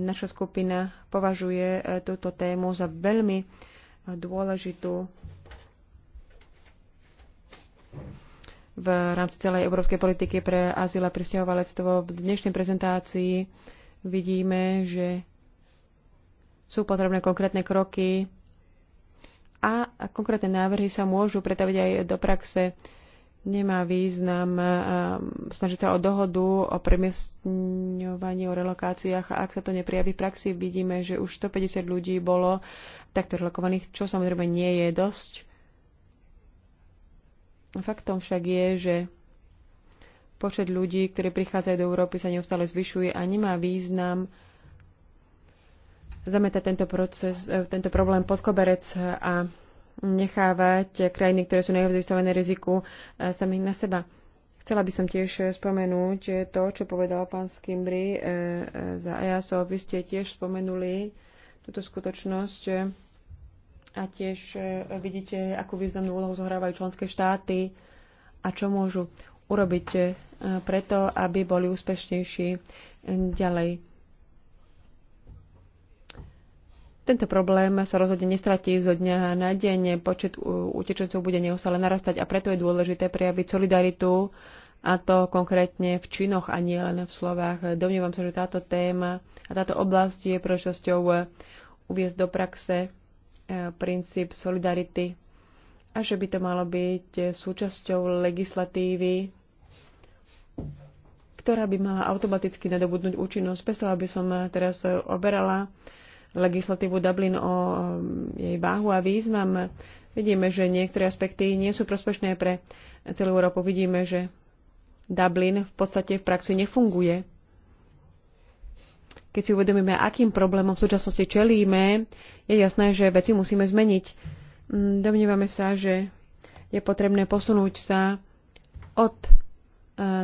naša skupina považuje e, túto tému za veľmi dôležitú v rámci celej európskej politiky pre azyl a pristahovalectvo. V dnešnej prezentácii vidíme, že sú potrebné konkrétne kroky a konkrétne návrhy sa môžu pretaviť aj do praxe nemá význam snažiť sa o dohodu o premiestňovaní, o relokáciách a ak sa to neprijaví v praxi, vidíme, že už 150 ľudí bolo takto relokovaných, čo samozrejme nie je dosť. Faktom však je, že počet ľudí, ktorí prichádzajú do Európy, sa neustále zvyšuje a nemá význam zametať tento, proces, e, tento problém pod koberec a nechávať krajiny, ktoré sú najviac vystavené riziku, e, samých na seba. Chcela by som tiež spomenúť to, čo povedal pán Skimbri e, e, za EASO. Vy ste tiež spomenuli túto skutočnosť a tiež vidíte, akú významnú úlohu zohrávajú členské štáty a čo môžu urobiť preto, aby boli úspešnejší ďalej. Tento problém sa rozhodne nestratí zo dňa na deň. Počet utečencov bude neustále narastať a preto je dôležité prejaviť solidaritu a to konkrétne v činoch a nie len v slovách. Domnievam sa, že táto téma a táto oblasť je prečasťou eh, uviezť do praxe eh, princíp solidarity a že by to malo byť súčasťou legislatívy, ktorá by mala automaticky nadobudnúť účinnosť. Bez toho, aby som eh, teraz oberala legislatívu Dublin o um, jej váhu a význam. Vidíme, že niektoré aspekty nie sú prospešné pre celú Európu. Vidíme, že Dublin v podstate v praxi nefunguje. Keď si uvedomíme, akým problémom v súčasnosti čelíme, je jasné, že veci musíme zmeniť. Mm, Domnívame sa, že je potrebné posunúť sa od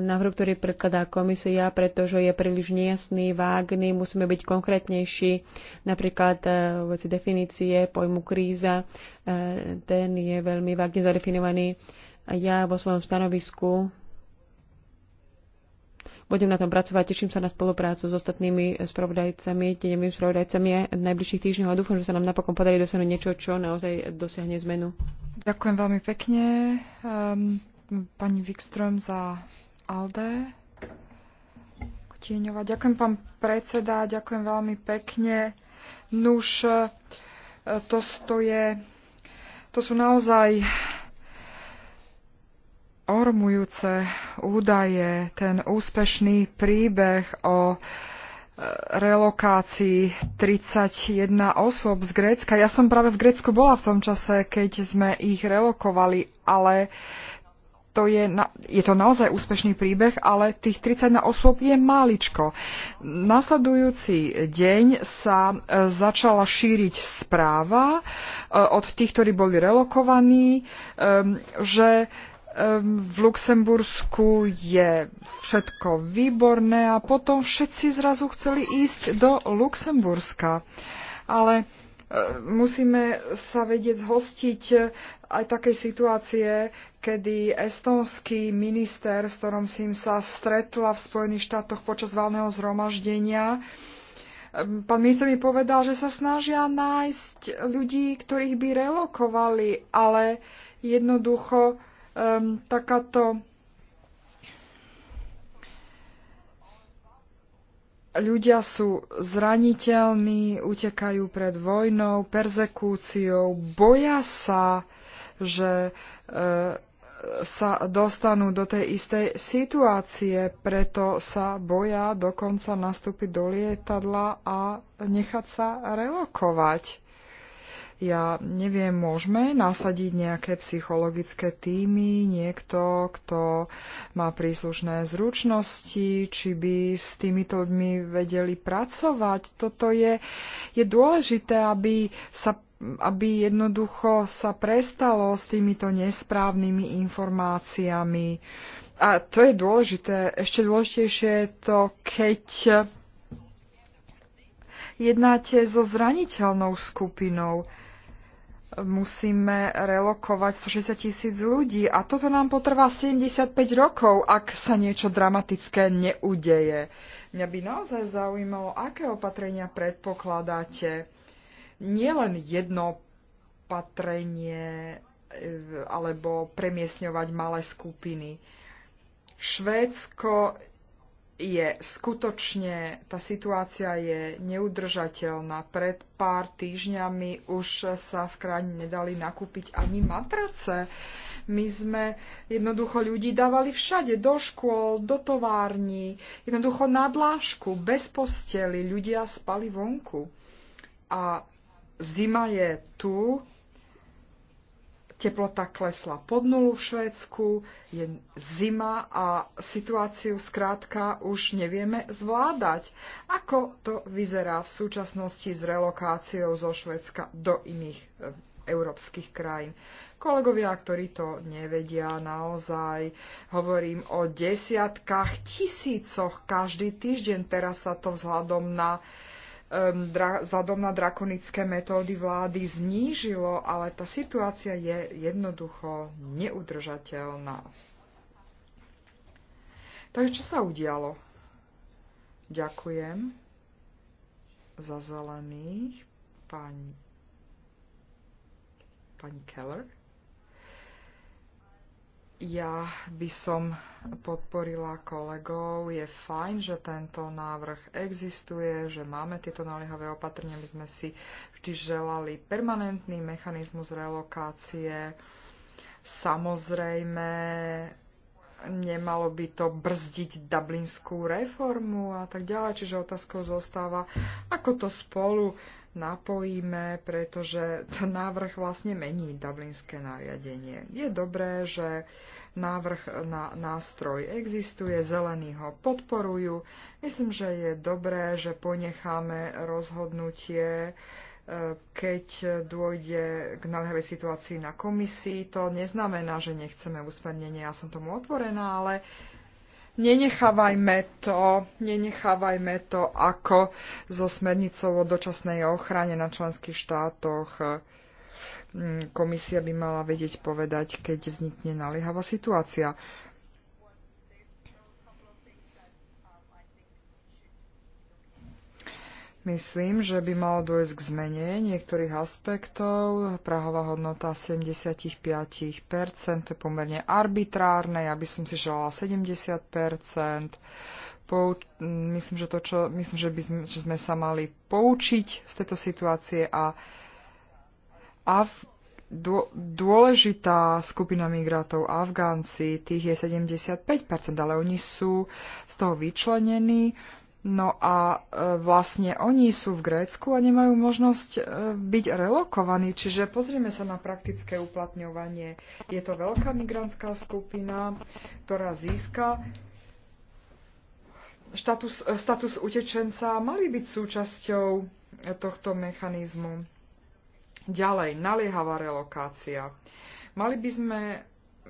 návrhu, ktorý predkladá komisia, pretože je príliš nejasný, vágný, musíme byť konkrétnejší. Napríklad e, veci definície pojmu kríza, e, ten je veľmi vágne zadefinovaný. A ja vo svojom stanovisku budem na tom pracovať, teším sa na spoluprácu s ostatnými spravodajcami, tenevými spravodajcami v najbližších týždňoch a dúfam, že sa nám napokon podarí dosiahnuť niečo, čo naozaj dosiahne zmenu. Ďakujem veľmi pekne. Um pani Wikström za Alde. Kutieňová. Ďakujem, pán predseda, ďakujem veľmi pekne. Nuž, e, to, to, je, to sú naozaj ormujúce údaje, ten úspešný príbeh o e, relokácii 31 osôb z Grécka. Ja som práve v Grécku bola v tom čase, keď sme ich relokovali, ale to je, na, je to naozaj úspešný príbeh, ale tých 31 osôb je máličko. Nasledujúci deň sa e, začala šíriť správa e, od tých, ktorí boli relokovaní, e, že v Luxembursku je všetko výborné a potom všetci zrazu chceli ísť do Luxemburska. Ale musíme sa vedieť zhostiť aj takej situácie, kedy estonský minister, s ktorom som sa stretla v Spojených štátoch počas valného zhromaždenia, ehm, Pán minister mi povedal, že sa snažia nájsť ľudí, ktorých by relokovali, ale jednoducho um, takáto Ľudia sú zraniteľní, utekajú pred vojnou, perzekúciou, boja sa, že e, sa dostanú do tej istej situácie, preto sa boja dokonca nastúpiť do lietadla a nechať sa relokovať. Ja neviem, môžeme nasadiť nejaké psychologické týmy, niekto, kto má príslušné zručnosti, či by s týmito ľuďmi vedeli pracovať. Toto je, je dôležité, aby sa aby jednoducho sa prestalo s týmito nesprávnymi informáciami. A to je dôležité. Ešte dôležitejšie je to, keď jednáte so zraniteľnou skupinou musíme relokovať 160 tisíc ľudí a toto nám potrvá 75 rokov, ak sa niečo dramatické neudeje. Mňa by naozaj zaujímalo, aké opatrenia predpokladáte. Nie len jedno opatrenie e, alebo premiesňovať malé skupiny. Švédsko je skutočne, tá situácia je neudržateľná. Pred pár týždňami už sa v krajine nedali nakúpiť ani matrace. My sme jednoducho ľudí dávali všade, do škôl, do tovární, jednoducho na dlážku, bez posteli, ľudia spali vonku. A zima je tu, Teplota klesla pod nulu v Švédsku, je zima a situáciu skrátka už nevieme zvládať. Ako to vyzerá v súčasnosti s relokáciou zo Švédska do iných e, európskych krajín. Kolegovia, ktorí to nevedia naozaj, hovorím o desiatkách, tisícoch každý týždeň. Teraz sa to vzhľadom na Ehm, vzhľadom na drakonické metódy vlády znížilo, ale tá situácia je jednoducho neudržateľná. Takže čo sa udialo? Ďakujem za zelených pani, pani Keller. Ja by som podporila kolegov. Je fajn, že tento návrh existuje, že máme tieto naliehavé opatrenia. My sme si vždy želali permanentný mechanizmus relokácie. Samozrejme, nemalo by to brzdiť dublinskú reformu a tak ďalej. Čiže otázkou zostáva, ako to spolu napojíme, pretože ten návrh vlastne mení dublinské nariadenie. Je dobré, že návrh na nástroj existuje, zelení ho podporujú. Myslím, že je dobré, že ponecháme rozhodnutie e, keď dôjde k naliehavej situácii na komisii. To neznamená, že nechceme usmernenie, ja som tomu otvorená, ale nenechávajme to, nenechávajme to ako so smernicou o dočasnej ochrane na členských štátoch. Mm, komisia by mala vedieť povedať, keď vznikne naliehavá situácia. Myslím, že by malo dôjsť k zmene niektorých aspektov. Prahová hodnota 75%, to je pomerne arbitrárne, ja by som si želala 70%. Pou, myslím, že to, čo, myslím, že, by sme, že sme sa mali poučiť z tejto situácie a, a v, dô, dôležitá skupina migrátov Afgánci, tých je 75%, ale oni sú z toho vyčlenení No a e, vlastne oni sú v Grécku a nemajú možnosť e, byť relokovaní. Čiže pozrieme sa na praktické uplatňovanie. Je to veľká migrantská skupina, ktorá získa status, e, status utečenca mali byť súčasťou tohto mechanizmu. Ďalej, naliehavá relokácia. Mali by sme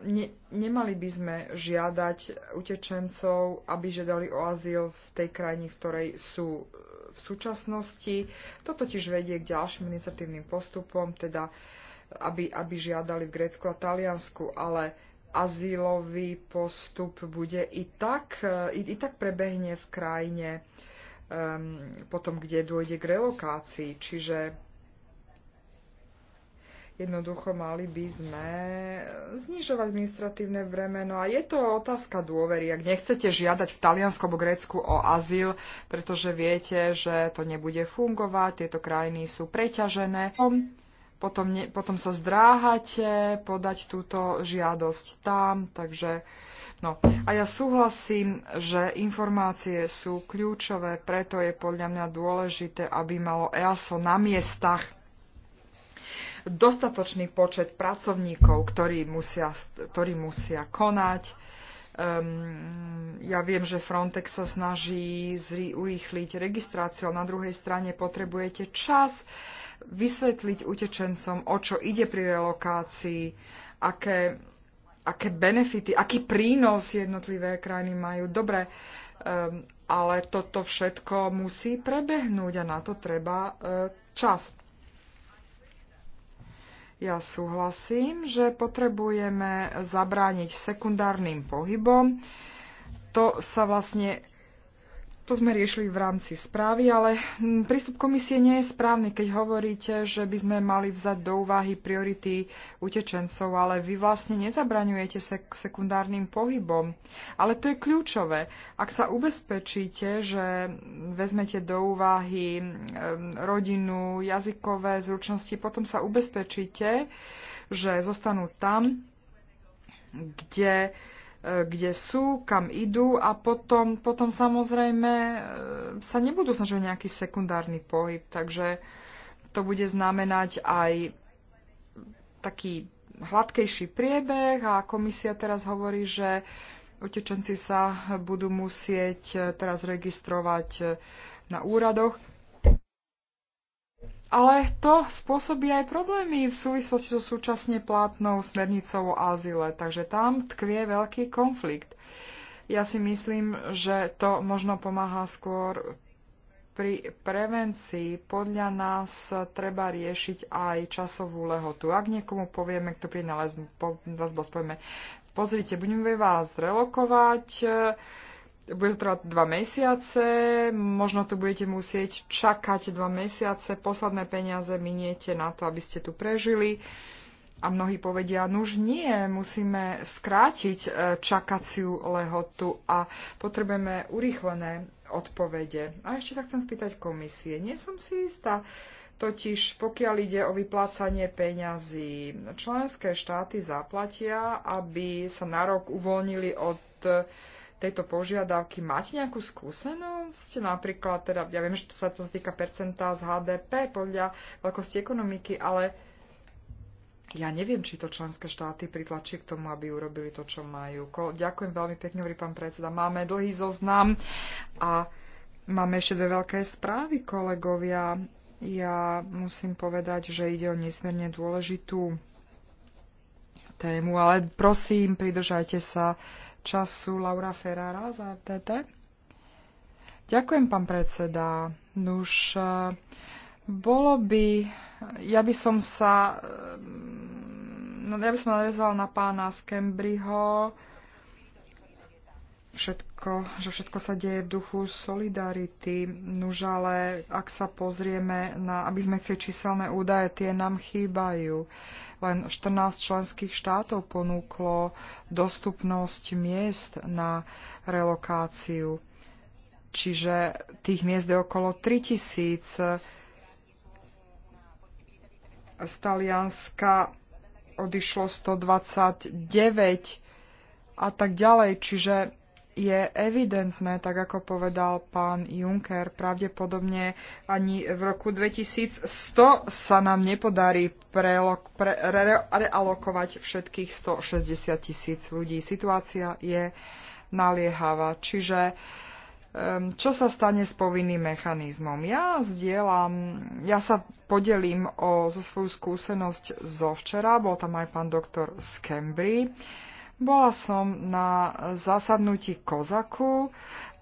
ne, nemali by sme žiadať utečencov, aby žiadali o azyl v tej krajine, v ktorej sú e, v súčasnosti. To totiž vedie k ďalším iniciatívnym postupom, teda e, aby, aby žiadali v Grécku a Taliansku, ale azylový postup bude i tak, e, i, i tak prebehne v krajine um, potom, kde dôjde k relokácii. Čiže Jednoducho mali by sme eh, znižovať administratívne bremeno. A je to otázka dôvery. Ak nechcete žiadať v Taliansku alebo Grécku o azyl, pretože viete, že to nebude fungovať, tieto krajiny sú preťažené, potom, ne, potom sa zdráhate podať túto žiadosť tam. Takže No a ja súhlasím, že informácie sú kľúčové, preto je podľa mňa dôležité, aby malo EASO na miestach dostatočný počet pracovníkov, ktorí musia, ktorí musia konať. Um, ja viem, že Frontex sa snaží zri, urýchliť registráciu, ale na druhej strane potrebujete čas vysvetliť utečencom, o čo ide pri relokácii, aké, aké benefity, aký prínos jednotlivé krajiny majú. Dobre, um, ale toto všetko musí prebehnúť a na to treba uh, čas. Ja súhlasím, že potrebujeme zabrániť sekundárnym pohybom. To sa vlastne to sme riešili v rámci správy, ale prístup komisie nie je správny, keď hovoríte, že by sme mali vzať do úvahy priority utečencov, ale vy vlastne nezabraňujete sek- sekundárnym pohybom. Ale to je kľúčové. Ak sa ubezpečíte, že vezmete do úvahy rodinu, jazykové zručnosti, potom sa ubezpečíte, že zostanú tam, kde E, kde sú, kam idú a potom, potom samozrejme e, sa nebudú snažiť nejaký sekundárny pohyb, takže to bude znamenať aj taký hladkejší priebeh a komisia teraz hovorí, že utečenci sa budú musieť e, teraz registrovať na úradoch. Ale to spôsobí aj problémy v súvislosti so súčasne platnou smernicou o azile, takže tam tkvie veľký konflikt. Ja si myslím, že to možno pomáha skôr pri prevencii. Podľa nás treba riešiť aj časovú lehotu. Ak niekomu povieme, kto príde na vás, povieme, pozrite, budeme vás relokovať, bude to trvať dva mesiace, možno tu budete musieť čakať dva mesiace, posledné peniaze miniete na to, aby ste tu prežili. A mnohí povedia, no už nie, musíme skrátiť e, čakaciu lehotu a potrebujeme urýchlené odpovede. A ešte sa chcem spýtať komisie. Nie som si istá, Totiž pokiaľ ide o vyplácanie peňazí, členské štáty zaplatia, aby sa na rok uvoľnili od tejto požiadavky. Máte nejakú skúsenosť? Napríklad, teda, ja viem, že to sa to týka percentá z HDP podľa veľkosti ekonomiky, ale ja neviem, či to členské štáty pritlačí k tomu, aby urobili to, čo majú. Ko- Ďakujem veľmi pekne, hovorí pán predseda. Máme dlhý zoznam a máme ešte dve veľké správy, kolegovia. Ja musím povedať, že ide o nesmierne dôležitú tému, ale prosím, pridržajte sa času Laura Ferrara za FTT. Ďakujem, pán predseda. Nuž, eh, bolo by, ja by som sa, eh, no, ja by som nadrezala na pána Skembriho, všetko, že všetko sa deje v duchu solidarity. Nuž ale, ak sa pozrieme na, aby sme tie číselné údaje, tie nám chýbajú. Len 14 členských štátov ponúklo dostupnosť miest na relokáciu. Čiže tých miest je okolo 3000. Z Talianska odišlo 129 a tak ďalej. Čiže je evidentné, tak ako povedal pán Juncker, pravdepodobne ani v roku 2100 sa nám nepodarí prelok, pre, re, realokovať všetkých 160 tisíc ľudí. Situácia je naliehavá. Čiže čo sa stane s povinným mechanizmom? Ja zdieľam, ja sa podelím o, zo svoju skúsenosť zo včera, bol tam aj pán doktor z Cambridge. Bola som na zasadnutí Kozaku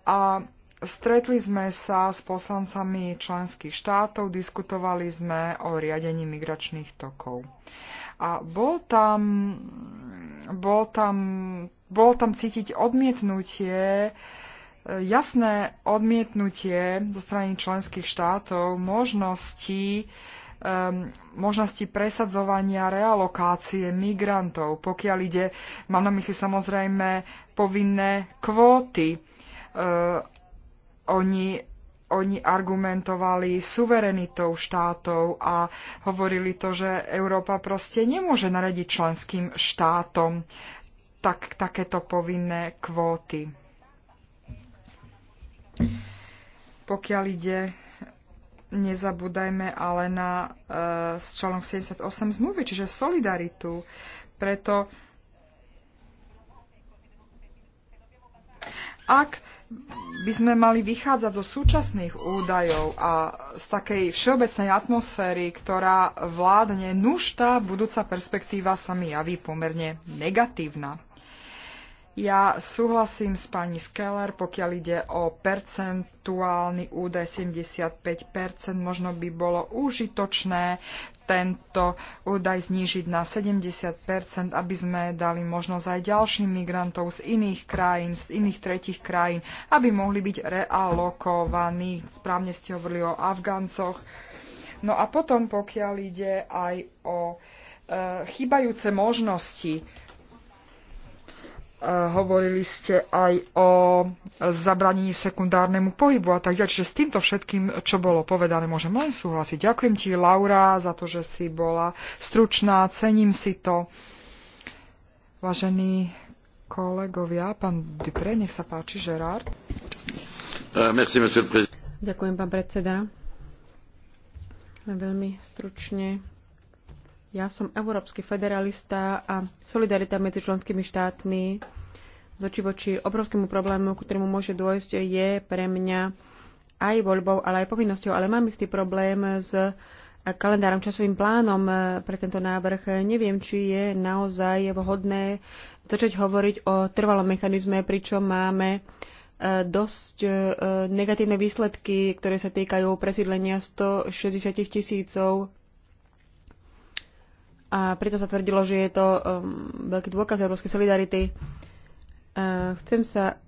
a stretli sme sa s poslancami členských štátov, diskutovali sme o riadení migračných tokov. A bol tam, bol tam, bol tam cítiť odmietnutie jasné odmietnutie zo strany členských štátov možnosti um, možnosti presadzovania realokácie migrantov, pokiaľ ide, mám na mysli samozrejme povinné kvóty. Uh, oni, oni argumentovali suverenitou štátov a hovorili to, že Európa proste nemôže naradiť členským štátom tak, takéto povinné kvóty. Pokiaľ ide nezabúdajme ale na e, článok 78 zmluvy, čiže solidaritu. Preto ak by sme mali vychádzať zo súčasných údajov a z takej všeobecnej atmosféry, ktorá vládne, nuž tá budúca perspektíva sa mi javí pomerne negatívna. Ja súhlasím s pani Skeller, pokiaľ ide o percentuálny údaj 75%, možno by bolo užitočné tento údaj znížiť na 70%, aby sme dali možnosť aj ďalším migrantov z iných krajín, z iných tretich krajín, aby mohli byť realokovaní. Správne ste hovorili o Afgáncoch. No a potom, pokiaľ ide aj o e, chýbajúce možnosti, E, hovorili ste aj o zabranení sekundárnemu pohybu a tak ďalej. Čiže s týmto všetkým, čo bolo povedané, môžem len súhlasiť. Ďakujem ti, Laura, za to, že si bola stručná, cením si to. Vážení kolegovia, pán Dupré, nech sa páči, Gerard. E, merci, Ďakujem, pán predseda. Veľmi stručne ja som európsky federalista a solidarita medzi členskými štátmi z oči voči obrovskému problému, ktorému môže dôjsť, je pre mňa aj voľbou, ale aj povinnosťou. Ale mám istý problém s kalendárom, časovým plánom eh, pre tento návrh. Neviem, či je naozaj vhodné začať hovoriť o trvalom mechanizme, pričom máme eh, dosť eh, negatívne výsledky, ktoré sa týkajú presídlenia 160 tisícov a pritom sa tvrdilo, že je to um, veľký dôkaz európskej solidarity. Uh, chcem sa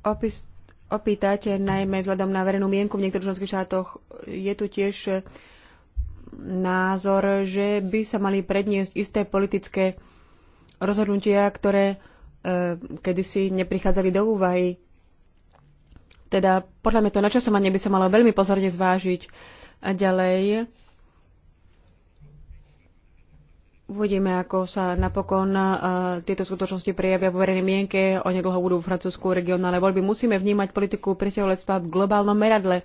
opis, opýtať, najmä vzhľadom na verejnú mienku v niektorých členských štátoch, je tu tiež názor, že by sa mali predniesť isté politické rozhodnutia, ktoré uh, kedysi neprichádzali do úvahy. Teda podľa mňa to načasovanie by sa malo veľmi pozorne zvážiť. A ďalej, Uvidíme, ako sa napokon e, tieto skutočnosti prejavia vo verejnej mienke. o nedlho budú v Francúzsku regionálne voľby. Musíme vnímať politiku presťahovalectva v globálnom meradle.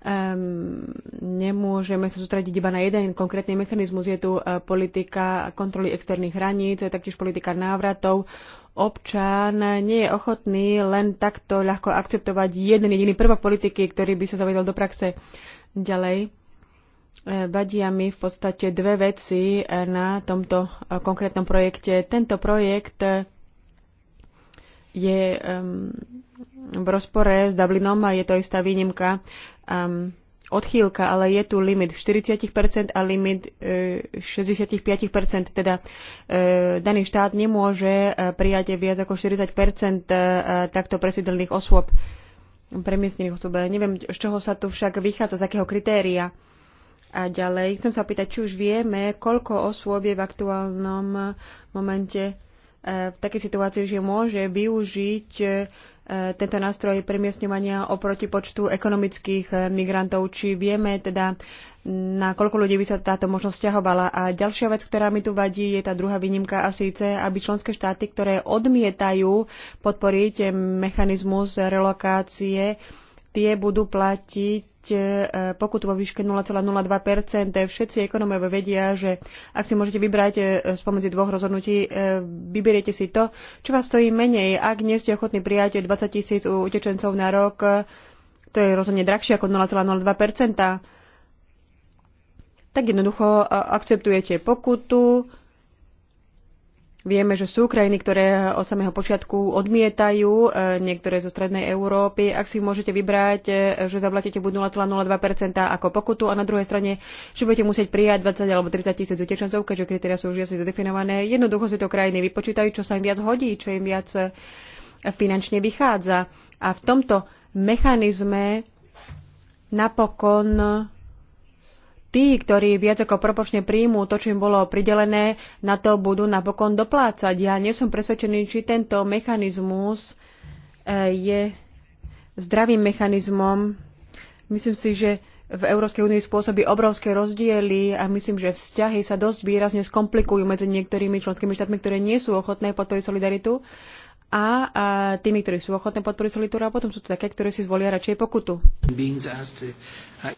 Um, nemôžeme sa sústrediť iba na jeden konkrétny mechanizmus. Je tu e, politika kontroly externých hraníc, taktiež politika návratov. Občan nie je ochotný len takto ľahko akceptovať jeden jediný prvok politiky, ktorý by sa zavedol do praxe ďalej Vadia e, mi v podstate dve veci e, na tomto e, konkrétnom projekte. Tento projekt je v rozpore s Dublinom a je to istá výnimka odchýlka, ale je tu limit 40% a limit 65%. Teda daný štát nemôže prijať viac ako 40% takto presídelných osôb, premiestnených osôb. Neviem, z čoho sa tu však vychádza, z akého kritéria. A ďalej, chcem sa opýtať, či už vieme, koľko osôb je v aktuálnom momente e, v takej situácii, že môže využiť e, tento nástroj premiestňovania oproti počtu ekonomických e, migrantov. Či vieme teda, na koľko ľudí by sa táto možnosť ťahovala. A ďalšia vec, ktorá mi tu vadí, je tá druhá výnimka a síce, aby členské štáty, ktoré odmietajú podporiť mechanizmus relokácie, tie budú platiť E, pokutu vo výške 0,02 Všetci ekonoméve vedia, že ak si môžete vybrať e, spomedzi dvoch rozhodnutí, e, vyberiete si to, čo vás stojí menej. Ak nie ste ochotní prijať 20 tisíc utečencov na rok, to je rozhodne drahšie ako 0,02 tak jednoducho akceptujete pokutu, Vieme, že sú krajiny, ktoré od samého počiatku odmietajú, e, niektoré zo strednej Európy. Ak si môžete vybrať, e, že zaplatíte buď 0,02% ako pokutu a na druhej strane, že budete musieť prijať 20 alebo 30 tisíc utečencov, keďže kritéria sú už jasne zadefinované. Jednoducho si to krajiny vypočítajú, čo sa im viac hodí, čo im viac e, finančne vychádza. A v tomto mechanizme napokon tí, ktorí viac ako propočne príjmú to, čo im bolo pridelené, na to budú napokon doplácať. Ja nie som presvedčený, či tento mechanizmus e, je zdravým mechanizmom. Myslím si, že v Európskej únii spôsobí obrovské rozdiely a myslím, že vzťahy sa dosť výrazne skomplikujú medzi niektorými členskými štátmi, ktoré nie sú ochotné podporiť solidaritu a, a tými, ktorí sú ochotné podporiť solitúru a potom sú to také, ktorí si zvolia radšej pokutu.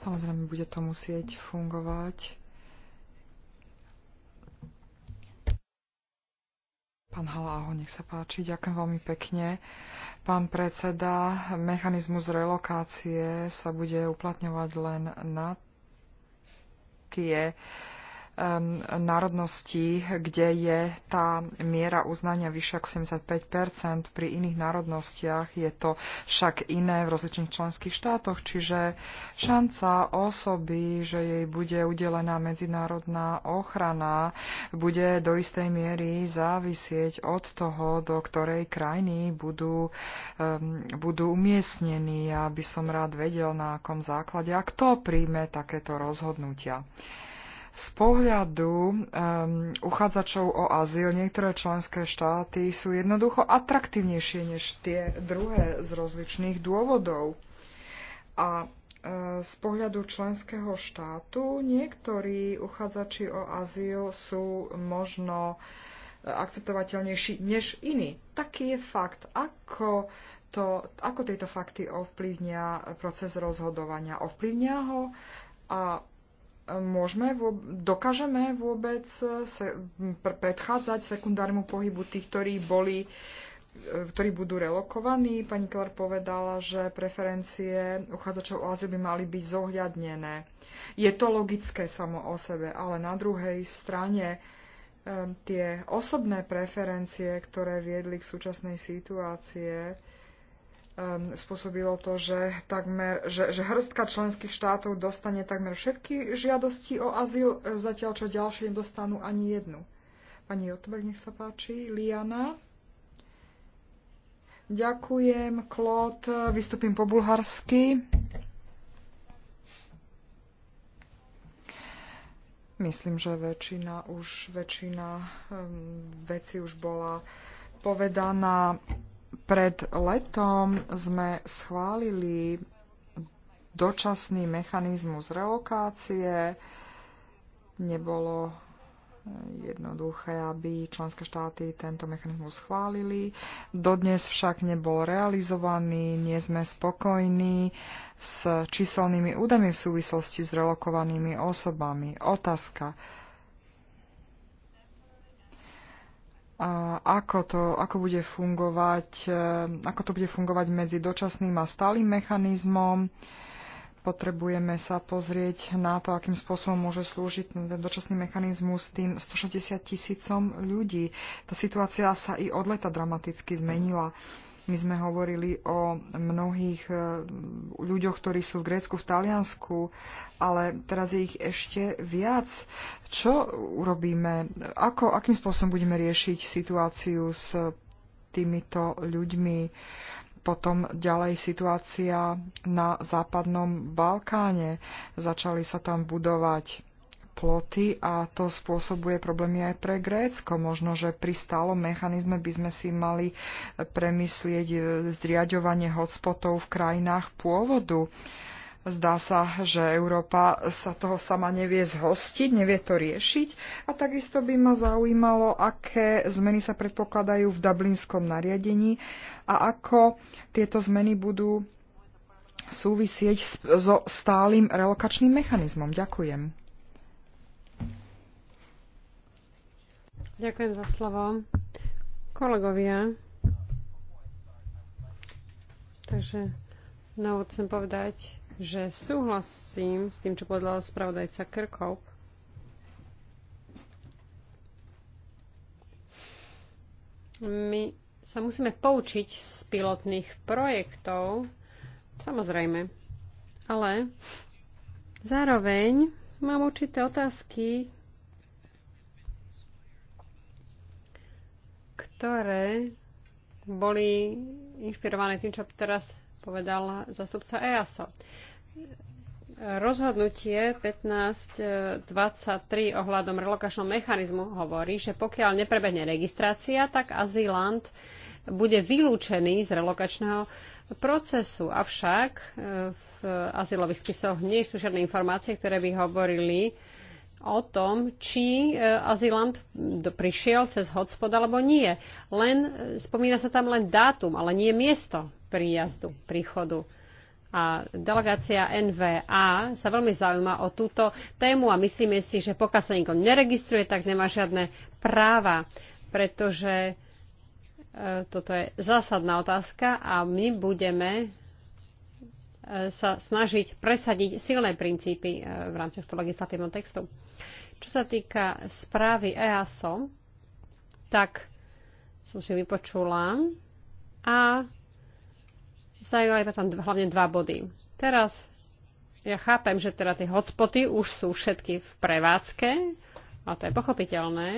Samozrejme, bude to musieť fungovať. Pán Haláho, nech sa páči, ďakujem veľmi pekne. Pán predseda, mechanizmus relokácie sa bude uplatňovať len na tie národnosti, kde je tá miera uznania vyššia ako 75 pri iných národnostiach je to však iné v rozličných členských štátoch, čiže šanca osoby, že jej bude udelená medzinárodná ochrana, bude do istej miery závisieť od toho, do ktorej krajiny budú, um, budú umiestnení. Ja by som rád vedel, na akom základe a kto príjme takéto rozhodnutia. Z pohľadu um, uchádzačov o azyl niektoré členské štáty sú jednoducho atraktívnejšie než tie druhé z rozličných dôvodov. A e, z pohľadu členského štátu niektorí uchádzači o azyl sú možno e, akceptovateľnejší než iní. Taký je fakt, ako, to, ako tieto fakty ovplyvnia proces rozhodovania. Ovplyvnia ho a môžeme, dokážeme vôbec eh, se, predchádzať sekundárnemu pohybu tých, ktorí boli eh, ktorí budú relokovaní. Pani Keller povedala, že preferencie uchádzačov o azyl by mali byť zohľadnené. Je to logické samo o sebe, ale na druhej strane eh, tie osobné preferencie, ktoré viedli k súčasnej situácie, Ehm, spôsobilo to, že, takmer, že, že hrstka členských štátov dostane takmer všetky žiadosti o azyl, e, zatiaľ čo ďalšie nedostanú ani jednu. Pani Jotber, nech sa páči. Liana. Ďakujem, Klot. Vystupím po bulharsky. Myslím, že väčšina už, väčšina um, veci už bola povedaná. Pred letom sme schválili dočasný mechanizmus relokácie. Nebolo eh, jednoduché, aby členské štáty tento mechanizmus schválili. Dodnes však nebol realizovaný, nie sme spokojní s číselnými údami v súvislosti s relokovanými osobami. Otázka ako, to, ako, bude fungovať, e, ako to bude fungovať medzi dočasným a stálym mechanizmom. Potrebujeme sa pozrieť na to, akým spôsobom môže slúžiť ten dočasný mechanizmus tým 160 tisícom ľudí. Tá situácia sa i od leta dramaticky zmenila. Mm my sme hovorili o mnohých e, ľuďoch, ktorí sú v Grécku, v Taliansku, ale teraz je ich ešte viac. Čo urobíme? Ako, akým spôsobom budeme riešiť situáciu s týmito ľuďmi? Potom ďalej situácia na západnom Balkáne. Začali sa tam budovať ploty a to spôsobuje problémy aj pre Grécko. Možno, že pri stálom mechanizme by sme si mali premyslieť e, zriadovanie hotspotov v krajinách pôvodu. Zdá sa, že Európa sa toho sama nevie zhostiť, nevie to riešiť a takisto by ma zaujímalo, aké zmeny sa predpokladajú v Dublinskom nariadení a ako tieto zmeny budú súvisieť so stálym relokačným mechanizmom. Ďakujem. Ďakujem za slovo. Kolegovia, takže na úvod chcem povedať, že súhlasím s tým, čo povedal spravodajca Krkov. My sa musíme poučiť z pilotných projektov, samozrejme, ale zároveň mám určité otázky, ktoré boli inšpirované tým, čo teraz povedal zastupca EASO. Rozhodnutie 1523 ohľadom relokačného mechanizmu hovorí, že pokiaľ neprebehne registrácia, tak azylant bude vylúčený z relokačného procesu. Avšak e, v azylových spisoch nie sú žiadne informácie, ktoré by hovorili o tom, či e, azylant prišiel cez hotspot alebo nie. Len, e, spomína sa tam len dátum, ale nie miesto príjazdu, príchodu. A delegácia NVA sa veľmi zaujíma o túto tému a myslíme si, že pokiaľ sa nikto neregistruje, tak nemá žiadne práva, pretože e, toto je zásadná otázka a my budeme sa snažiť presadiť silné princípy e, v rámci tohto legislatívneho textu. Čo sa týka správy EASO, tak som si vypočula a zaujímali ma tam hlavne dva body. Teraz ja chápem, že teda tie hotspoty už sú všetky v prevádzke, a to je pochopiteľné,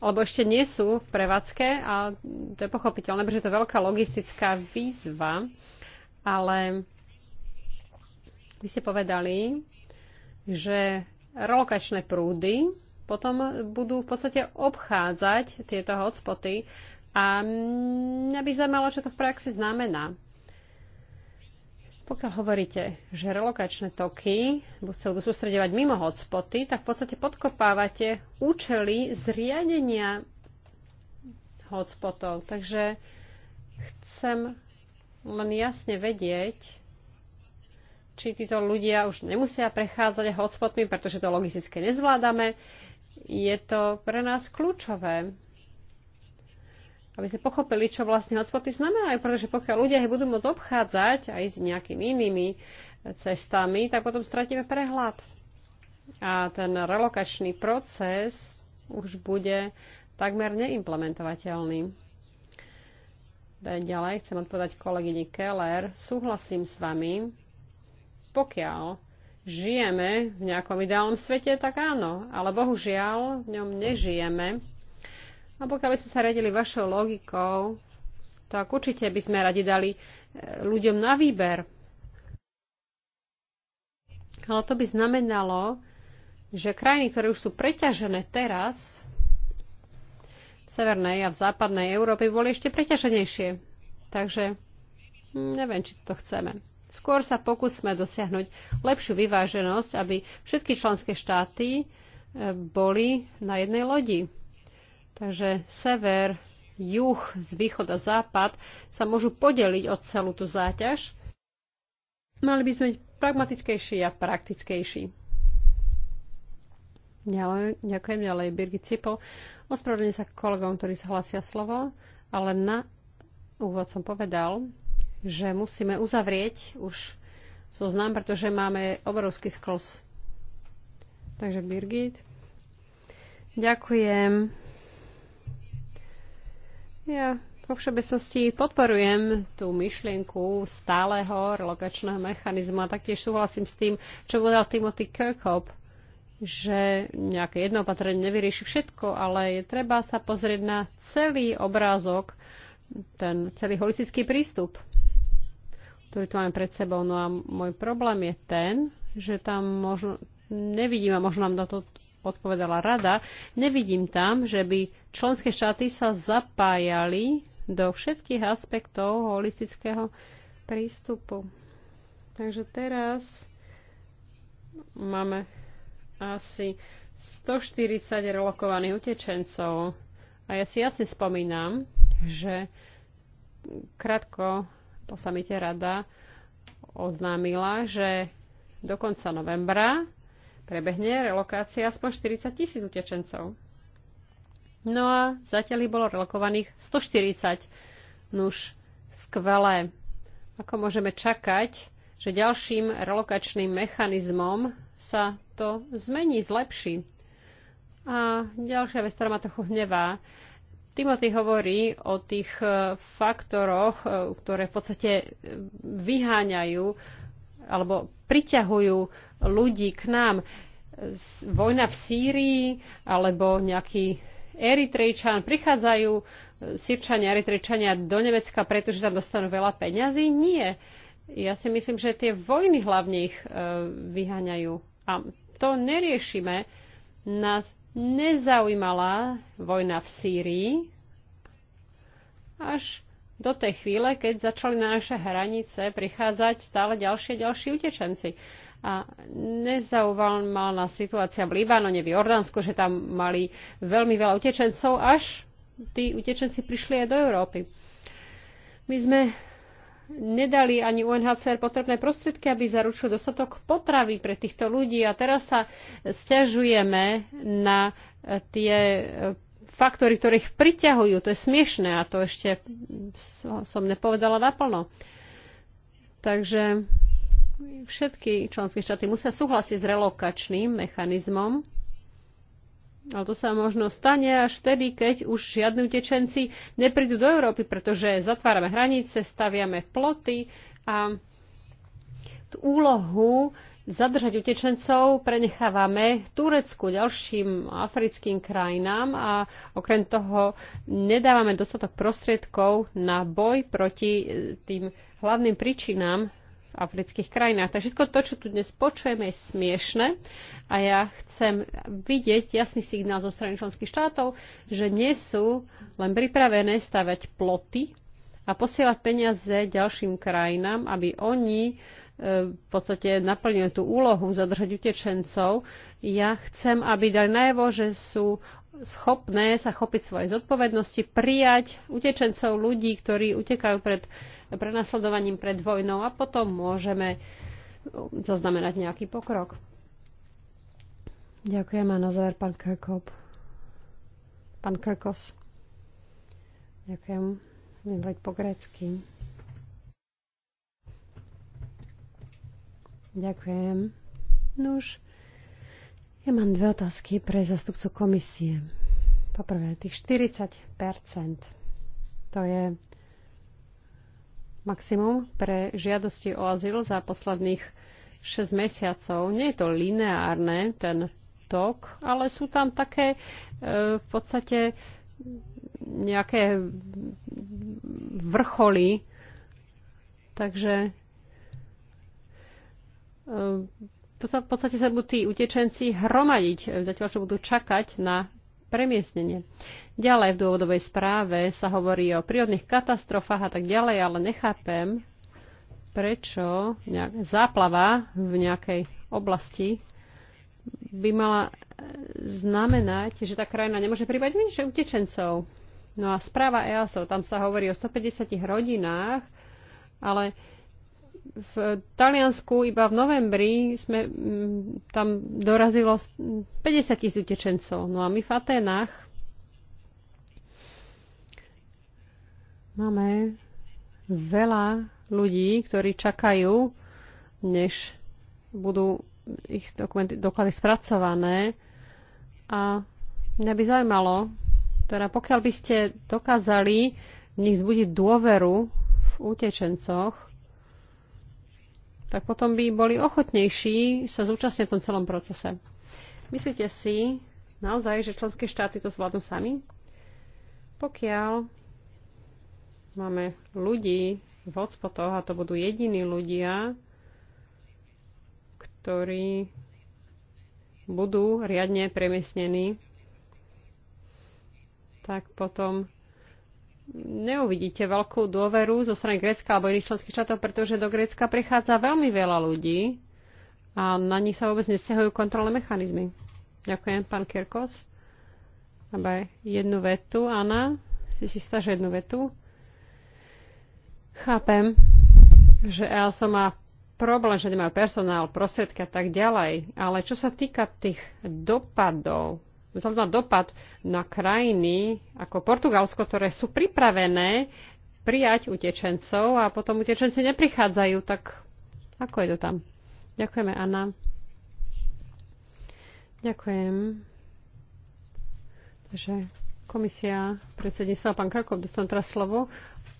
alebo ešte nie sú v prevádzke a to je pochopiteľné, pretože to je veľká logistická výzva ale vy ste povedali, že relokačné prúdy potom budú v podstate obchádzať tieto hotspoty a mňa by zaujímalo, čo to v praxi znamená. Pokiaľ hovoríte, že relokačné toky sa budú sústredovať mimo hotspoty, tak v podstate podkopávate účely zriadenia hotspotov. Takže chcem len jasne vedieť, či títo ľudia už nemusia prechádzať hotspotmi, pretože to logisticky nezvládame. Je to pre nás kľúčové, aby sme pochopili, čo vlastne hotspoty znamenajú, pretože pokiaľ ľudia ich budú môcť obchádzať aj s nejakými inými eh, cestami, tak potom stratíme prehľad. A ten relokačný proces už bude takmer neimplementovateľný. Ďalej chcem odpovedať kolegyni Keller. Súhlasím s vami, pokiaľ žijeme v nejakom ideálnom svete, tak áno, ale bohužiaľ v ňom nežijeme. A pokiaľ by sme sa radili vašou logikou, tak určite by sme radi dali e, ľuďom na výber. Ale to by znamenalo, že krajiny, ktoré už sú preťažené teraz, severnej a v západnej Európe boli ešte preťaženejšie. Takže hm, neviem, či to chceme. Skôr sa pokúsme dosiahnuť lepšiu vyváženosť, aby všetky členské štáty e, boli na jednej lodi. Takže sever, juh, z východ a západ sa môžu podeliť od celú tú záťaž. Mali by sme byť pragmatickejší a praktickejší. Ďalej, ďakujem ďalej Birgit Cipol. Ospravedlňujem sa kolegom, ktorí sa hlasia slovo, ale na úvod som povedal, že musíme uzavrieť už zoznam, pretože máme obrovský sklos. Takže Birgit. Ďakujem. Ja vo všeobecnosti podporujem tú myšlienku stáleho relokačného mechanizmu a taktiež súhlasím s tým, čo povedal Timothy Kirkhope že nejaké jedno opatrenie nevyrieši všetko, ale je treba sa pozrieť na celý obrázok, ten celý holistický prístup, ktorý tu máme pred sebou. No a môj problém je ten, že tam možno, nevidím, a možno nám na to odpovedala rada, nevidím tam, že by členské štáty sa zapájali do všetkých aspektov holistického prístupu. Takže teraz máme asi 140 relokovaných utečencov. A ja si jasne spomínam, že krátko po samite rada oznámila, že do konca novembra prebehne relokácia aspoň 40 tisíc utečencov. No a zatiaľ ich bolo relokovaných 140. Nuž, skvelé. Ako môžeme čakať, že ďalším relokačným mechanizmom sa to zmení, zlepší. A ďalšia vec, ktorá ma trochu hnevá, Timothy hovorí o tých e, faktoroch, e, ktoré v podstate e, vyháňajú alebo priťahujú ľudí k nám. Vojna v Sýrii alebo nejaký Eritrejčan, prichádzajú Sýrčania, Eritrejčania do Nemecka, pretože tam dostanú veľa peňazí? Nie. Ja si myslím, že tie vojny hlavne ich vyháňajú. A to neriešime. Nás nezaujímala vojna v Sýrii až do tej chvíle, keď začali na naše hranice prichádzať stále ďalšie a ďalší utečenci. A nezaujímala nás situácia v Libanone, v Jordánsku, že tam mali veľmi veľa utečencov, až tí utečenci prišli aj do Európy. My sme nedali ani UNHCR potrebné prostriedky, aby zaručil dostatok potravy pre týchto ľudí. A teraz sa stiažujeme na eh, tie eh, faktory, ktoré ich priťahujú. To je smiešné a to ešte som nepovedala naplno. Takže všetky členské štáty musia súhlasiť s relokačným mechanizmom ale to sa možno stane až vtedy, keď už žiadni utečenci neprídu do Európy, pretože zatvárame hranice, staviame ploty a tú úlohu zadržať utečencov prenechávame Turecku, ďalším africkým krajinám a okrem toho nedávame dostatok prostriedkov na boj proti eh, tým hlavným príčinám afrických krajinách. Takže všetko to, čo tu dnes počujeme, je smiešne a ja chcem vidieť jasný signál zo strany členských štátov, že nie sú len pripravené stavať ploty a posielať peniaze ďalším krajinám, aby oni e, v podstate naplnili tú úlohu zadržať utečencov. Ja chcem, aby dali najevo, že sú schopné sa chopiť svojej zodpovednosti, prijať utečencov ľudí, ktorí utekajú pred prenasledovaním pred vojnou a potom môžeme um, zaznamenať nejaký pokrok. Ďakujem a na záver pán Krkop. Pán Krkos. Ďakujem. Budem hovoriť po grecky. Ďakujem. Nuž. Ja mám dve otázky pre zastupcu komisie. Poprvé, tých 40 to je maximum pre žiadosti o azyl za posledných 6 mesiacov. Nie je to lineárne, ten tok, ale sú tam také e, v podstate nejaké vrcholy. Takže e, to sa v podstate sa budú tí utečenci hromadiť, zatiaľ čo budú čakať na premiestnenie. Ďalej v dôvodovej správe sa hovorí o prírodných katastrofách a tak ďalej, ale nechápem, prečo nejak záplava v nejakej oblasti by mala e, znamenať, že tá krajina nemôže príbať menšie utečencov. No a správa EASO, tam sa hovorí o 150 rodinách, ale v Taliansku iba v novembri sme, tam dorazilo 50 tisíc utečencov. No a my v Atenách máme veľa ľudí, ktorí čakajú, než budú ich dokumenty, doklady spracované. A mňa by zaujímalo, teda pokiaľ by ste dokázali v nich zbudiť dôveru v utečencoch, tak potom by boli ochotnejší sa zúčastniť v tom celom procese. Myslíte si naozaj, že členské štáty to zvládnu sami? Pokiaľ máme ľudí v hotspotoch a to budú jediní ľudia, ktorí budú riadne premiesnení, tak potom neuvidíte veľkú dôveru zo strany Grécka alebo iných členských štátov, pretože do Grécka prichádza veľmi veľa ľudí a na nich sa vôbec nestiahujú kontrolné mechanizmy. Ďakujem, pán Kirkos. Aby jednu vetu, Anna. Si si stáš jednu vetu. Chápem, že som má problém, že nemajú personál, prostriedky a tak ďalej. Ale čo sa týka tých dopadov, vzhľadom na dopad na krajiny ako Portugalsko, ktoré sú pripravené prijať utečencov a potom utečenci neprichádzajú, tak ako je to tam? Ďakujeme, Anna. Ďakujem. Takže komisia predsedníctva, pán Krakov, dostanem teraz slovo,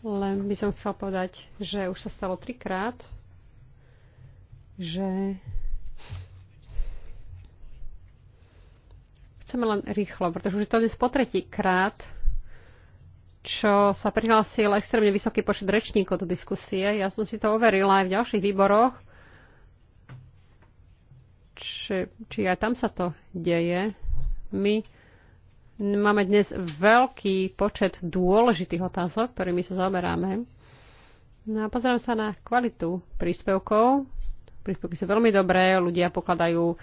len by som chcel povedať, že už sa stalo trikrát, že Chceme len rýchlo, pretože už je to dnes po tretí krát, čo sa prihlásil extrémne vysoký počet rečníkov do diskusie. Ja som si to overila aj v ďalších výboroch, či, či aj tam sa to deje. My máme dnes veľký počet dôležitých otázok, ktorými sa zaoberáme. No a pozerám sa na kvalitu príspevkov. Príspevky sú veľmi dobré, ľudia pokladajú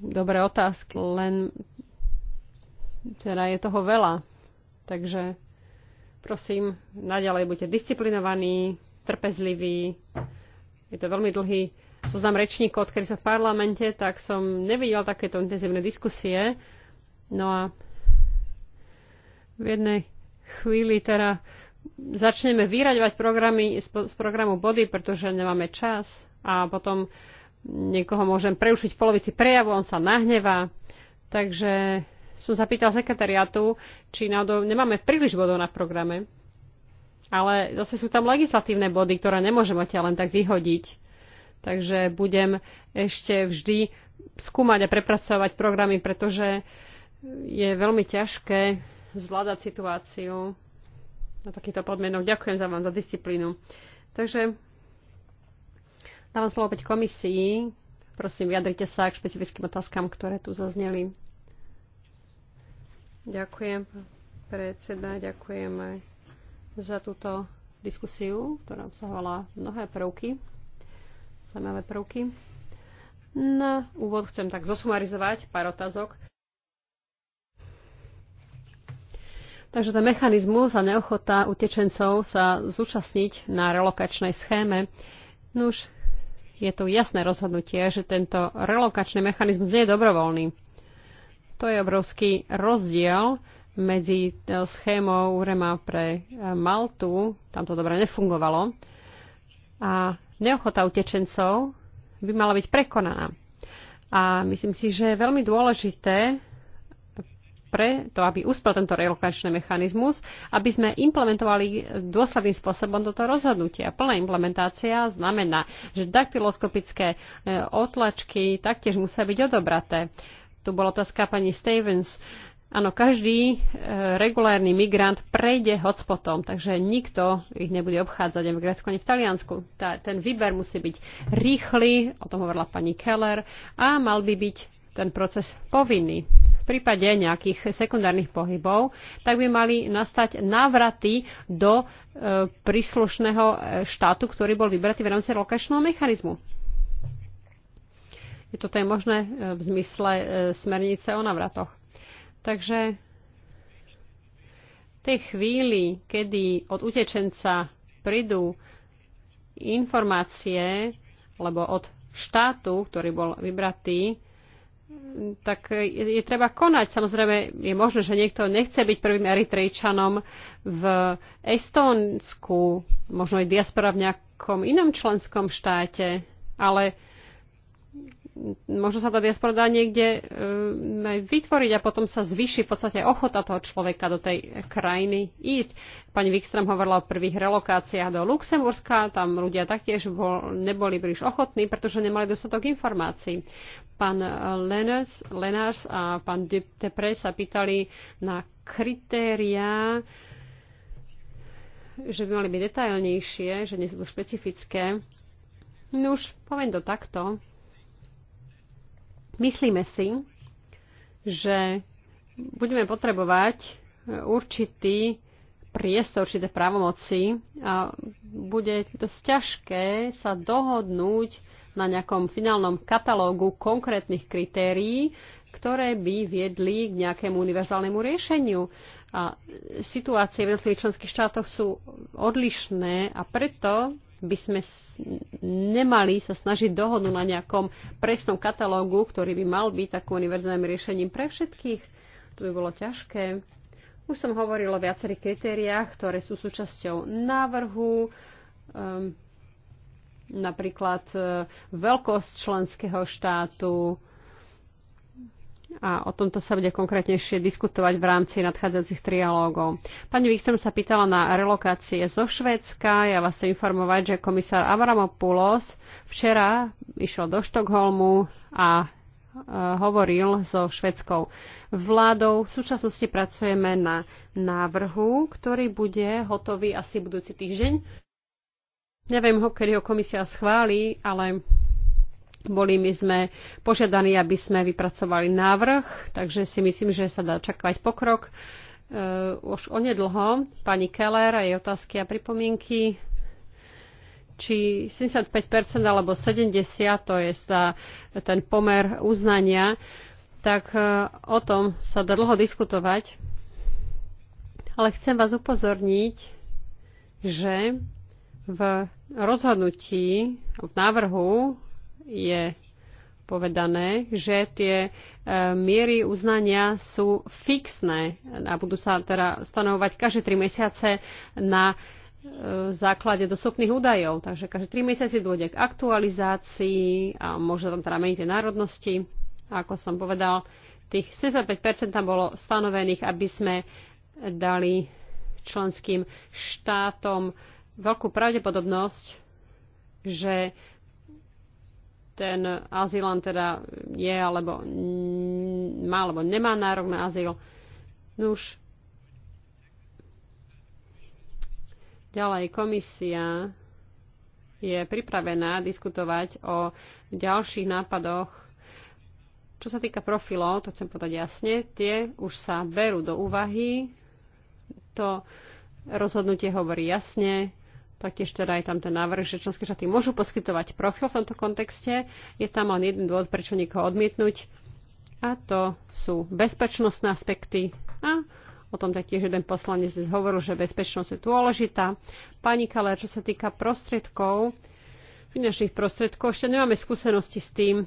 dobré otázky, len teda je toho veľa. Takže prosím, naďalej buďte disciplinovaní, trpezliví. Je to veľmi dlhý zoznam rečníkov, odkedy som v parlamente, tak som nevidel takéto intenzívne diskusie. No a v jednej chvíli teda začneme vyraďovať programy z programu body, pretože nemáme čas a potom niekoho môžem preušiť v polovici prejavu, on sa nahnevá. Takže som sa pýtal sekretariátu, či náhodou nemáme príliš bodov na programe. Ale zase sú tam legislatívne body, ktoré nemôžem ťa len tak vyhodiť. Takže budem ešte vždy skúmať a prepracovať programy, pretože je veľmi ťažké zvládať situáciu na takýchto podmienok. Ďakujem za vám za disciplínu. Takže Dávam slovo opäť komisii. Prosím, vyjadrite sa k špecifickým otázkam, ktoré tu zazneli. Ďakujem, predseda, ďakujem aj za túto diskusiu, ktorá obsahovala mnohé prvky, zaujímavé prvky. Na úvod chcem tak zosumarizovať pár otázok. Takže ten mechanizmus a neochota utečencov sa zúčastniť na relokačnej schéme. už je tu jasné rozhodnutie, že tento relokačný mechanizmus nie je dobrovoľný. To je obrovský rozdiel medzi e, schémou Urema pre e, Maltu, tam to dobre nefungovalo, a neochota utečencov by mala byť prekonaná. A myslím si, že je veľmi dôležité pre to, aby uspel tento relokačný mechanizmus, aby sme implementovali dôsledným spôsobom toto rozhodnutie. Plná implementácia znamená, že daktyloskopické e, otlačky taktiež musia byť odobraté. Tu bola otázka pani Stevens. Áno, každý e, regulárny migrant prejde hotspotom, takže nikto ich nebude obchádzať ani v Grécku, ani v Taliansku. Tá, ten výber musí byť rýchly, o tom hovorila pani Keller, a mal by byť ten proces povinný v prípade nejakých sekundárnych pohybov, tak by mali nastať návraty do e, príslušného e, štátu, ktorý bol vybratý v rámci lokačného mechanizmu. Je toto je teda možné e, v zmysle e, smernice o navratoch. Takže v tej chvíli, kedy od utečenca prídu informácie, alebo od štátu, ktorý bol vybratý, tak je, je treba konať. Samozrejme, je možné, že niekto nechce byť prvým Eritrejčanom v Estónsku, možno aj diaspora v nejakom inom členskom štáte, ale možno sa tá diaspora dá niekde e, vytvoriť a potom sa zvyši v podstate ochota toho človeka do tej krajiny ísť. Pani Wikström hovorila o prvých relokáciách do Luxemburska, tam ľudia taktiež bol, neboli príliš ochotní, pretože nemali dostatok informácií. Pán Lenars, Lenars a pán Depre sa pýtali na kritériá, že by mali byť detailnejšie, že nie sú to špecifické. No už poviem to takto. Myslíme si, že budeme potrebovať určitý priestor, určité právomoci a bude dosť ťažké sa dohodnúť na nejakom finálnom katalógu konkrétnych kritérií, ktoré by viedli k nejakému univerzálnemu riešeniu. A situácie v jednotlivých členských štátoch sú odlišné a preto by sme nemali sa snažiť dohodnúť na nejakom presnom katalógu, ktorý by mal byť takým univerzálnym riešením pre všetkých. To by bolo ťažké. Už som hovorila o viacerých kritériách, ktoré sú súčasťou návrhu. Um, napríklad e, veľkosť členského štátu, a o tomto sa bude konkrétnejšie diskutovať v rámci nadchádzajúcich trialógov. Pani Wikström sa pýtala na relokácie zo Švédska. Ja vás chcem informovať, že komisár Avramopoulos včera išiel do Štokholmu a e, hovoril so švedskou vládou. V súčasnosti pracujeme na návrhu, ktorý bude hotový asi budúci týždeň. Neviem ho, kedy ho komisia schváli, ale boli my sme požiadaní, aby sme vypracovali návrh, takže si myslím, že sa dá čakať pokrok. Uh, už onedlho pani Keller a jej otázky a pripomienky či 75% alebo 70, to je tá, ten pomer uznania, tak uh, o tom sa dá dlho diskutovať. Ale chcem vás upozorniť, že v rozhodnutí, v návrhu je povedané, že tie e, miery uznania sú fixné a budú sa teda stanovovať každé tri mesiace na e, základe dostupných údajov. Takže každé tri mesiace dôjde k aktualizácii a možno tam teda meniť tie národnosti. A ako som povedal, tých 65% tam bolo stanovených, aby sme dali členským štátom veľkú pravdepodobnosť, že ten azylant teda je alebo má alebo nemá nárok na azyl. No už ďalej komisia je pripravená diskutovať o ďalších nápadoch. Čo sa týka profilov, to chcem povedať jasne, tie už sa berú do úvahy. To rozhodnutie hovorí jasne, Taktiež teda je tam ten návrh, že členské štáty môžu poskytovať profil v tomto kontexte. Je tam len jeden dôvod, prečo niekoho odmietnúť. A to sú bezpečnostné aspekty. A o tom taktiež jeden poslanec dnes hovoril, že bezpečnosť je dôležitá. Pani Kaler, čo sa týka prostriedkov, finančných prostriedkov, ešte nemáme skúsenosti s tým,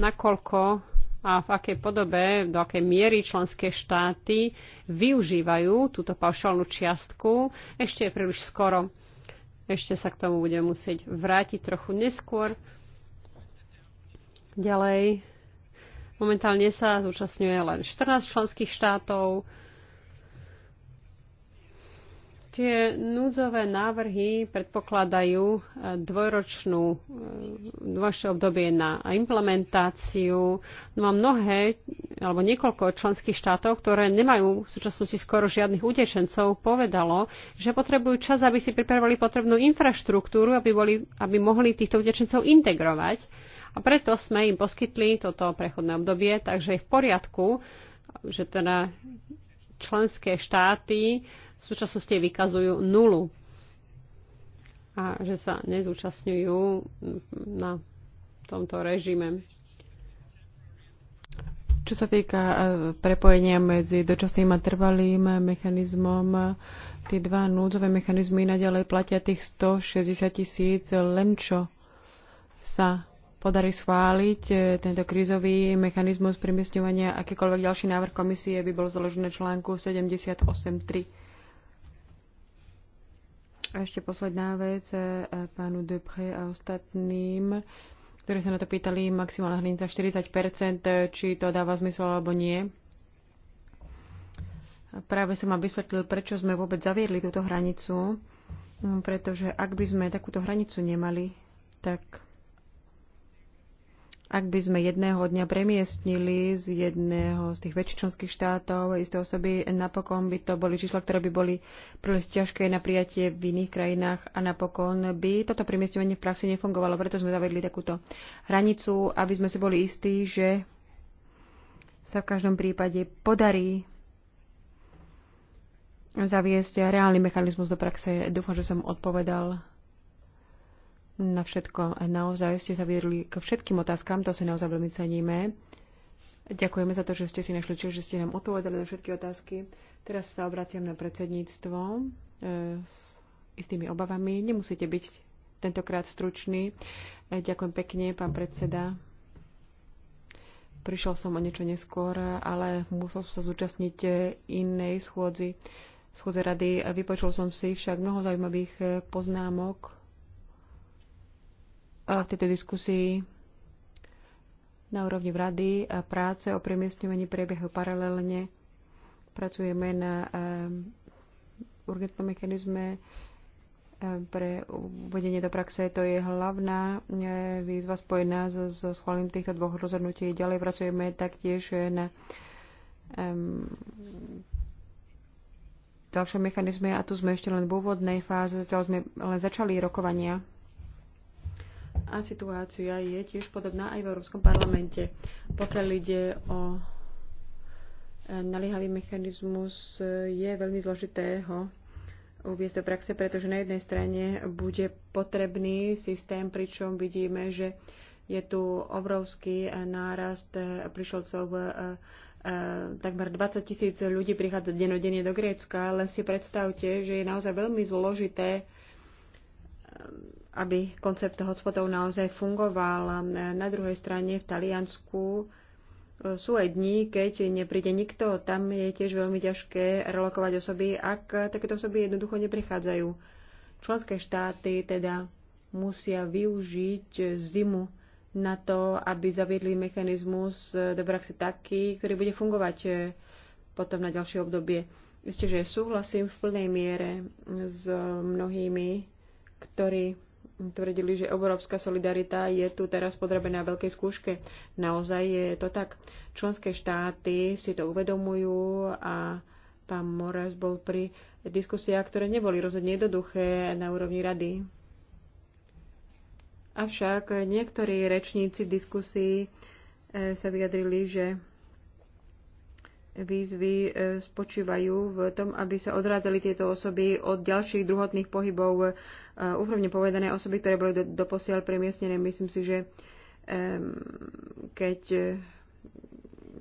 nakoľko a v akej podobe, do akej miery členské štáty využívajú túto paušálnu čiastku, ešte je príliš skoro. Ešte sa k tomu budem musieť vrátiť trochu neskôr. Ďalej. Momentálne sa zúčastňuje len 14 členských štátov. Tie núdzové návrhy predpokladajú e, dvojročnú, e, dvojročné obdobie na implementáciu. No a mnohé, alebo niekoľko členských štátov, ktoré nemajú v súčasnosti skoro žiadnych utečencov, povedalo, že potrebujú čas, aby si pripravili potrebnú infraštruktúru, aby, boli, aby mohli týchto utečencov integrovať. A preto sme im poskytli toto prechodné obdobie, takže je v poriadku, že teda členské štáty v súčasnosti vykazujú nulu a že sa nezúčastňujú na tomto režime. Čo sa týka e, prepojenia medzi dočasným a trvalým mechanizmom, tie dva núdzové mechanizmy naďalej platia tých 160 tisíc, len čo sa podarí schváliť e, tento krízový mechanizmus primiestňovania, akýkoľvek ďalší návrh komisie by bol založený na článku 78.3. A ešte posledná vec e, e, pánu Depre a ostatným, ktorí sa na to pýtali, maximálna hranica 40%, e, či to dáva zmysel alebo nie. Práve som vám vysvetlil, prečo sme vôbec zaviedli túto hranicu, pretože ak by sme takúto hranicu nemali, tak ak by sme jedného dňa premiestnili z jedného z tých väčšinských štátov isté osoby, napokon by to boli čísla, ktoré by boli príliš ťažké na prijatie v iných krajinách a napokon by toto premiestňovanie v praxi nefungovalo. Preto sme zavedli takúto hranicu, aby sme si boli istí, že sa v každom prípade podarí zaviesť reálny mechanizmus do praxe. Dúfam, že som odpovedal na všetko. Naozaj ste sa viedli k všetkým otázkam, to si naozaj veľmi ceníme. Ďakujeme za to, že ste si našli čas, že ste nám odpovedali na všetky otázky. Teraz sa obraciam na predsedníctvo e, s istými obavami. Nemusíte byť tentokrát stručný. E, ďakujem pekne, pán predseda. Prišiel som o niečo neskôr, ale musel som sa zúčastniť inej schôdzi, schôdze rady. Vypočul som si však mnoho zaujímavých poznámok v tejto diskusii na úrovni v rady a práce o premiestňovaní prebiehajú paralelne. Pracujeme na eh, urgentnom mechanizme eh, pre uvedenie do praxe. To je hlavná eh, výzva spojená so, so schválením týchto dvoch rozhodnutí. Ďalej pracujeme taktiež na um, ďalšom mechanizme a tu sme ešte len v úvodnej fáze, zatiaľ sme len začali rokovania a situácia je tiež podobná aj v Európskom parlamente. Pokiaľ ide o e, naliehavý mechanizmus, je veľmi zložité ho uviezť do praxe, pretože na jednej strane bude potrebný systém, pričom vidíme, že je tu obrovský e, nárast e, prišlcov. Takmer 20 tisíc ľudí prichádza denodenne do Grécka. Len si predstavte, že je naozaj veľmi zložité aby koncept hotspotov naozaj fungoval. Na druhej strane v Taliansku e, sú aj dní, keď nepríde nikto. Tam je tiež veľmi ťažké relokovať osoby, ak takéto osoby jednoducho neprichádzajú. Členské štáty teda musia využiť zimu na to, aby zaviedli mechanizmus do praxe taký, ktorý bude fungovať e, potom na ďalšie obdobie. Isté, že súhlasím v plnej miere s mnohými ktorí tvrdili, že európska solidarita je tu teraz podrobená veľkej skúške. Naozaj je to tak. Členské štáty si to uvedomujú a pán Moraz bol pri diskusiách, ktoré neboli rozhodne jednoduché na úrovni rady. Avšak niektorí rečníci diskusí eh, sa vyjadrili, že výzvy e, spočívajú v tom, aby sa odrádzali tieto osoby od ďalších druhotných pohybov, e, úprovne povedané osoby, ktoré boli doposiaľ premiestnené. Myslím si, že keď e,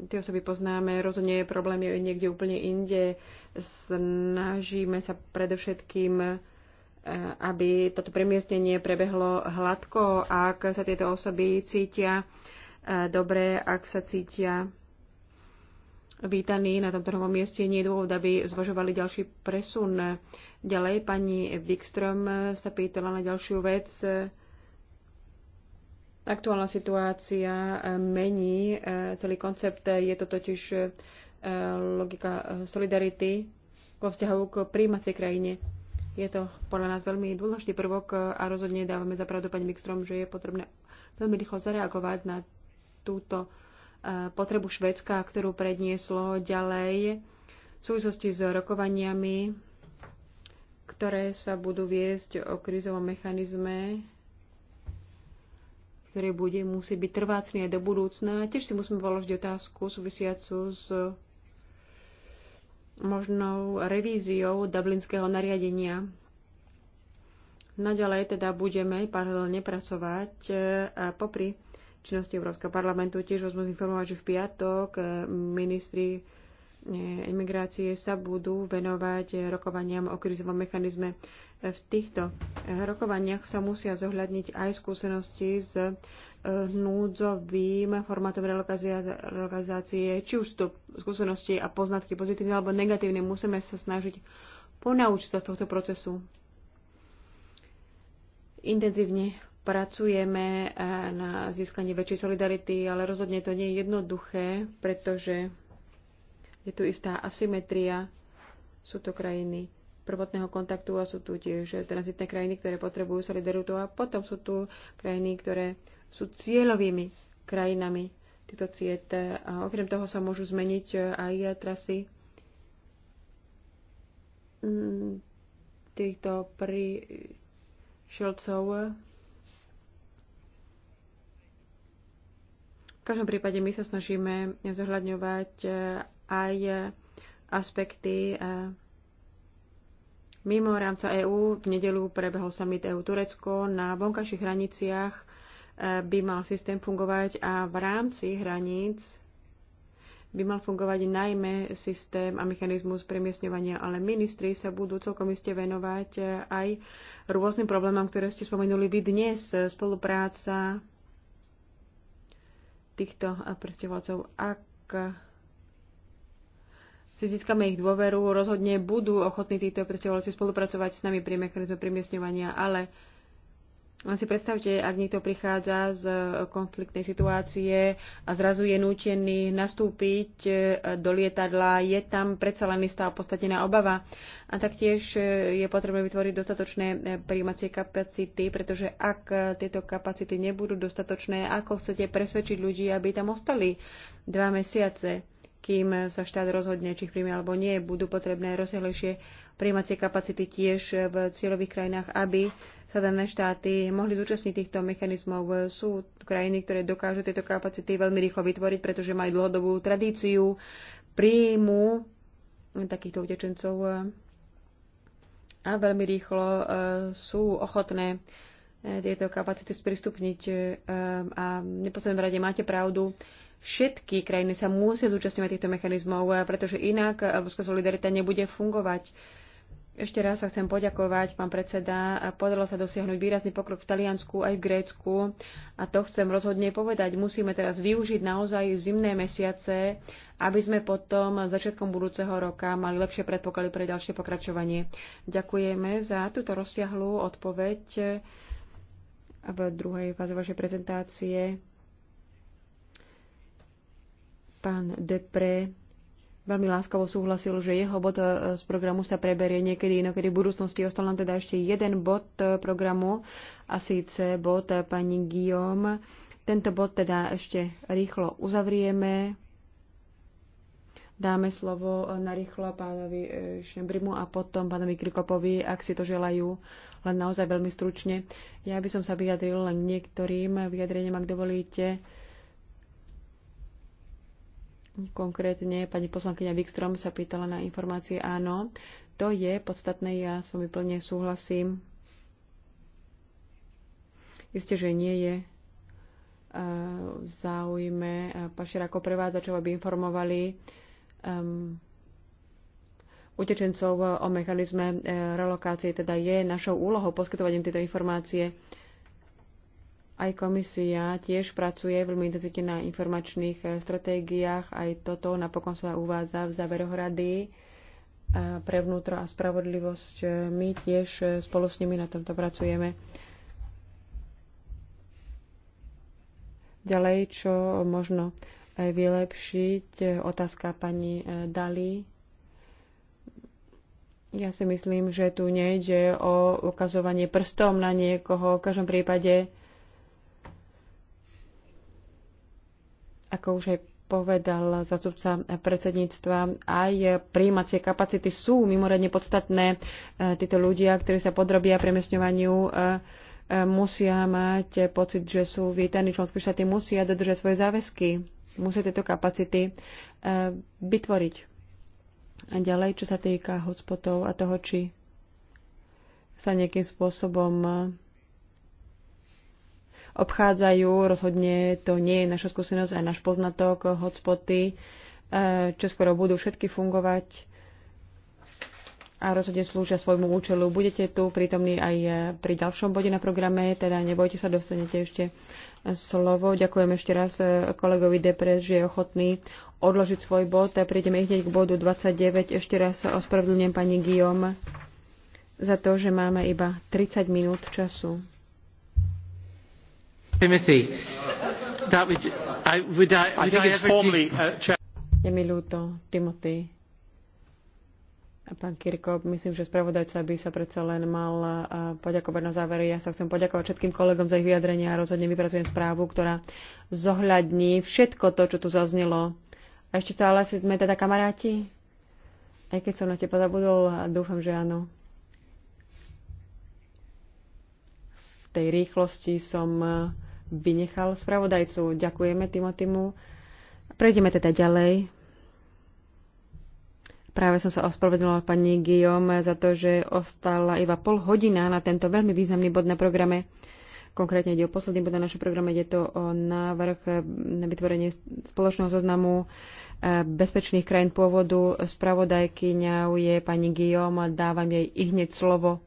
tie osoby poznáme, rozhodne je problém je niekde úplne inde. Snažíme sa predovšetkým aby toto premiestnenie prebehlo hladko, ak sa tieto osoby cítia dobre, ak sa cítia vítaní na tomto novom mieste. Nie je dôvod, aby zvažovali ďalší presun. Ďalej pani Wikström sa pýtala na ďalšiu vec. Aktuálna situácia mení e, celý koncept. Je to totiž e, logika e, solidarity vo vzťahu k príjmacej krajine. Je to podľa nás veľmi dôležitý prvok a rozhodne dávame za pravdu pani Wikström, že je potrebné veľmi rýchlo zareagovať na túto potrebu Švedska, ktorú prednieslo ďalej v súvislosti s rokovaniami, ktoré sa budú viesť o krizovom mechanizme, ktorý bude, musí byť trvácný aj do budúcna. Tiež si musíme položiť otázku súvisiacu s možnou revíziou dublinského nariadenia. Naďalej teda budeme paralelne pracovať popri činnosti Európskeho parlamentu. Tiež vás môžem informovať, že v piatok eh, ministri eh, imigrácie sa budú venovať rokovaniam o krizovom mechanizme. Eh, v týchto rokovaniach sa musia zohľadniť aj skúsenosti s núdzovým formátom relokalizácie, či už to skúsenosti a poznatky pozitívne alebo negatívne. Musíme sa snažiť ponaučiť sa z tohto procesu. Intenzívne pracujeme eh, na získanie väčšej solidarity, ale rozhodne to nie je jednoduché, pretože je tu istá asymetria. Sú to krajiny prvotného kontaktu a sú tu tiež transitné krajiny, ktoré potrebujú solidaritu a potom sú tu krajiny, ktoré sú cieľovými krajinami týchto ciet. A okrem toho sa môžu zmeniť eh, aj trasy mm, týchto prišielcov V každom prípade my sa snažíme zohľadňovať e, aj e, aspekty e, mimo rámca EÚ. V nedelu prebehol summit EÚ Turecko. Na vonkajších hraniciach by mal systém fungovať a v rámci hraníc by mal fungovať najmä systém a mechanizmus premiesňovania, ale ministri sa budú celkom iste venovať aj rôznym problémom, ktoré ste spomenuli vy dnes. Spolupráca týchto eh, presťahovalcov. Ak eh, si získame ich dôveru, rozhodne budú ochotní títo presťahovalci spolupracovať s nami pri mechanizme premiestňovania, ale len si predstavte, ak niekto prichádza z eh, konfliktnej situácie a zrazu je nútený nastúpiť eh, do lietadla, je tam predsa len istá opodstatnená obava. A taktiež eh, je potrebné vytvoriť dostatočné príjmacie kapacity, pretože ak tieto kapacity nebudú dostatočné, ako chcete presvedčiť ľudí, aby tam ostali dva mesiace? kým sa štát rozhodne, či ich príjme alebo nie, budú potrebné rozsiahlejšie príjmacie kapacity tiež v cieľových krajinách, aby sa dané štáty mohli zúčastniť týchto mechanizmov. Sú krajiny, ktoré dokážu tieto kapacity veľmi rýchlo vytvoriť, pretože majú dlhodobú tradíciu príjmu takýchto utečencov eh, a veľmi rýchlo eh, sú ochotné eh, tieto kapacity sprístupniť. A v neposlednom rade máte pravdu, všetky krajiny sa musia zúčastňovať týchto mechanizmov, pretože inak európska solidarita nebude fungovať. Ešte raz sa chcem poďakovať, pán predseda. Podarilo sa dosiahnuť výrazný pokrok v Taliansku aj v Grécku a to chcem rozhodne povedať. Musíme teraz využiť naozaj zimné mesiace, aby sme potom začiatkom budúceho roka mali lepšie predpoklady pre ďalšie pokračovanie. Ďakujeme za túto rozsiahlú odpoveď v druhej fáze vašej prezentácie. Pán Depre veľmi láskavo súhlasil, že jeho bod e, z programu sa preberie niekedy inokedy v budúcnosti. Ostal nám teda ešte jeden bod e, programu a síce bod e, pani Guillaume. Tento bod teda ešte rýchlo uzavrieme. Dáme slovo narýchlo pánovi Šembrimu a potom pánovi Krikopovi, ak si to želajú, len naozaj veľmi stručne. Ja by som sa vyjadril len niektorým vyjadreniam, ak dovolíte. Konkrétne pani poslankyňa Wikstrom sa pýtala na informácie. Áno, to je podstatné, ja s vami plne súhlasím. Isté, že nie je e, v záujme e, pašerákov prevádzačov, aby informovali um, utečencov o mechanizme relokácie. Teda je našou úlohou poskytovať im tieto informácie. Aj komisia tiež pracuje veľmi intenzite na informačných eh, stratégiách. Aj toto napokon sa uvádza v záveroch rady pre vnútro a spravodlivosť. Eh, my tiež eh, spolu s nimi na tomto pracujeme. Ďalej, čo možno vylepšiť, otázka pani Dali. Ja si myslím, že tu nejde o ukazovanie prstom na niekoho. V každom prípade Ako už aj povedal zastupca predsedníctva, aj príjímacie kapacity sú mimoriadne podstatné. E, títo ľudia, ktorí sa podrobia premiesňovaniu, e, e, musia mať pocit, že sú vítaní. Členské štáty musia dodržať svoje záväzky, musia tieto kapacity vytvoriť. A ďalej, čo sa týka hotspotov a toho, či sa nejakým spôsobom obchádzajú. Rozhodne to nie je naša skúsenosť aj náš poznatok, hotspoty, eh, čo skoro budú všetky fungovať a rozhodne slúžia svojmu účelu. Budete tu prítomní aj eh, pri ďalšom bode na programe, teda nebojte sa, dostanete ešte slovo. Ďakujem ešte raz eh, kolegovi Depre, že je ochotný odložiť svoj bod. Prídeme hneď k bodu 29. Ešte raz ospravedlňujem pani Guillaume za to, že máme iba 30 minút času. Timothy, that would, I, would I, would I think I it's formally... Uh, je mi ľúto, Timothy. A pán Kirko, myslím, že spravodajca by sa predsa len mal uh, poďakovať na záver. Ja sa chcem poďakovať všetkým kolegom za ich vyjadrenia a rozhodne vypracujem správu, ktorá zohľadní všetko to, čo tu zaznelo. A ešte stále si sme teda kamaráti? Aj keď som na teba zabudol a dúfam, že áno. V tej rýchlosti som uh, vynechal spravodajcu. Ďakujeme Timotimu. Prejdeme teda ďalej. Práve som sa ospravedlnila pani Guillaume za to, že ostala iba pol hodina na tento veľmi významný bod na programe. Konkrétne ide o posledný bod na našom programe, ide to o návrh na vytvorenie spoločného zoznamu eh, bezpečných krajín pôvodu. Spravodajkyňou je pani Guillaume, dávam jej i hneď slovo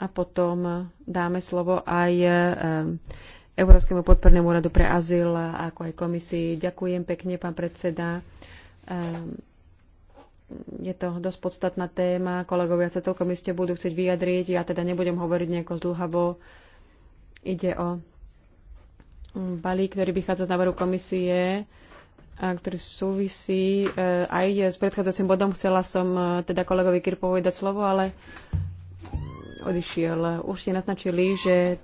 a potom dáme slovo aj eh, Európskemu podpornému úradu pre azyl, ako aj komisii. Ďakujem pekne, pán predseda. Ehm, je to dosť podstatná téma. Kolegovia sa celkom iste budú chcieť vyjadriť. Ja teda nebudem hovoriť nejako zdlhavo. Ide o balík, ktorý vychádza z návrhu komisie, a ktorý súvisí eh, aj s predchádzajúcim bodom. Chcela som eh, teda kolegovi Kirpovi dať slovo, ale odišiel. Už ste naznačili, že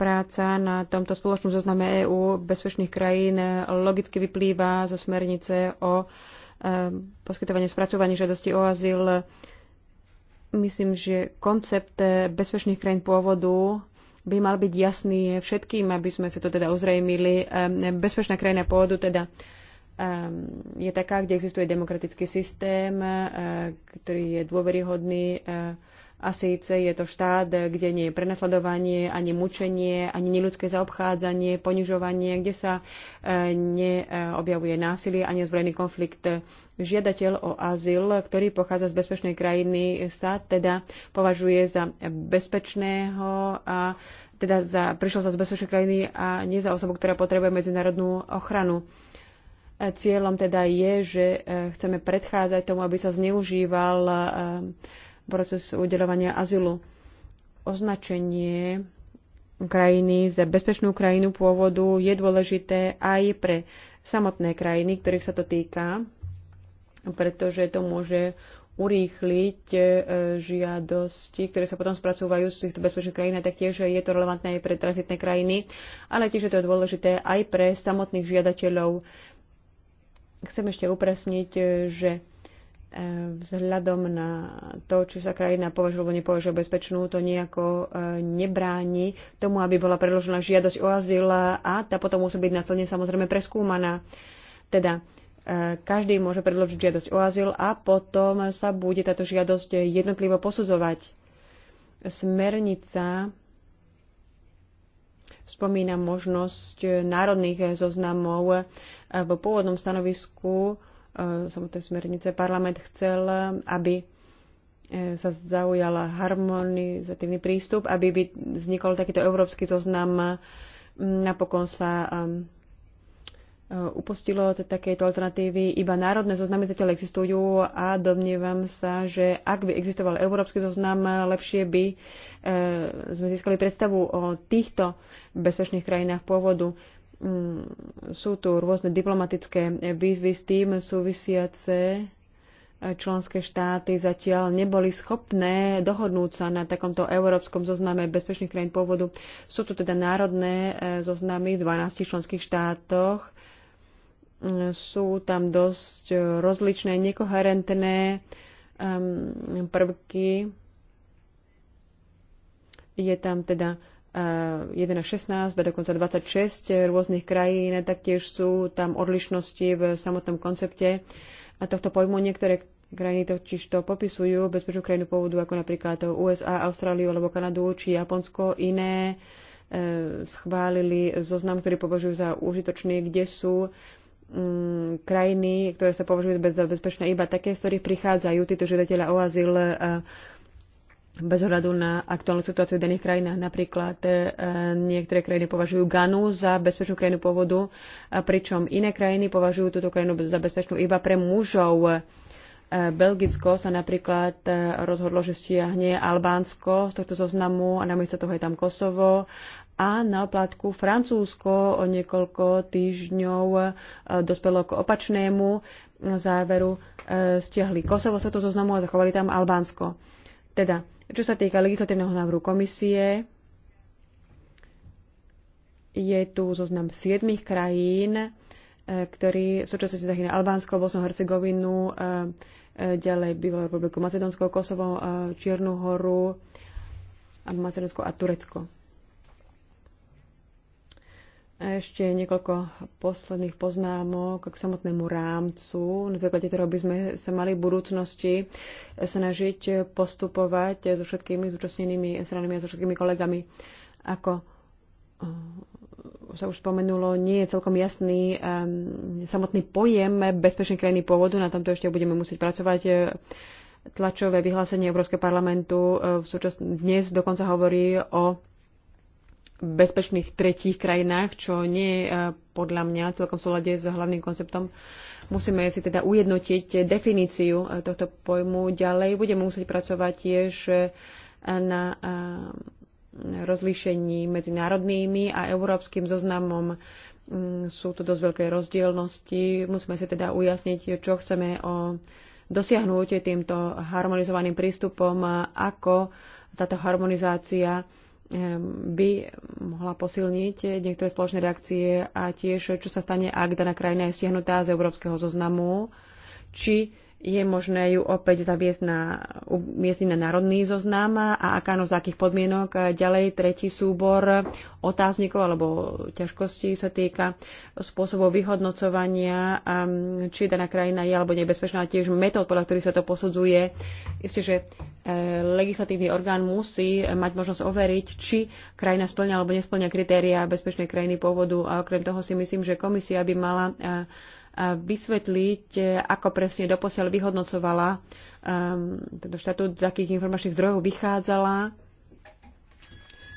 Práca na tomto spoločnom zozname EÚ bezpečných krajín logicky vyplýva zo smernice o ehm, poskytovanie spracovaní žiadosti o azyl. Myslím, že koncept eh, bezpečných krajín pôvodu by mal byť jasný všetkým, aby sme si to teda ozrejmili. Ehm, bezpečná krajina pôvodu teda ehm, je taká, kde existuje demokratický systém, eh, ktorý je dôveryhodný, eh, a síce je to štát, kde nie je prenasledovanie, ani mučenie, ani neľudské zaobchádzanie, ponižovanie, kde sa e, neobjavuje násilie ani zbrojný konflikt. Žiadateľ o azyl, ktorý pochádza z bezpečnej krajiny, sa teda považuje za bezpečného a teda za, prišiel sa z bezpečnej krajiny a nie za osobu, ktorá potrebuje medzinárodnú ochranu. E, cieľom teda je, že e, chceme predchádzať tomu, aby sa zneužíval proces udelovania azylu. Označenie krajiny za bezpečnú krajinu pôvodu je dôležité aj pre samotné krajiny, ktorých sa to týka, pretože to môže urýchliť e, žiadosti, ktoré sa potom spracúvajú z týchto bezpečných krajín a taktiež je to relevantné aj pre tranzitné krajiny, ale tiež je to dôležité aj pre samotných žiadateľov. Chcem ešte upresniť, e, že E, vzhľadom na to, či sa krajina považuje alebo nepovažuje bezpečnú, to nejako e, nebráni tomu, aby bola predložená žiadosť o azyl a tá potom musí byť následne samozrejme preskúmaná. Teda e, každý môže predložiť žiadosť o azyl a potom sa bude táto žiadosť jednotlivo posudzovať. Smernica spomína možnosť národných zoznamov. V pôvodnom stanovisku E, samotné smernice. Parlament chcel, e, aby e, sa zaujala harmonizatívny prístup, aby vznikol takýto európsky zoznam. Napokon sa upustilo od takéto alternatívy. Iba národné zoznamy zatiaľ existujú a domnievam sa, že ak by existoval európsky zoznam, lepšie by sme získali predstavu o týchto bezpečných krajinách pôvodu sú tu rôzne diplomatické výzvy s tým súvisiace. Členské štáty zatiaľ neboli schopné dohodnúť sa na takomto európskom zozname bezpečných krajín pôvodu. Sú tu teda národné e, zoznamy v 12 členských štátoch. E, sú tam dosť rozličné, nekoherentné prvky. Je tam teda 1 až 16, bude dokonca 26 rôznych krajín, taktiež sú tam odlišnosti v samotnom koncepte a tohto pojmu. Niektoré krajiny totiž to popisujú bezpečnú krajinu pôvodu ako napríklad USA, Austráliu alebo Kanadu či Japonsko. Iné e, schválili zoznam, ktorý považujú za užitočný, kde sú mm, krajiny, ktoré sa považujú za bezpečné, iba také, z ktorých prichádzajú títo žiadatelia o azyl bez ohľadu na aktuálnu situáciu v daných krajinách. Napríklad e, niektoré krajiny považujú Ganu za bezpečnú krajinu pôvodu, pričom iné krajiny považujú túto krajinu za bezpečnú iba pre mužov. E, Belgicko sa napríklad e, rozhodlo, že stiahne Albánsko z tohto zoznamu a namiesto toho je tam Kosovo a na oplátku Francúzsko o niekoľko týždňov dospelo k opačnému záveru. Stiahli Kosovo z tohto zoznamu a zachovali tam Albánsko. Teda čo sa týka legislatívneho návrhu komisie, je tu zoznam siedmých krajín, e, ktorý v súčasnosti zahýna Albánsko, Bosnu, Hercegovinu, e, e, ďalej bývalú republiku Macedónsko, Kosovo, Čiernu horu, Macedónsko a Turecko. A ešte niekoľko posledných poznámok k samotnému rámcu, na základe ktorého by sme sa mali v budúcnosti snažiť postupovať so všetkými zúčastnenými stranami a so všetkými kolegami. Ako eh, sa už spomenulo, nie je celkom jasný eh, samotný pojem bezpečnej krajiny pôvodu. Na tomto ešte budeme musieť pracovať. Tlačové vyhlásenie Európskeho parlamentu eh, v súčasn- dnes dokonca hovorí o bezpečných tretích krajinách, čo nie je eh, podľa mňa celkom v súlade s hlavným konceptom. Musíme si teda ujednotiť definíciu eh, tohto pojmu ďalej. Budeme musieť pracovať tiež eh, na rozlíšení medzi národnými a európskym zoznamom. Mm, sú tu dosť veľké rozdielnosti. Musíme si teda ujasniť, čo chceme o dosiahnuť týmto harmonizovaným prístupom, a ako táto harmonizácia by mohla posilniť niektoré spoločné reakcie a tiež, čo sa stane, ak daná krajina je stiahnutá z európskeho zoznamu, či je možné ju opäť zaviesť na, umiestniť na národný zoznam a aká no z akých podmienok. Ďalej tretí súbor otáznikov alebo ťažkostí sa týka spôsobov vyhodnocovania, um, či daná krajina je alebo nebezpečná, tiež metód, podľa ktorých sa to posudzuje. Isté, že e, legislatívny orgán musí mať možnosť overiť, či krajina splňa alebo nesplňa kritéria bezpečnej krajiny pôvodu. A okrem toho si myslím, že komisia by mala e, vysvetliť, e, ako presne doposiaľ vyhodnocovala tento štatút, z akých informačných zdrojov vychádzala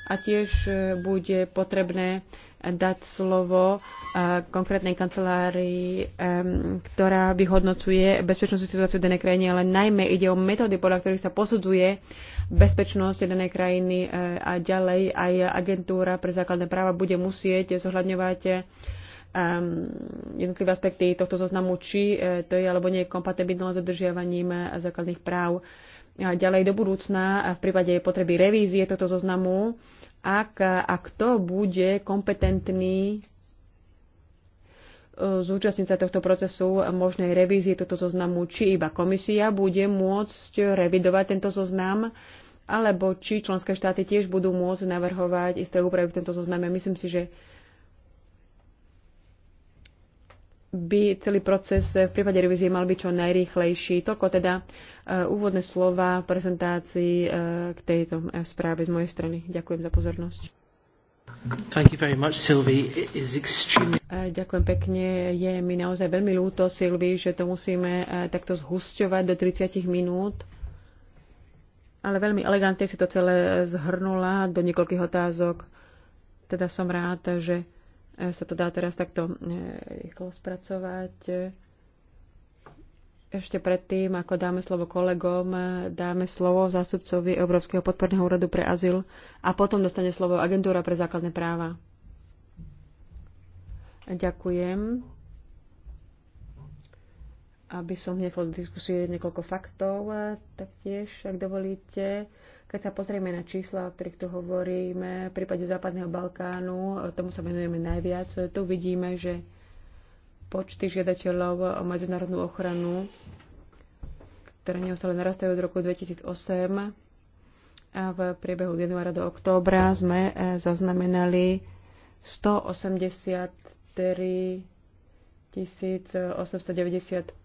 a tiež e, bude potrebné dať slovo e, konkrétnej kancelárii, ktorá vyhodnocuje bezpečnostnú situáciu v danej krajine, ale najmä ide o metódy, podľa ktorých sa posudzuje bezpečnosť danej krajiny a ďalej aj agentúra pre základné práva bude musieť zohľadňovať Ehm, jednotlivé aspekty tohto zoznamu, či e, to je alebo nie je kompatibilné s dodržiavaním e, základných práv. A ďalej do budúcna e, v prípade potreby revízie tohto zoznamu, ak a kto bude kompetentný zúčastniť sa tohto procesu možnej revízie tohto zoznamu, či iba komisia bude môcť revidovať tento zoznam, alebo či členské štáty tiež budú môcť navrhovať isté úpravy v tento zozname. Myslím si, že by celý proces v prípade revízie mal byť čo najrýchlejší. Toľko teda e, úvodné slova v prezentácii e, k tejto e, správe z mojej strany. Ďakujem za pozornosť. Thank you very much, Sylvie. It is extremely... Ďakujem pekne. Je mi naozaj veľmi ľúto, Silvi, že to musíme takto zhusťovať do 30 minút. Ale veľmi elegantne si to celé zhrnula do niekoľkých otázok. Teda som rád, že E, sa to dá teraz takto e, rýchlo spracovať. E, ešte predtým, ako dáme slovo kolegom, dáme slovo zástupcovi Európskeho podporného úradu pre azyl a potom dostane slovo Agentúra pre základné práva. Ďakujem. Aby som hneď do diskusie niekoľko faktov, taktiež, ak dovolíte. Keď sa pozrieme na čísla, o ktorých tu hovoríme, v prípade Západného Balkánu, e, tomu sa venujeme najviac, e, tu vidíme, že počty žiadateľov o medzinárodnú ochranu, ktoré neustále narastajú od roku 2008 a v priebehu januára do októbra sme e, zaznamenali 183 895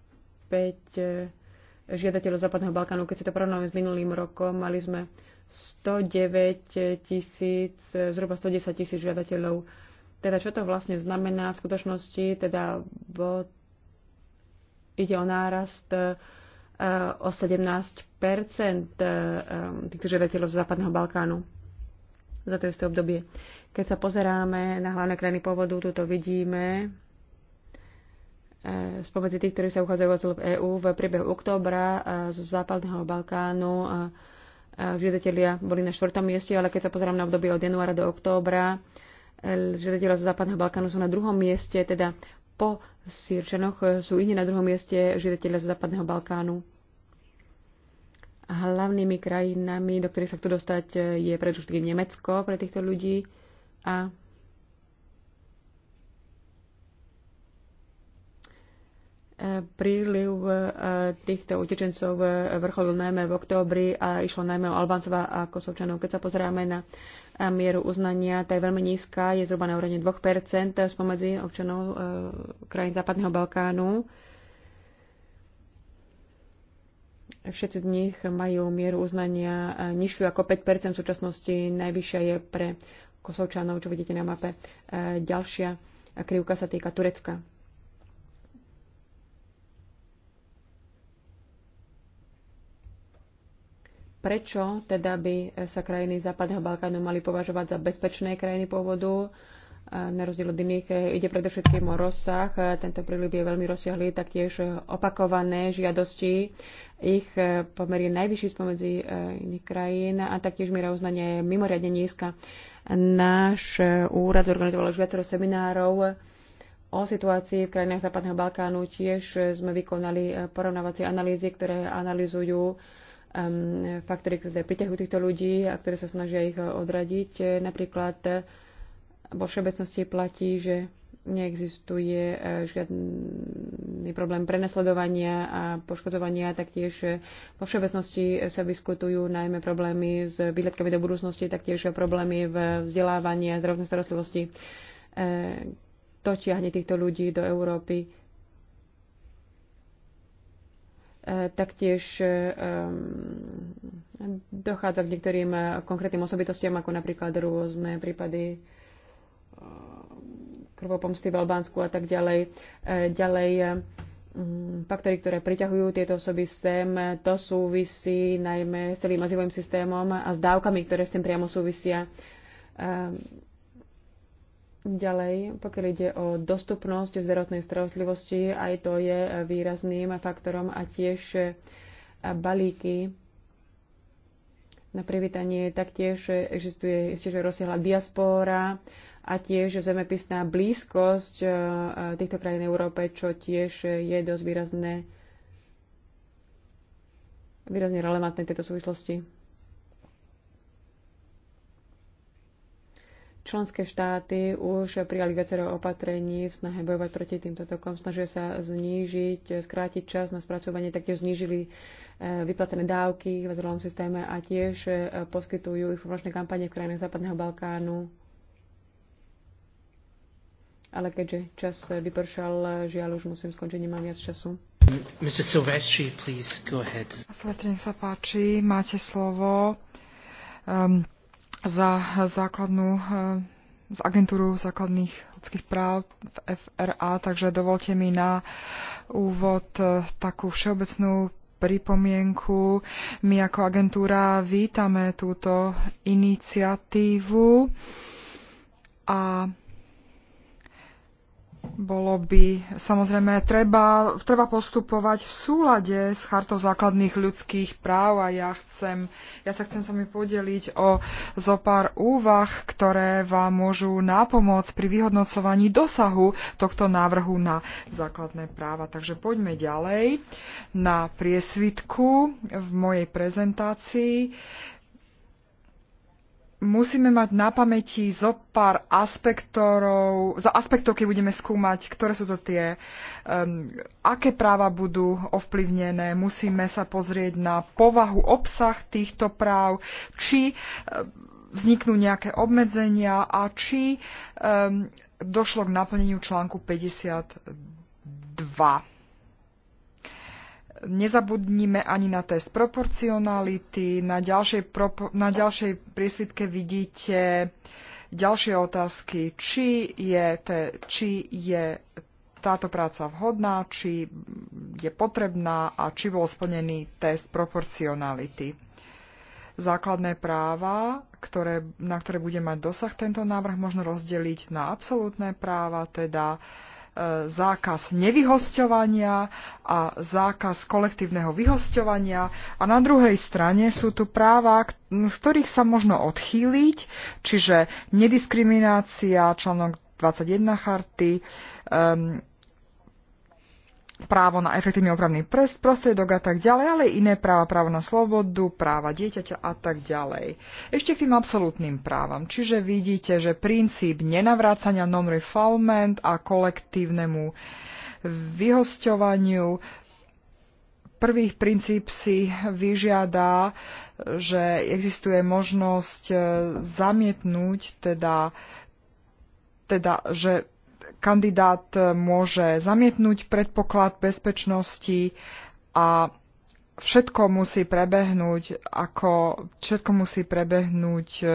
žiadateľov Západného Balkánu. Keď si to porovnáme s minulým rokom, mali sme 109 tisíc, zhruba 110 tisíc žiadateľov. Teda čo to vlastne znamená v skutočnosti? Teda bo, ide o nárast eh, o 17 eh, eh, týchto žiadateľov z Západného Balkánu za to isté obdobie. Keď sa pozeráme na hlavné krajiny pôvodu, tu to vidíme, E, spomedzi tých, ktorí sa uchádzajú o v EÚ v priebehu októbra e, zo západného Balkánu žiadatelia boli na štvrtom mieste, ale keď sa pozerám na obdobie od januára do októbra, e, žiadatelia zo západného Balkánu sú na druhom mieste, teda po Sýrčanoch sú iní na druhom mieste žiadatelia zo západného Balkánu. A hlavnými krajinami, do ktorých sa chcú dostať, je predovšetkým Nemecko pre týchto ľudí a príliv e, týchto utečencov vrcholil najmä v októbri a išlo najmä o Albáncov a Kosovčanov. Keď sa pozeráme na e, mieru uznania, tá je veľmi nízka, je zhruba na úrovni 2% spomedzi občanov e, krajín Západného Balkánu. Všetci z nich majú mieru uznania nižšiu ako 5% v súčasnosti, najvyššia je pre Kosovčanov, čo vidíte na mape. Ďalšia krivka sa týka Turecka Prečo teda by sa krajiny Západného Balkánu mali považovať za bezpečné krajiny pôvodu? Na rozdiel od iných eh, ide predovšetkým o rozsah. Tento príliv je veľmi rozsiahlý, taktiež eh, opakované žiadosti. Ich eh, pomer je najvyšší spomedzi iných krajín a taktiež miera uznania je mimoriadne nízka. Náš úrad zorganizoval už viacero seminárov o situácii v krajinách Západného Balkánu. Tiež sme vykonali porovnávacie analýzy, ktoré analýzujú um, faktory, ktoré priťahujú týchto ľudí a ktoré sa snažia ich eh, odradiť. Napríklad eh, vo všeobecnosti platí, že neexistuje eh, žiadny problém prenasledovania a poškodzovania, taktiež vo všeobecnosti sa vyskutujú najmä problémy s výhľadkami do budúcnosti, taktiež problémy v vzdelávaní a zdravotnej starostlivosti. To ťahne týchto ľudí do Európy E, taktiež e, dochádza k niektorým e, konkrétnym osobitostiam, ako napríklad rôzne prípady krvopomsty v Albánsku a tak ďalej. Ďalej faktory, ktoré priťahujú tieto osoby sem, to súvisí najmä s celým azivovým systémom a s dávkami, ktoré s tým priamo súvisia. Ďalej, pokiaľ ide o dostupnosť v zdravotnej starostlivosti, aj to je výrazným faktorom a tiež e, balíky na privítanie taktiež existuje ešte rozsiahla diaspora a tiež zemepisná blízkosť e, e, týchto krajín Európe, čo tiež je dosť výrazné, výrazne relevantné tejto súvislosti. Členské štáty už prijali viacero opatrení v snahe bojovať proti týmto tokom. Snažia sa znížiť, skrátiť čas na spracovanie, taktiež znížili e, vyplatené dávky v zrovnom systéme a tiež e, poskytujú informačné kampanie v krajinách Západného Balkánu. Ale keďže čas vypršal, žiaľ už musím skončiť, nemám viac času. Mr. Silvestri, please go ahead. Silvestri, sa páči, máte slovo. Um, za základnú eh, z agentúru základných ľudských práv v FRA, takže dovolte mi na úvod eh, takú všeobecnú pripomienku. My ako agentúra vítame túto iniciatívu a bolo by samozrejme treba, treba postupovať v súlade s chartou základných ľudských práv a ja, chcem, ja sa chcem sa mi podeliť o zo pár úvah, ktoré vám môžu napomôcť pri vyhodnocovaní dosahu tohto návrhu na základné práva. Takže poďme ďalej na priesvitku v mojej prezentácii musíme mať na pamäti zo pár aspektorov, za aspektov, keď budeme skúmať, ktoré sú to tie, um, aké práva budú ovplyvnené, musíme sa pozrieť na povahu, obsah týchto práv, či um, vzniknú nejaké obmedzenia a či um, došlo k naplneniu článku 52. Nezabudnime ani na test proporcionality. Na ďalšej, propo- na ďalšej priesvitke vidíte ďalšie otázky, či je, te, či je táto práca vhodná, či je potrebná a či bol splnený test proporcionality. Základné práva, ktoré, na ktoré bude mať dosah tento návrh, možno rozdeliť na absolútne práva, teda uh, E, zákaz nevyhosťovania a zákaz kolektívneho vyhosťovania a na druhej strane sú tu práva, z ktorých sa možno odchýliť, čiže nediskriminácia, článok 21 charty, um, právo na efektívny opravný prostriedok a tak ďalej, ale iné práva, právo na slobodu, práva dieťaťa a tak ďalej. Ešte k tým absolútnym právam. Čiže vidíte, že princíp nenavrácania non-refoulement a kolektívnemu vyhosťovaniu prvých princíp si vyžiada, že existuje možnosť e, zamietnúť, teda, teda že kandidát e, môže zamietnúť predpoklad bezpečnosti a všetko musí prebehnúť ako všetko musí prebehnúť e,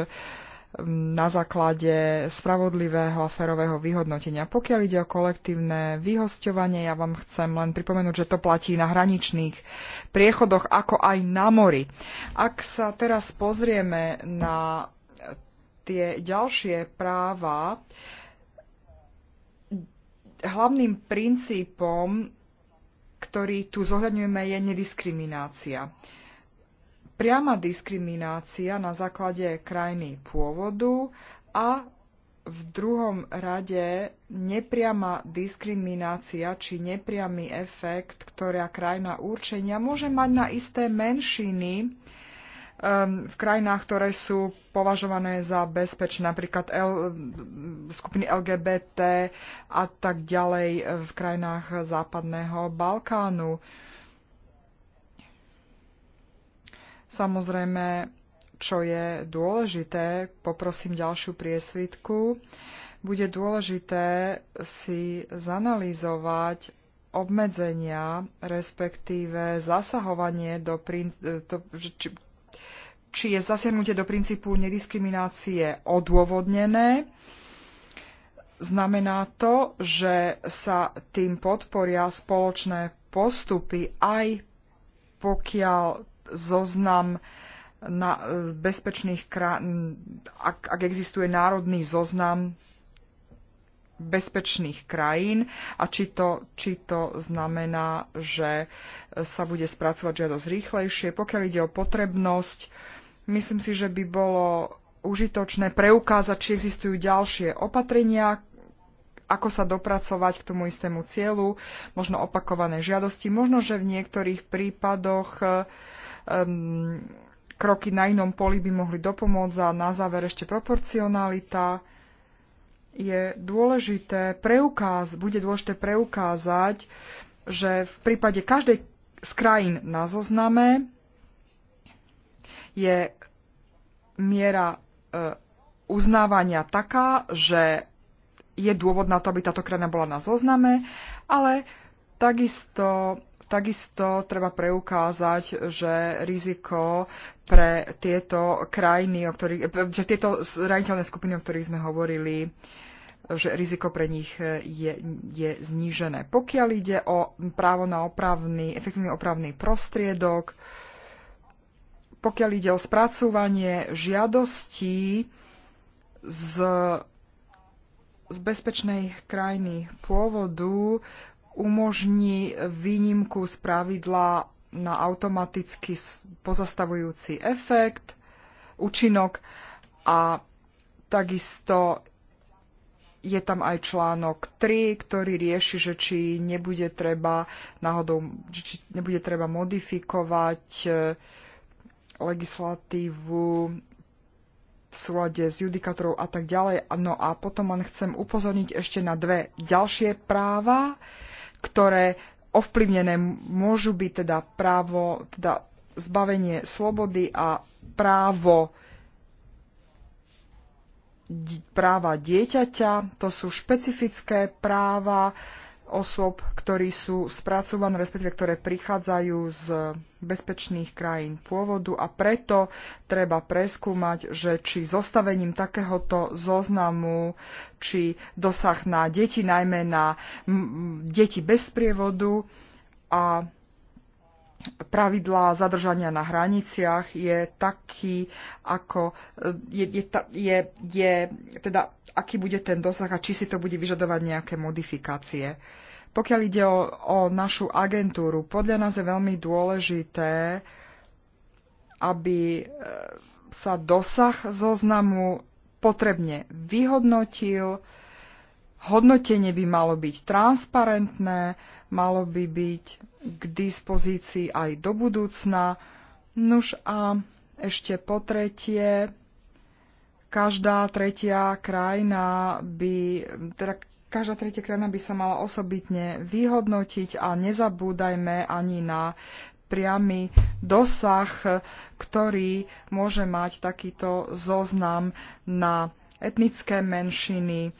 na základe spravodlivého a ferového vyhodnotenia. Pokiaľ ide o kolektívne vyhosťovanie, ja vám chcem len pripomenúť, že to platí na hraničných priechodoch, ako aj na mori. Ak sa teraz pozrieme na tie ďalšie práva, hlavným princípom, ktorý tu zohľadňujeme, je nediskriminácia. Priama diskriminácia na základe krajiny pôvodu a v druhom rade nepriama diskriminácia či nepriamy efekt, ktorá krajina určenia môže mať na isté menšiny, v krajinách, ktoré sú považované za bezpečné, napríklad L, skupiny LGBT a tak ďalej v krajinách západného Balkánu. Samozrejme, čo je dôležité, poprosím ďalšiu priesvitku, bude dôležité si zanalýzovať obmedzenia, respektíve zasahovanie do, prin- to, či, či je zasiahnutie do princípu nediskriminácie odôvodnené. Znamená to, že sa tým podporia spoločné postupy, aj pokiaľ zoznam na bezpečných krá... ak, ak existuje národný zoznam bezpečných krajín a či to, či to znamená, že sa bude spracovať žiadosť rýchlejšie. Pokiaľ ide o potrebnosť, Myslím si, že by bolo užitočné preukázať, či existujú ďalšie opatrenia, ako sa dopracovať k tomu istému cieľu, možno opakované žiadosti, možno, že v niektorých prípadoch um, kroky na inom poli by mohli dopomôcť a na záver ešte proporcionalita. Je dôležité preukáz, bude dôležité preukázať, že v prípade každej z krajín na zozname je miera e, uznávania taká, že je dôvod na to, aby táto krajina bola na zozname, ale takisto, takisto treba preukázať, že riziko pre tieto krajiny, o ktorých, e, že tieto zraniteľné skupiny, o ktorých sme hovorili, že riziko pre nich je, je znížené. Pokiaľ ide o právo na opravný, efektívny opravný prostriedok, pokiaľ ide o spracúvanie žiadostí z, z bezpečnej krajiny pôvodu, umožní výnimku z pravidla na automaticky pozastavujúci efekt, účinok a takisto je tam aj článok 3, ktorý rieši, že či nebude treba náhodou, či nebude treba modifikovať eh, legislatívu v súlade s judikatorou a tak ďalej. No a potom len chcem upozorniť ešte na dve ďalšie práva, ktoré ovplyvnené môžu byť teda právo, teda zbavenie slobody a právo práva dieťaťa. To sú špecifické práva, osôb, ktorí sú spracované, respektíve ktoré prichádzajú z bezpečných krajín pôvodu a preto treba preskúmať, že či zostavením takéhoto zoznamu, či dosah na deti, najmä na deti bez prievodu a pravidlá zadržania na hraniciach je taký, ako e, je, je, je, je teda, aký bude ten dosah a či si to bude vyžadovať nejaké modifikácie. Pokiaľ ide o, o našu agentúru, podľa nás je veľmi dôležité, aby e, sa dosah zoznamu potrebne vyhodnotil, hodnotenie by malo byť transparentné, malo by byť k dispozícii aj do budúcna. Nuž a ešte po tretie, každá tretia krajina by, teda každá tretia krajina by sa mala osobitne vyhodnotiť a nezabúdajme ani na priamy dosah, ktorý môže mať takýto zoznam na etnické menšiny,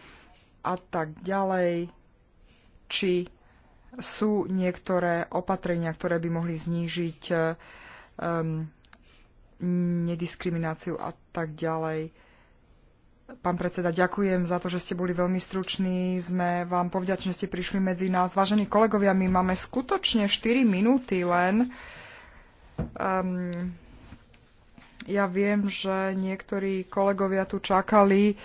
a tak ďalej, či sú niektoré opatrenia, ktoré by mohli znížiť um, nediskrimináciu a tak ďalej. Pán predseda, ďakujem za to, že ste boli veľmi struční. Sme vám povďační, že ste prišli medzi nás. Vážení kolegovia, my máme skutočne 4 minúty len. Um, ja viem, že niektorí kolegovia tu čakali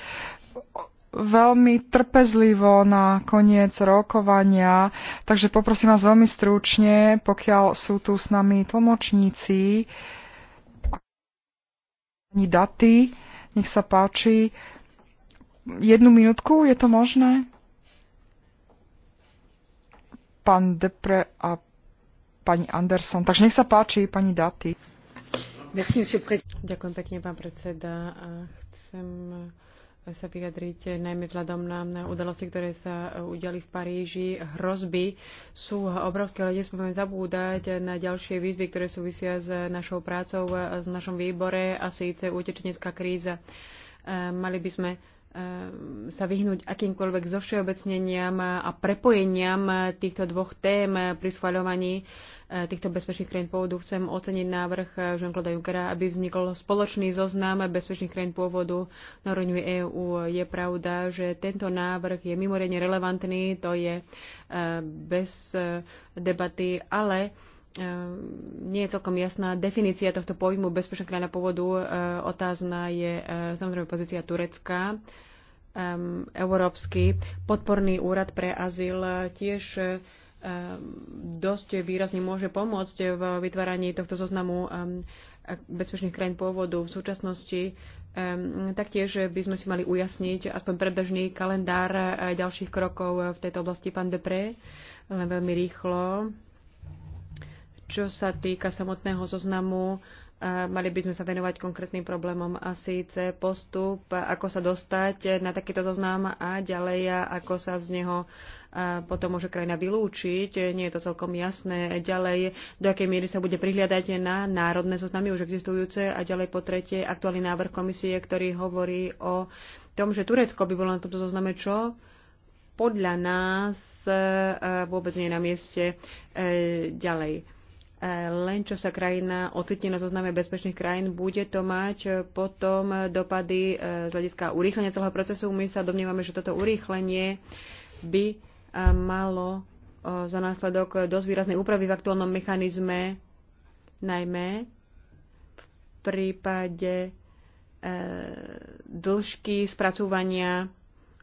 veľmi trpezlivo na koniec rokovania, takže poprosím vás veľmi stručne, pokiaľ sú tu s nami tlmočníci, ani daty, nech sa páči. Jednu minútku, je to možné? Pán Depre a pani Anderson. Takže nech sa páči, pani Daty. Ďakujem pekne, pán predseda. A chcem sa vyjadriť, najmä vzhľadom na, na udalosti, ktoré sa e, udiali v Paríži. Hrozby sú obrovské, ale nesmieme zabúdať na ďalšie výzvy, ktoré súvisia s našou prácou, s našom výbore a síce utečenecká kríza. E, mali by sme Ehm, sa vyhnúť akýmkoľvek všeobecneniam a prepojeniam eh, týchto dvoch tém eh, pri schvaľovaní eh, týchto bezpečných krajín pôvodu. Chcem oceniť návrh Jean-Claude Junckera, aby vznikol spoločný zoznam bezpečných krajín pôvodu na úrovni EÚ. Je pravda, že tento návrh je mimoriadne relevantný, to je bez debaty, ale Ehm, nie je celkom jasná definícia tohto pojmu bezpečná krajina pôvodu. Ehm, otázna je ehm, samozrejme pozícia Turecka. Európsky podporný úrad pre azyl eh, tiež dosť výrazne môže pomôcť v vytváraní tohto zoznamu bezpečných krajín pôvodu v súčasnosti. Taktiež by sme si mali ujasniť aspoň predbežný kalendár eh, ďalších krokov eh, v tejto oblasti. Pán depre, len veľmi rýchlo čo sa týka samotného zoznamu, eh, mali by sme sa venovať konkrétnym problémom a síce postup, ako sa dostať na takýto zoznam a ďalej, ako sa z neho eh, potom môže krajina vylúčiť. Nie je to celkom jasné. Ďalej, do akej miery sa bude prihliadať na národné zoznamy už existujúce a ďalej po tretie aktuálny návrh komisie, ktorý hovorí o tom, že Turecko by bolo na tomto zozname čo? Podľa nás eh, vôbec nie je na mieste ďalej len čo sa krajina ocitne na zozname bezpečných krajín, bude to mať e, potom e, dopady e, z hľadiska urýchlenia celého procesu. My sa domnievame, že toto urýchlenie by malo za následok dosť výraznej úpravy v aktuálnom mechanizme, najmä v prípade dĺžky spracúvania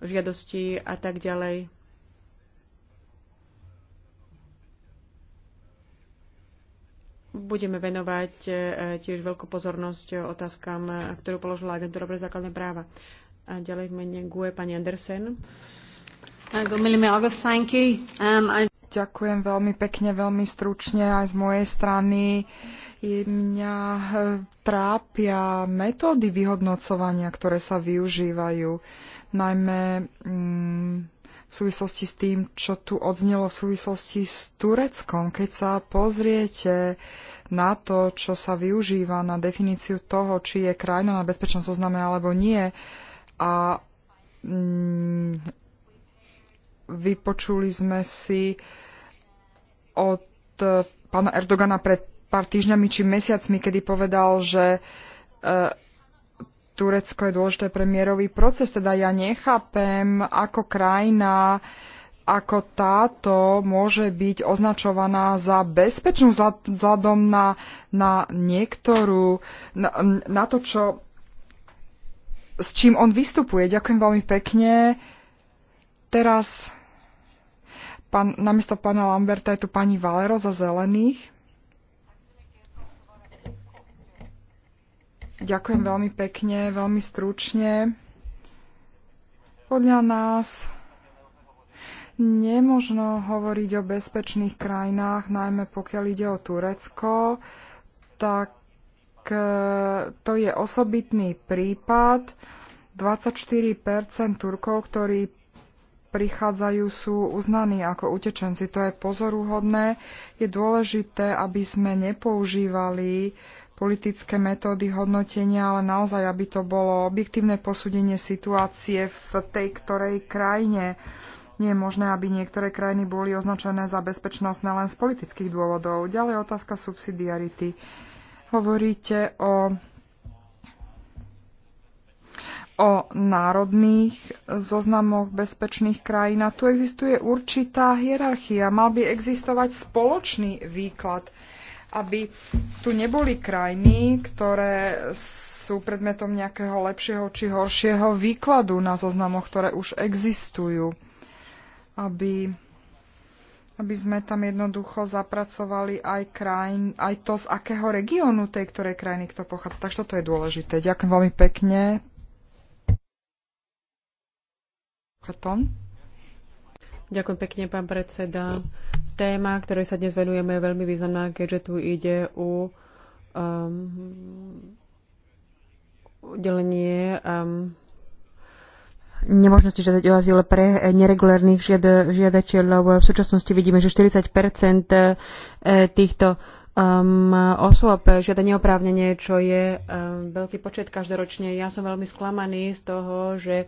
žiadosti a tak ďalej. budeme venovať e, tiež veľkú pozornosť otázkam, e, ktorú položila Agentúra pre základné práva. A ďalej v mene GUE pani Andersen. Uh, um, Ďakujem veľmi pekne, veľmi stručne aj z mojej strany. Mňa e, trápia metódy vyhodnocovania, ktoré sa využívajú. Najmä mm, v súvislosti s tým, čo tu odznelo v súvislosti s Tureckom. Keď sa pozriete na to, čo sa využíva na definíciu toho, či je krajina na bezpečnom zozname alebo nie, a mm, vypočuli sme si od pána Erdogana pred pár týždňami či mesiacmi, kedy povedal, že e, Turecko je dôležité pre mierový proces, teda ja nechápem, ako krajina ako táto môže byť označovaná za bezpečnú vzhľadom na, na niektorú, na, na to, čo, s čím on vystupuje. Ďakujem veľmi pekne. Teraz pán, namiesto pána Lamberta je tu pani Valero za zelených. Ďakujem veľmi pekne, veľmi stručne. Podľa nás nemožno hovoriť o bezpečných krajinách, najmä pokiaľ ide o Turecko, tak e, to je osobitný prípad. 24 Turkov, ktorí prichádzajú, sú uznaní ako utečenci. To je pozoruhodné. Je dôležité, aby sme nepoužívali politické metódy hodnotenia, ale naozaj, aby to bolo objektívne posúdenie situácie v tej ktorej krajine. Nie je možné, aby niektoré krajiny boli označené za bezpečnosť len z politických dôvodov. Ďalej otázka subsidiarity. Hovoríte o o národných zoznamoch bezpečných krajín a tu existuje určitá hierarchia. Mal by existovať spoločný výklad aby tu neboli krajiny, ktoré sú predmetom nejakého lepšieho či horšieho výkladu na zoznamoch, ktoré už existujú. Aby, aby sme tam jednoducho zapracovali aj, krajín, aj to, z akého regiónu tej ktorej krajiny kto pochádza. Takže toto je dôležité. Ďakujem veľmi pekne. Chaton. Ďakujem pekne, pán predseda. Téma, ktorej sa dnes venujeme, je veľmi významná, keďže tu ide o um, udelenie um, nemožnosti žiadať o azyl pre neregulárnych žiada, žiadateľov. V súčasnosti vidíme, že 40 eh, týchto um, osôb žiada neoprávnenie, čo je um, veľký počet každoročne. Ja som veľmi sklamaný z toho, že uh,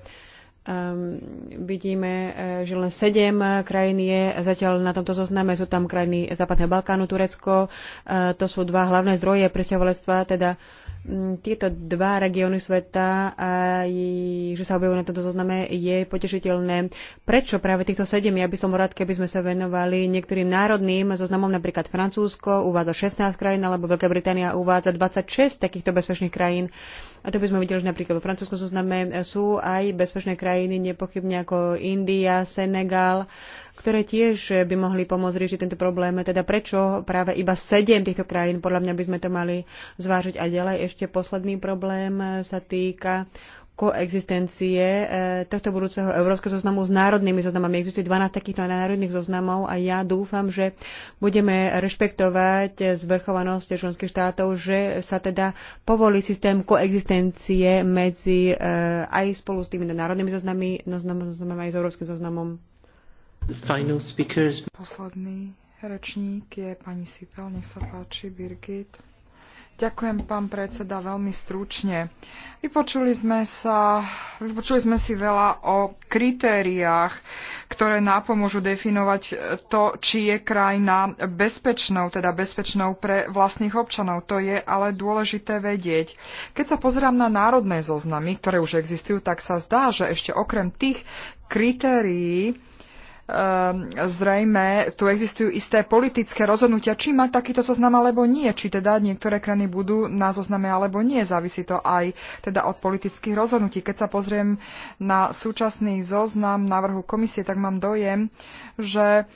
Um, vidíme, eh, že len sedem eh, krajín je zatiaľ na tomto zozname. Sú tam krajiny Západného Balkánu, Turecko. Uh, to sú dva hlavné zdroje presťahovalectva, teda uh, Mm, tieto dva regióny sveta, aj, že sa objavujú na tomto zozname, je potešiteľné. Prečo práve týchto sedem? Ja by som rád, keby sme sa venovali niektorým národným zoznamom, napríklad Francúzsko uvádza 16 krajín, alebo Veľká Británia uvádza 26 takýchto bezpečných krajín. A to by sme videli, že napríklad vo Francúzsku zozname sú aj bezpečné krajiny, nepochybne ako India, Senegal, ktoré tiež by mohli pomôcť riešiť tento problém. Teda prečo práve iba sedem týchto krajín? Podľa mňa by sme to mali zvážiť aj ďalej. Ešte posledný problém sa týka koexistencie eh, tohto budúceho európskeho zoznamu s národnými zoznamami. Existuje 12 takýchto národných zoznamov a ja dúfam, že budeme rešpektovať zvrchovanosť členských štátov, že sa teda povolí systém koexistencie medzi eh, aj spolu s tými národnými zoznami, no, zoznamom, zoznamom aj s európskym zoznamom. Posledný rečník je pani Sipel, nech sa páči, Birgit. Ďakujem, pán predseda, veľmi stručne. Vypočuli sme, sa, vypočuli sme si veľa o kritériách, ktoré pomôžu definovať to, či je krajina bezpečnou, teda bezpečnou pre vlastných občanov. To je ale dôležité vedieť. Keď sa pozerám na národné zoznamy, ktoré už existujú, tak sa zdá, že ešte okrem tých kritérií, Ehm, zrejme tu existujú isté politické rozhodnutia, či má takýto zoznam alebo nie, či teda niektoré krajiny budú na zozname alebo nie. Závisí to aj teda od politických rozhodnutí. Keď sa pozriem na súčasný zoznam návrhu komisie, tak mám dojem, že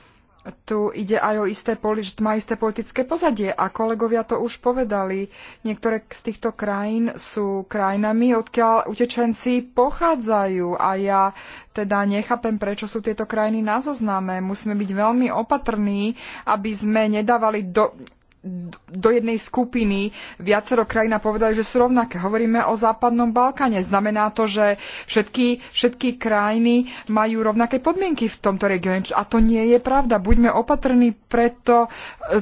tu ide aj o isté, má isté politické pozadie a kolegovia to už povedali. Niektoré z týchto krajín sú krajinami, odkiaľ utečenci pochádzajú a ja teda nechápem, prečo sú tieto krajiny na zozname. Musíme byť veľmi opatrní, aby sme nedávali do, do jednej skupiny viacero krajín a povedali, že sú rovnaké. Hovoríme o západnom Balkáne. Znamená to, že všetky, všetky krajiny majú rovnaké podmienky v tomto regióne. A to nie je pravda. Buďme opatrní pre to,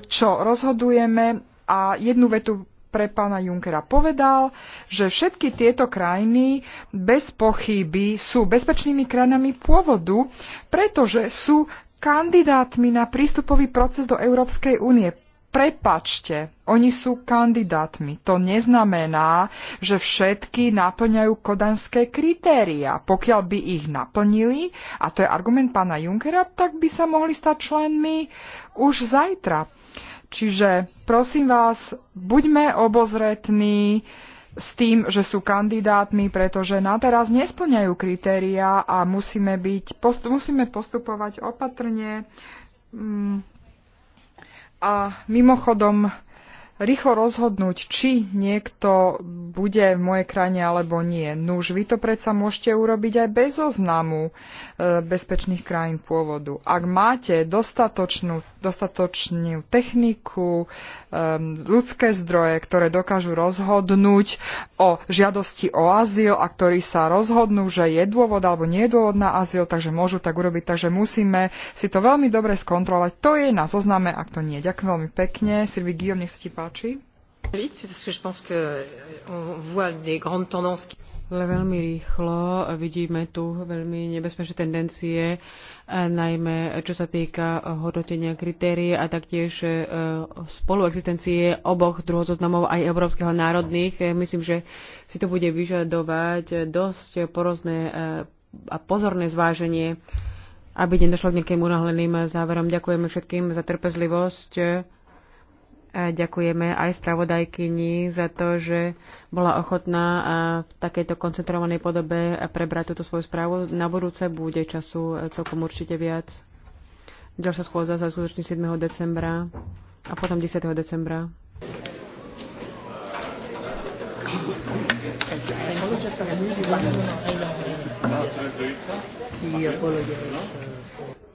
čo rozhodujeme. A jednu vetu pre pána Junkera povedal, že všetky tieto krajiny bez pochyby sú bezpečnými krajinami pôvodu, pretože sú kandidátmi na prístupový proces do Európskej únie prepačte, oni sú kandidátmi. To neznamená, že všetky naplňajú kodanské kritéria. Pokiaľ by ich naplnili, a to je argument pána Junkera, tak by sa mohli stať členmi už zajtra. Čiže prosím vás, buďme obozretní s tým, že sú kandidátmi, pretože na teraz nesplňajú kritéria a musíme, byť, post, musíme postupovať opatrne. Mm a mimochodom, rýchlo rozhodnúť, či niekto bude v mojej krajine alebo nie. No už vy to predsa môžete urobiť aj bez oznamu e, bezpečných krajín pôvodu. Ak máte dostatočnú, dostatočnú techniku, Um, ľudské zdroje, ktoré dokážu rozhodnúť o žiadosti o azyl a ktorí sa rozhodnú, že je dôvod alebo nie je dôvod na azyl, takže môžu tak urobiť. Takže musíme si to veľmi dobre skontrolovať. To je na zozname, ak to nie. Ďakujem veľmi pekne. Sylvie Guillaume, nech sa ti páči. Vite, parce que je pense qu'on voit des grandes tendances ale veľmi rýchlo vidíme tu veľmi nebezpečné tendencie, e, najmä čo sa týka hodnotenia kritérií a taktiež e, spoluexistencie oboch druhov zoznamov aj európskeho národných. E, myslím, že si to bude vyžadovať dosť porozné a pozorné zváženie, aby nedošlo k nejakým unáhleným záverom. Ďakujeme všetkým za trpezlivosť ďakujeme aj spravodajkyni za to, že bola ochotná v takejto koncentrovanej podobe prebrať túto svoju správu. Na budúce bude času celkom určite viac. Ďalšia schôdza sa skutoční 7. decembra a potom 10. decembra. He apologized.